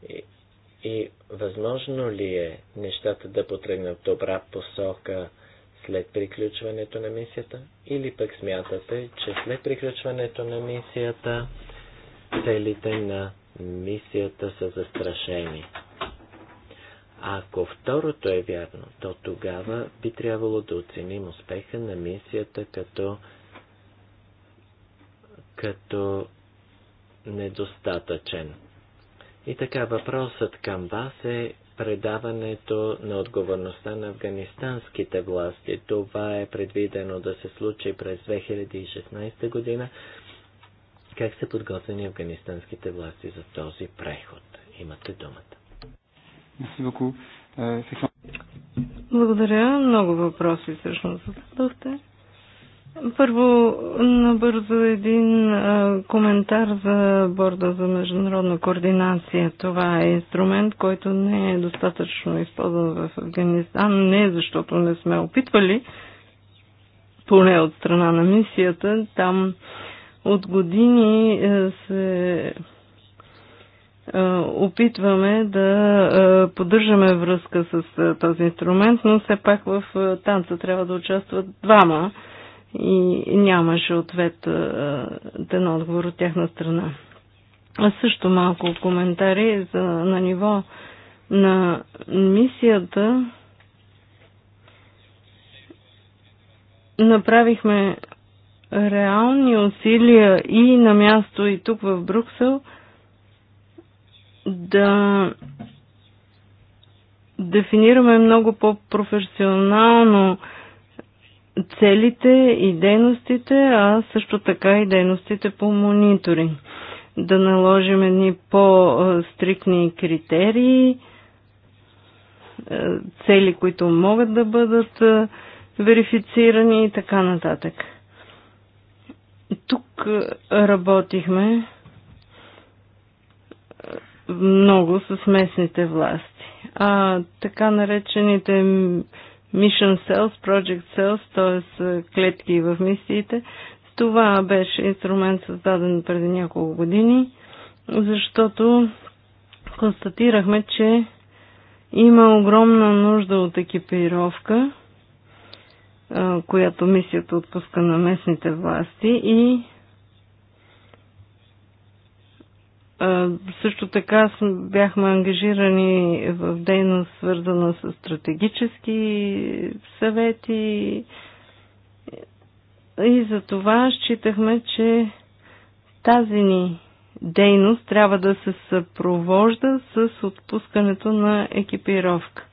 И, и възможно ли е нещата да потръгнат добра посока след приключването на мисията? Или пък смятате, че след приключването на мисията целите на мисията са застрашени. Ако второто е вярно, то тогава би трябвало да оценим успеха на мисията като, като недостатъчен. И така въпросът към вас е предаването на отговорността на афганистанските власти. Това е предвидено да се случи през 2016 година. Как са подготвени афганистанските власти за този преход? Имате думата. Euh, Благодаря. Много въпроси всъщност зададохте. Първо, набързо един а, коментар за Борда за международна координация. Това е инструмент, който не е достатъчно използван в Афганистан. Не защото не сме опитвали, поне от страна на мисията. Там а, от години е, се е, опитваме да е, поддържаме връзка с този инструмент, но все пак в танца трябва да участват двама и нямаше ответ ден отговор от тяхна страна. А също малко коментари за, на ниво на мисията. Направихме реални усилия и на място, и тук в Брюксел да дефинираме много по-професионално целите и дейностите, а също така и дейностите по мониторинг. Да наложим едни по-стрикни критерии, е, цели, които могат да бъдат е, верифицирани и така нататък. Тук работихме много с местните власти. А така наречените Mission Cells, Project Cells, т.е. клетки в мисиите, това беше инструмент създаден преди няколко години, защото констатирахме, че има огромна нужда от екипировка която мисията отпуска на местните власти и също така бяхме ангажирани в дейност, свързана с стратегически съвети и за това считахме, че тази ни дейност трябва да се съпровожда с отпускането на екипировка.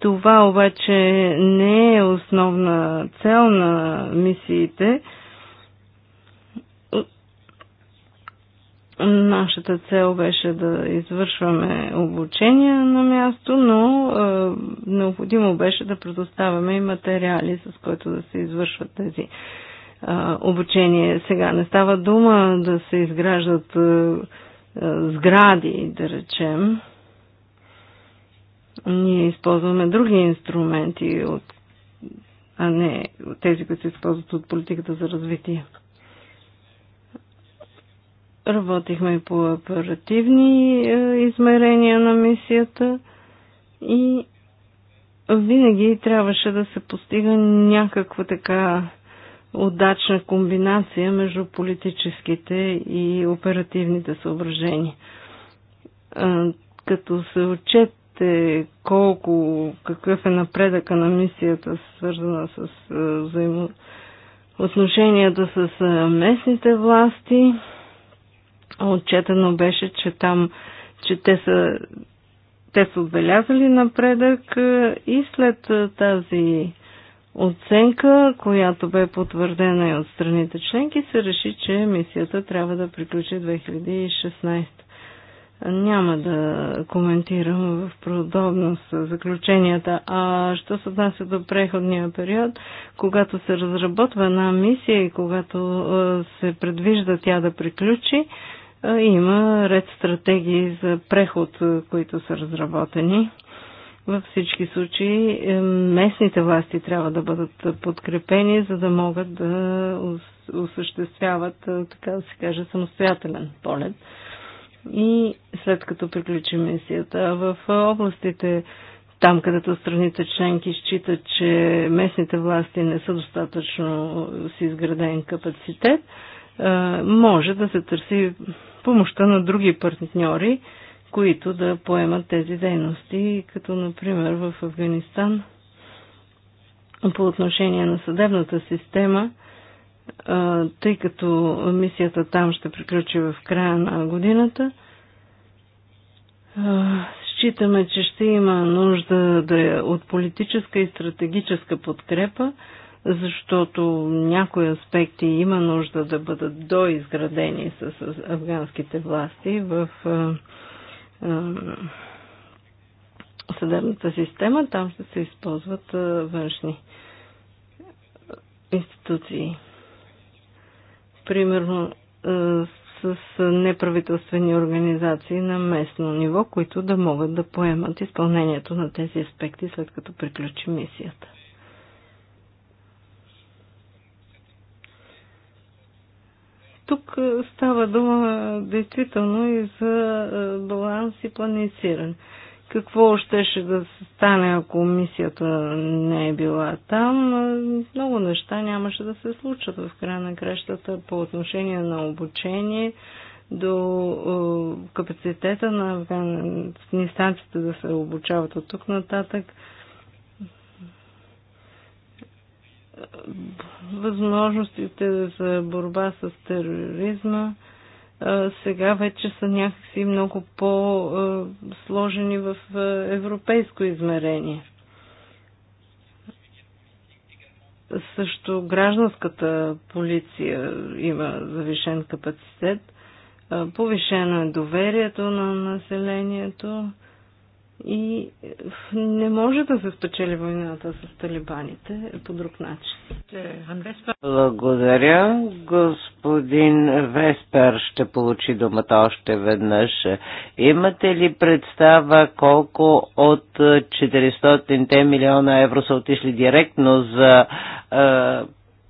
Това обаче не е основна цел на мисиите. Нашата цел беше да извършваме обучение на място, но е, необходимо беше да предоставяме и материали, с които да се извършват тези е, обучения. Сега не става дума да се изграждат е, е, сгради, да речем, ние използваме други инструменти, от, а не от тези, които се използват от политиката за развитие. Работихме и по оперативни е, измерения на мисията и винаги трябваше да се постига някаква така удачна комбинация между политическите и оперативните съображения. Е, като се отчет знаете колко, какъв е напредъка на мисията, свързана с е, взаимоотношенията с е, местните власти. Отчетено беше, че там, че те са, те са отбелязали напредък е, и след тази оценка, която бе потвърдена и от страните членки, се реши, че мисията трябва да приключи 2016. Няма да коментирам в подобно с заключенията. А що се отнася до преходния период, когато се разработва една мисия и когато се предвижда тя да приключи, има ред стратегии за преход, които са разработени. Във всички случаи е, местните власти трябва да бъдат подкрепени, за да могат да осъществяват, така да се каже, самостоятелен полет и след като приключи мисията в областите, там където страните членки считат, че местните власти не са достатъчно с изграден капацитет, може да се търси помощта на други партньори, които да поемат тези дейности, като например в Афганистан по отношение на съдебната система – тъй като мисията там ще приключи в края на годината. Считаме, че ще има нужда да е от политическа и стратегическа подкрепа, защото някои аспекти има нужда да бъдат доизградени с афганските власти в съдебната система. Там ще се използват външни институции примерно е, с неправителствени организации на местно ниво, които да могат да поемат изпълнението на тези аспекти след като приключи мисията. Тук е, става дума е, действително и за баланс и планициране какво щеше да се стане, ако мисията не е била там. Много неща нямаше да се случат в края на кращата по отношение на обучение до капацитета на афганистанците да се обучават от тук нататък. Възможностите за борба с тероризма сега вече са някакси много по-сложени в европейско измерение. Също гражданската полиция има завишен капацитет, повишено е доверието на населението, и не може да се спечели войната с талибаните по друг начин. Благодаря. Господин Веспер ще получи думата още веднъж. Имате ли представа колко от 400 милиона евро са отишли директно за е,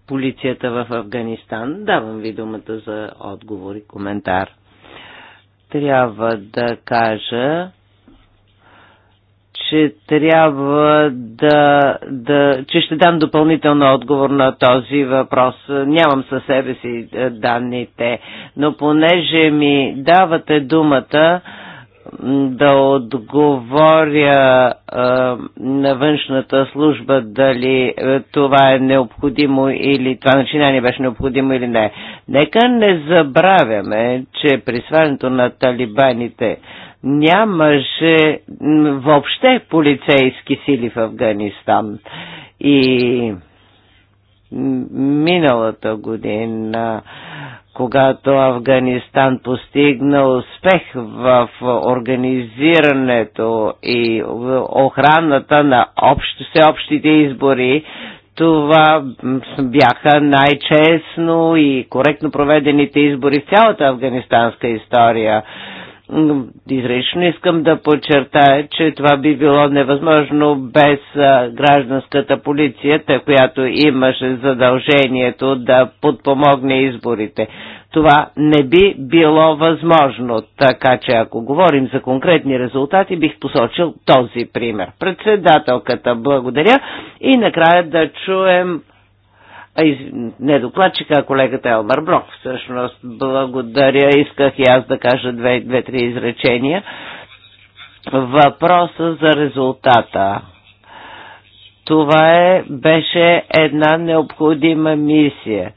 полицията в Афганистан? Давам ви думата за отговор и коментар. Трябва да кажа, че трябва да, да, че ще дам допълнително отговор на този въпрос. Нямам със себе си е, данните, но понеже ми давате думата, да отговоря а, е, на външната служба дали е, това е необходимо или това начинание беше необходимо или не. Нека не забравяме, че при свалянето на талибаните нямаше въобще полицейски сили в Афганистан. И миналата година, когато Афганистан постигна успех в организирането и охраната на общ, всеобщите избори, това бяха най-честно и коректно проведените избори в цялата афганистанска история. Изрично искам да подчертая, че това би било невъзможно без гражданската полиция, която имаше задължението да подпомогне изборите. Това не би било възможно, така че ако говорим за конкретни резултати, бих посочил този пример. Председателката благодаря и накрая да чуем а из... не докладчика, а колегата Елмар Брок. Всъщност, благодаря, исках и аз да кажа две-три две, две изречения. Въпроса за резултата. Това е, беше една необходима мисия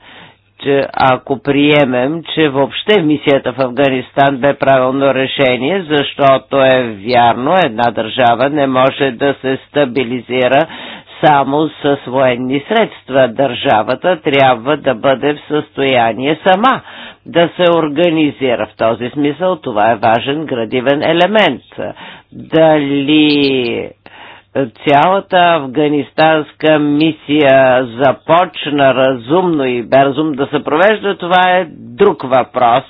че ако приемем, че въобще мисията в Афганистан бе правилно решение, защото е вярно, една държава не може да се стабилизира само с военни средства. Държавата трябва да бъде в състояние сама да се организира. В този смисъл това е важен градивен елемент. Дали цялата афганистанска мисия започна разумно и безум да се провежда, това е друг въпрос.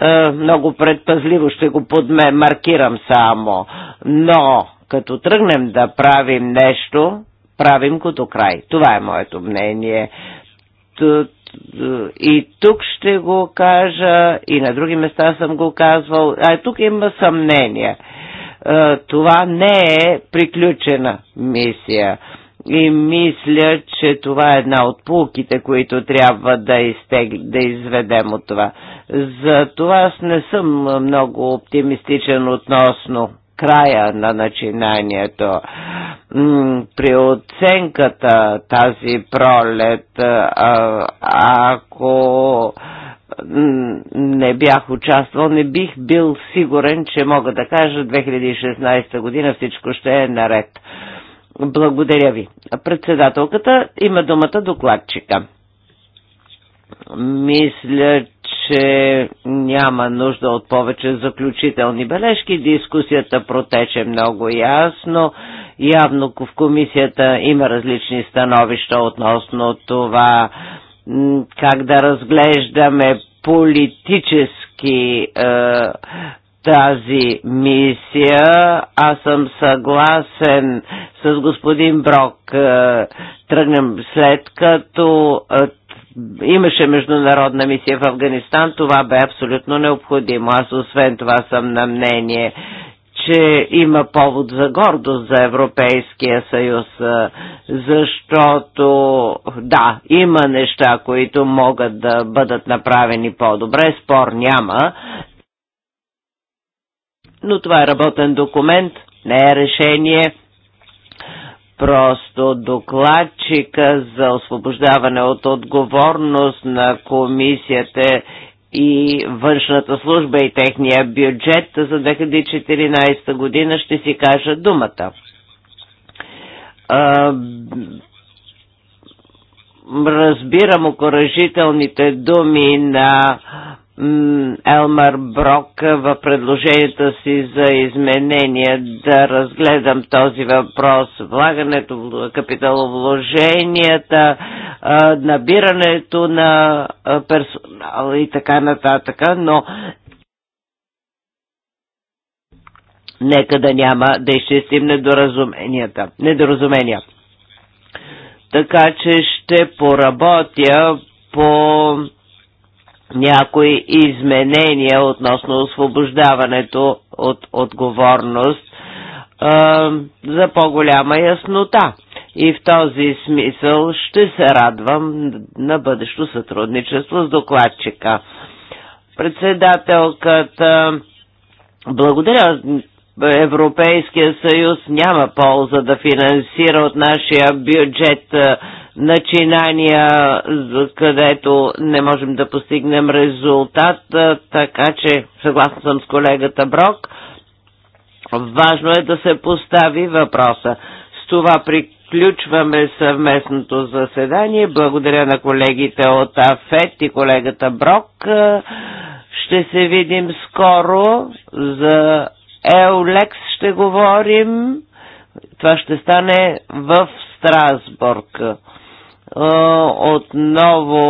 Е, много предпазливо ще го подме, маркирам само. Но като тръгнем да правим нещо, правим го до край. Това е моето мнение. И тук ще го кажа, и на други места съм го казвал, а тук има съмнение. Това не е приключена мисия. И мисля, че това е една от полките, които трябва да, изтег... да изведем от това. За това аз не съм много оптимистичен относно края на начинанието. При оценката тази пролет, ако не бях участвал, не бих бил сигурен, че мога да кажа 2016 година всичко ще е наред. Благодаря ви. Председателката има думата докладчика. Мисля, че няма нужда от повече заключителни бележки. Дискусията протече много ясно. Явно в комисията има различни становища относно това как да разглеждаме политически е, тази мисия. Аз съм съгласен с господин Брок. Е, тръгнем след като е, имаше международна мисия в Афганистан, това бе абсолютно необходимо. Аз освен това съм на мнение, че има повод за гордост за Европейския съюз, защото да, има неща, които могат да бъдат направени по-добре, спор няма, но това е работен документ, не е решение Просто докладчика за освобождаване от отговорност на комисията и външната служба и техния бюджет за 2014 година ще си кажа думата. разбирам окоръжителните думи на Елмар Брок в предложението си за изменение да разгледам този въпрос. Влагането, капиталовложенията, набирането на персонал и така нататък, но нека да няма да изчистим недоразуменията. недоразумения. Така че ще поработя по някои изменения относно освобождаването от отговорност а, за по-голяма яснота. И в този смисъл ще се радвам на бъдещо сътрудничество с докладчика. Председателката, благодаря Европейския съюз няма полза да финансира от нашия бюджет начинания, където не можем да постигнем резултат, така че съгласна съм с колегата Брок, важно е да се постави въпроса. С това приключваме съвместното заседание. Благодаря на колегите от АФЕТ и колегата Брок. Ще се видим скоро. За Еолекс ще говорим. Това ще стане в Страсбург отново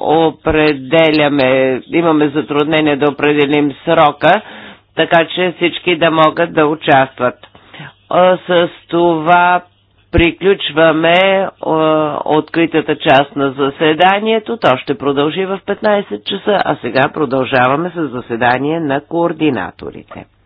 определяме, имаме затруднение да определим срока, така че всички да могат да участват. С това приключваме откритата част на заседанието. То ще продължи в 15 часа, а сега продължаваме с заседание на координаторите.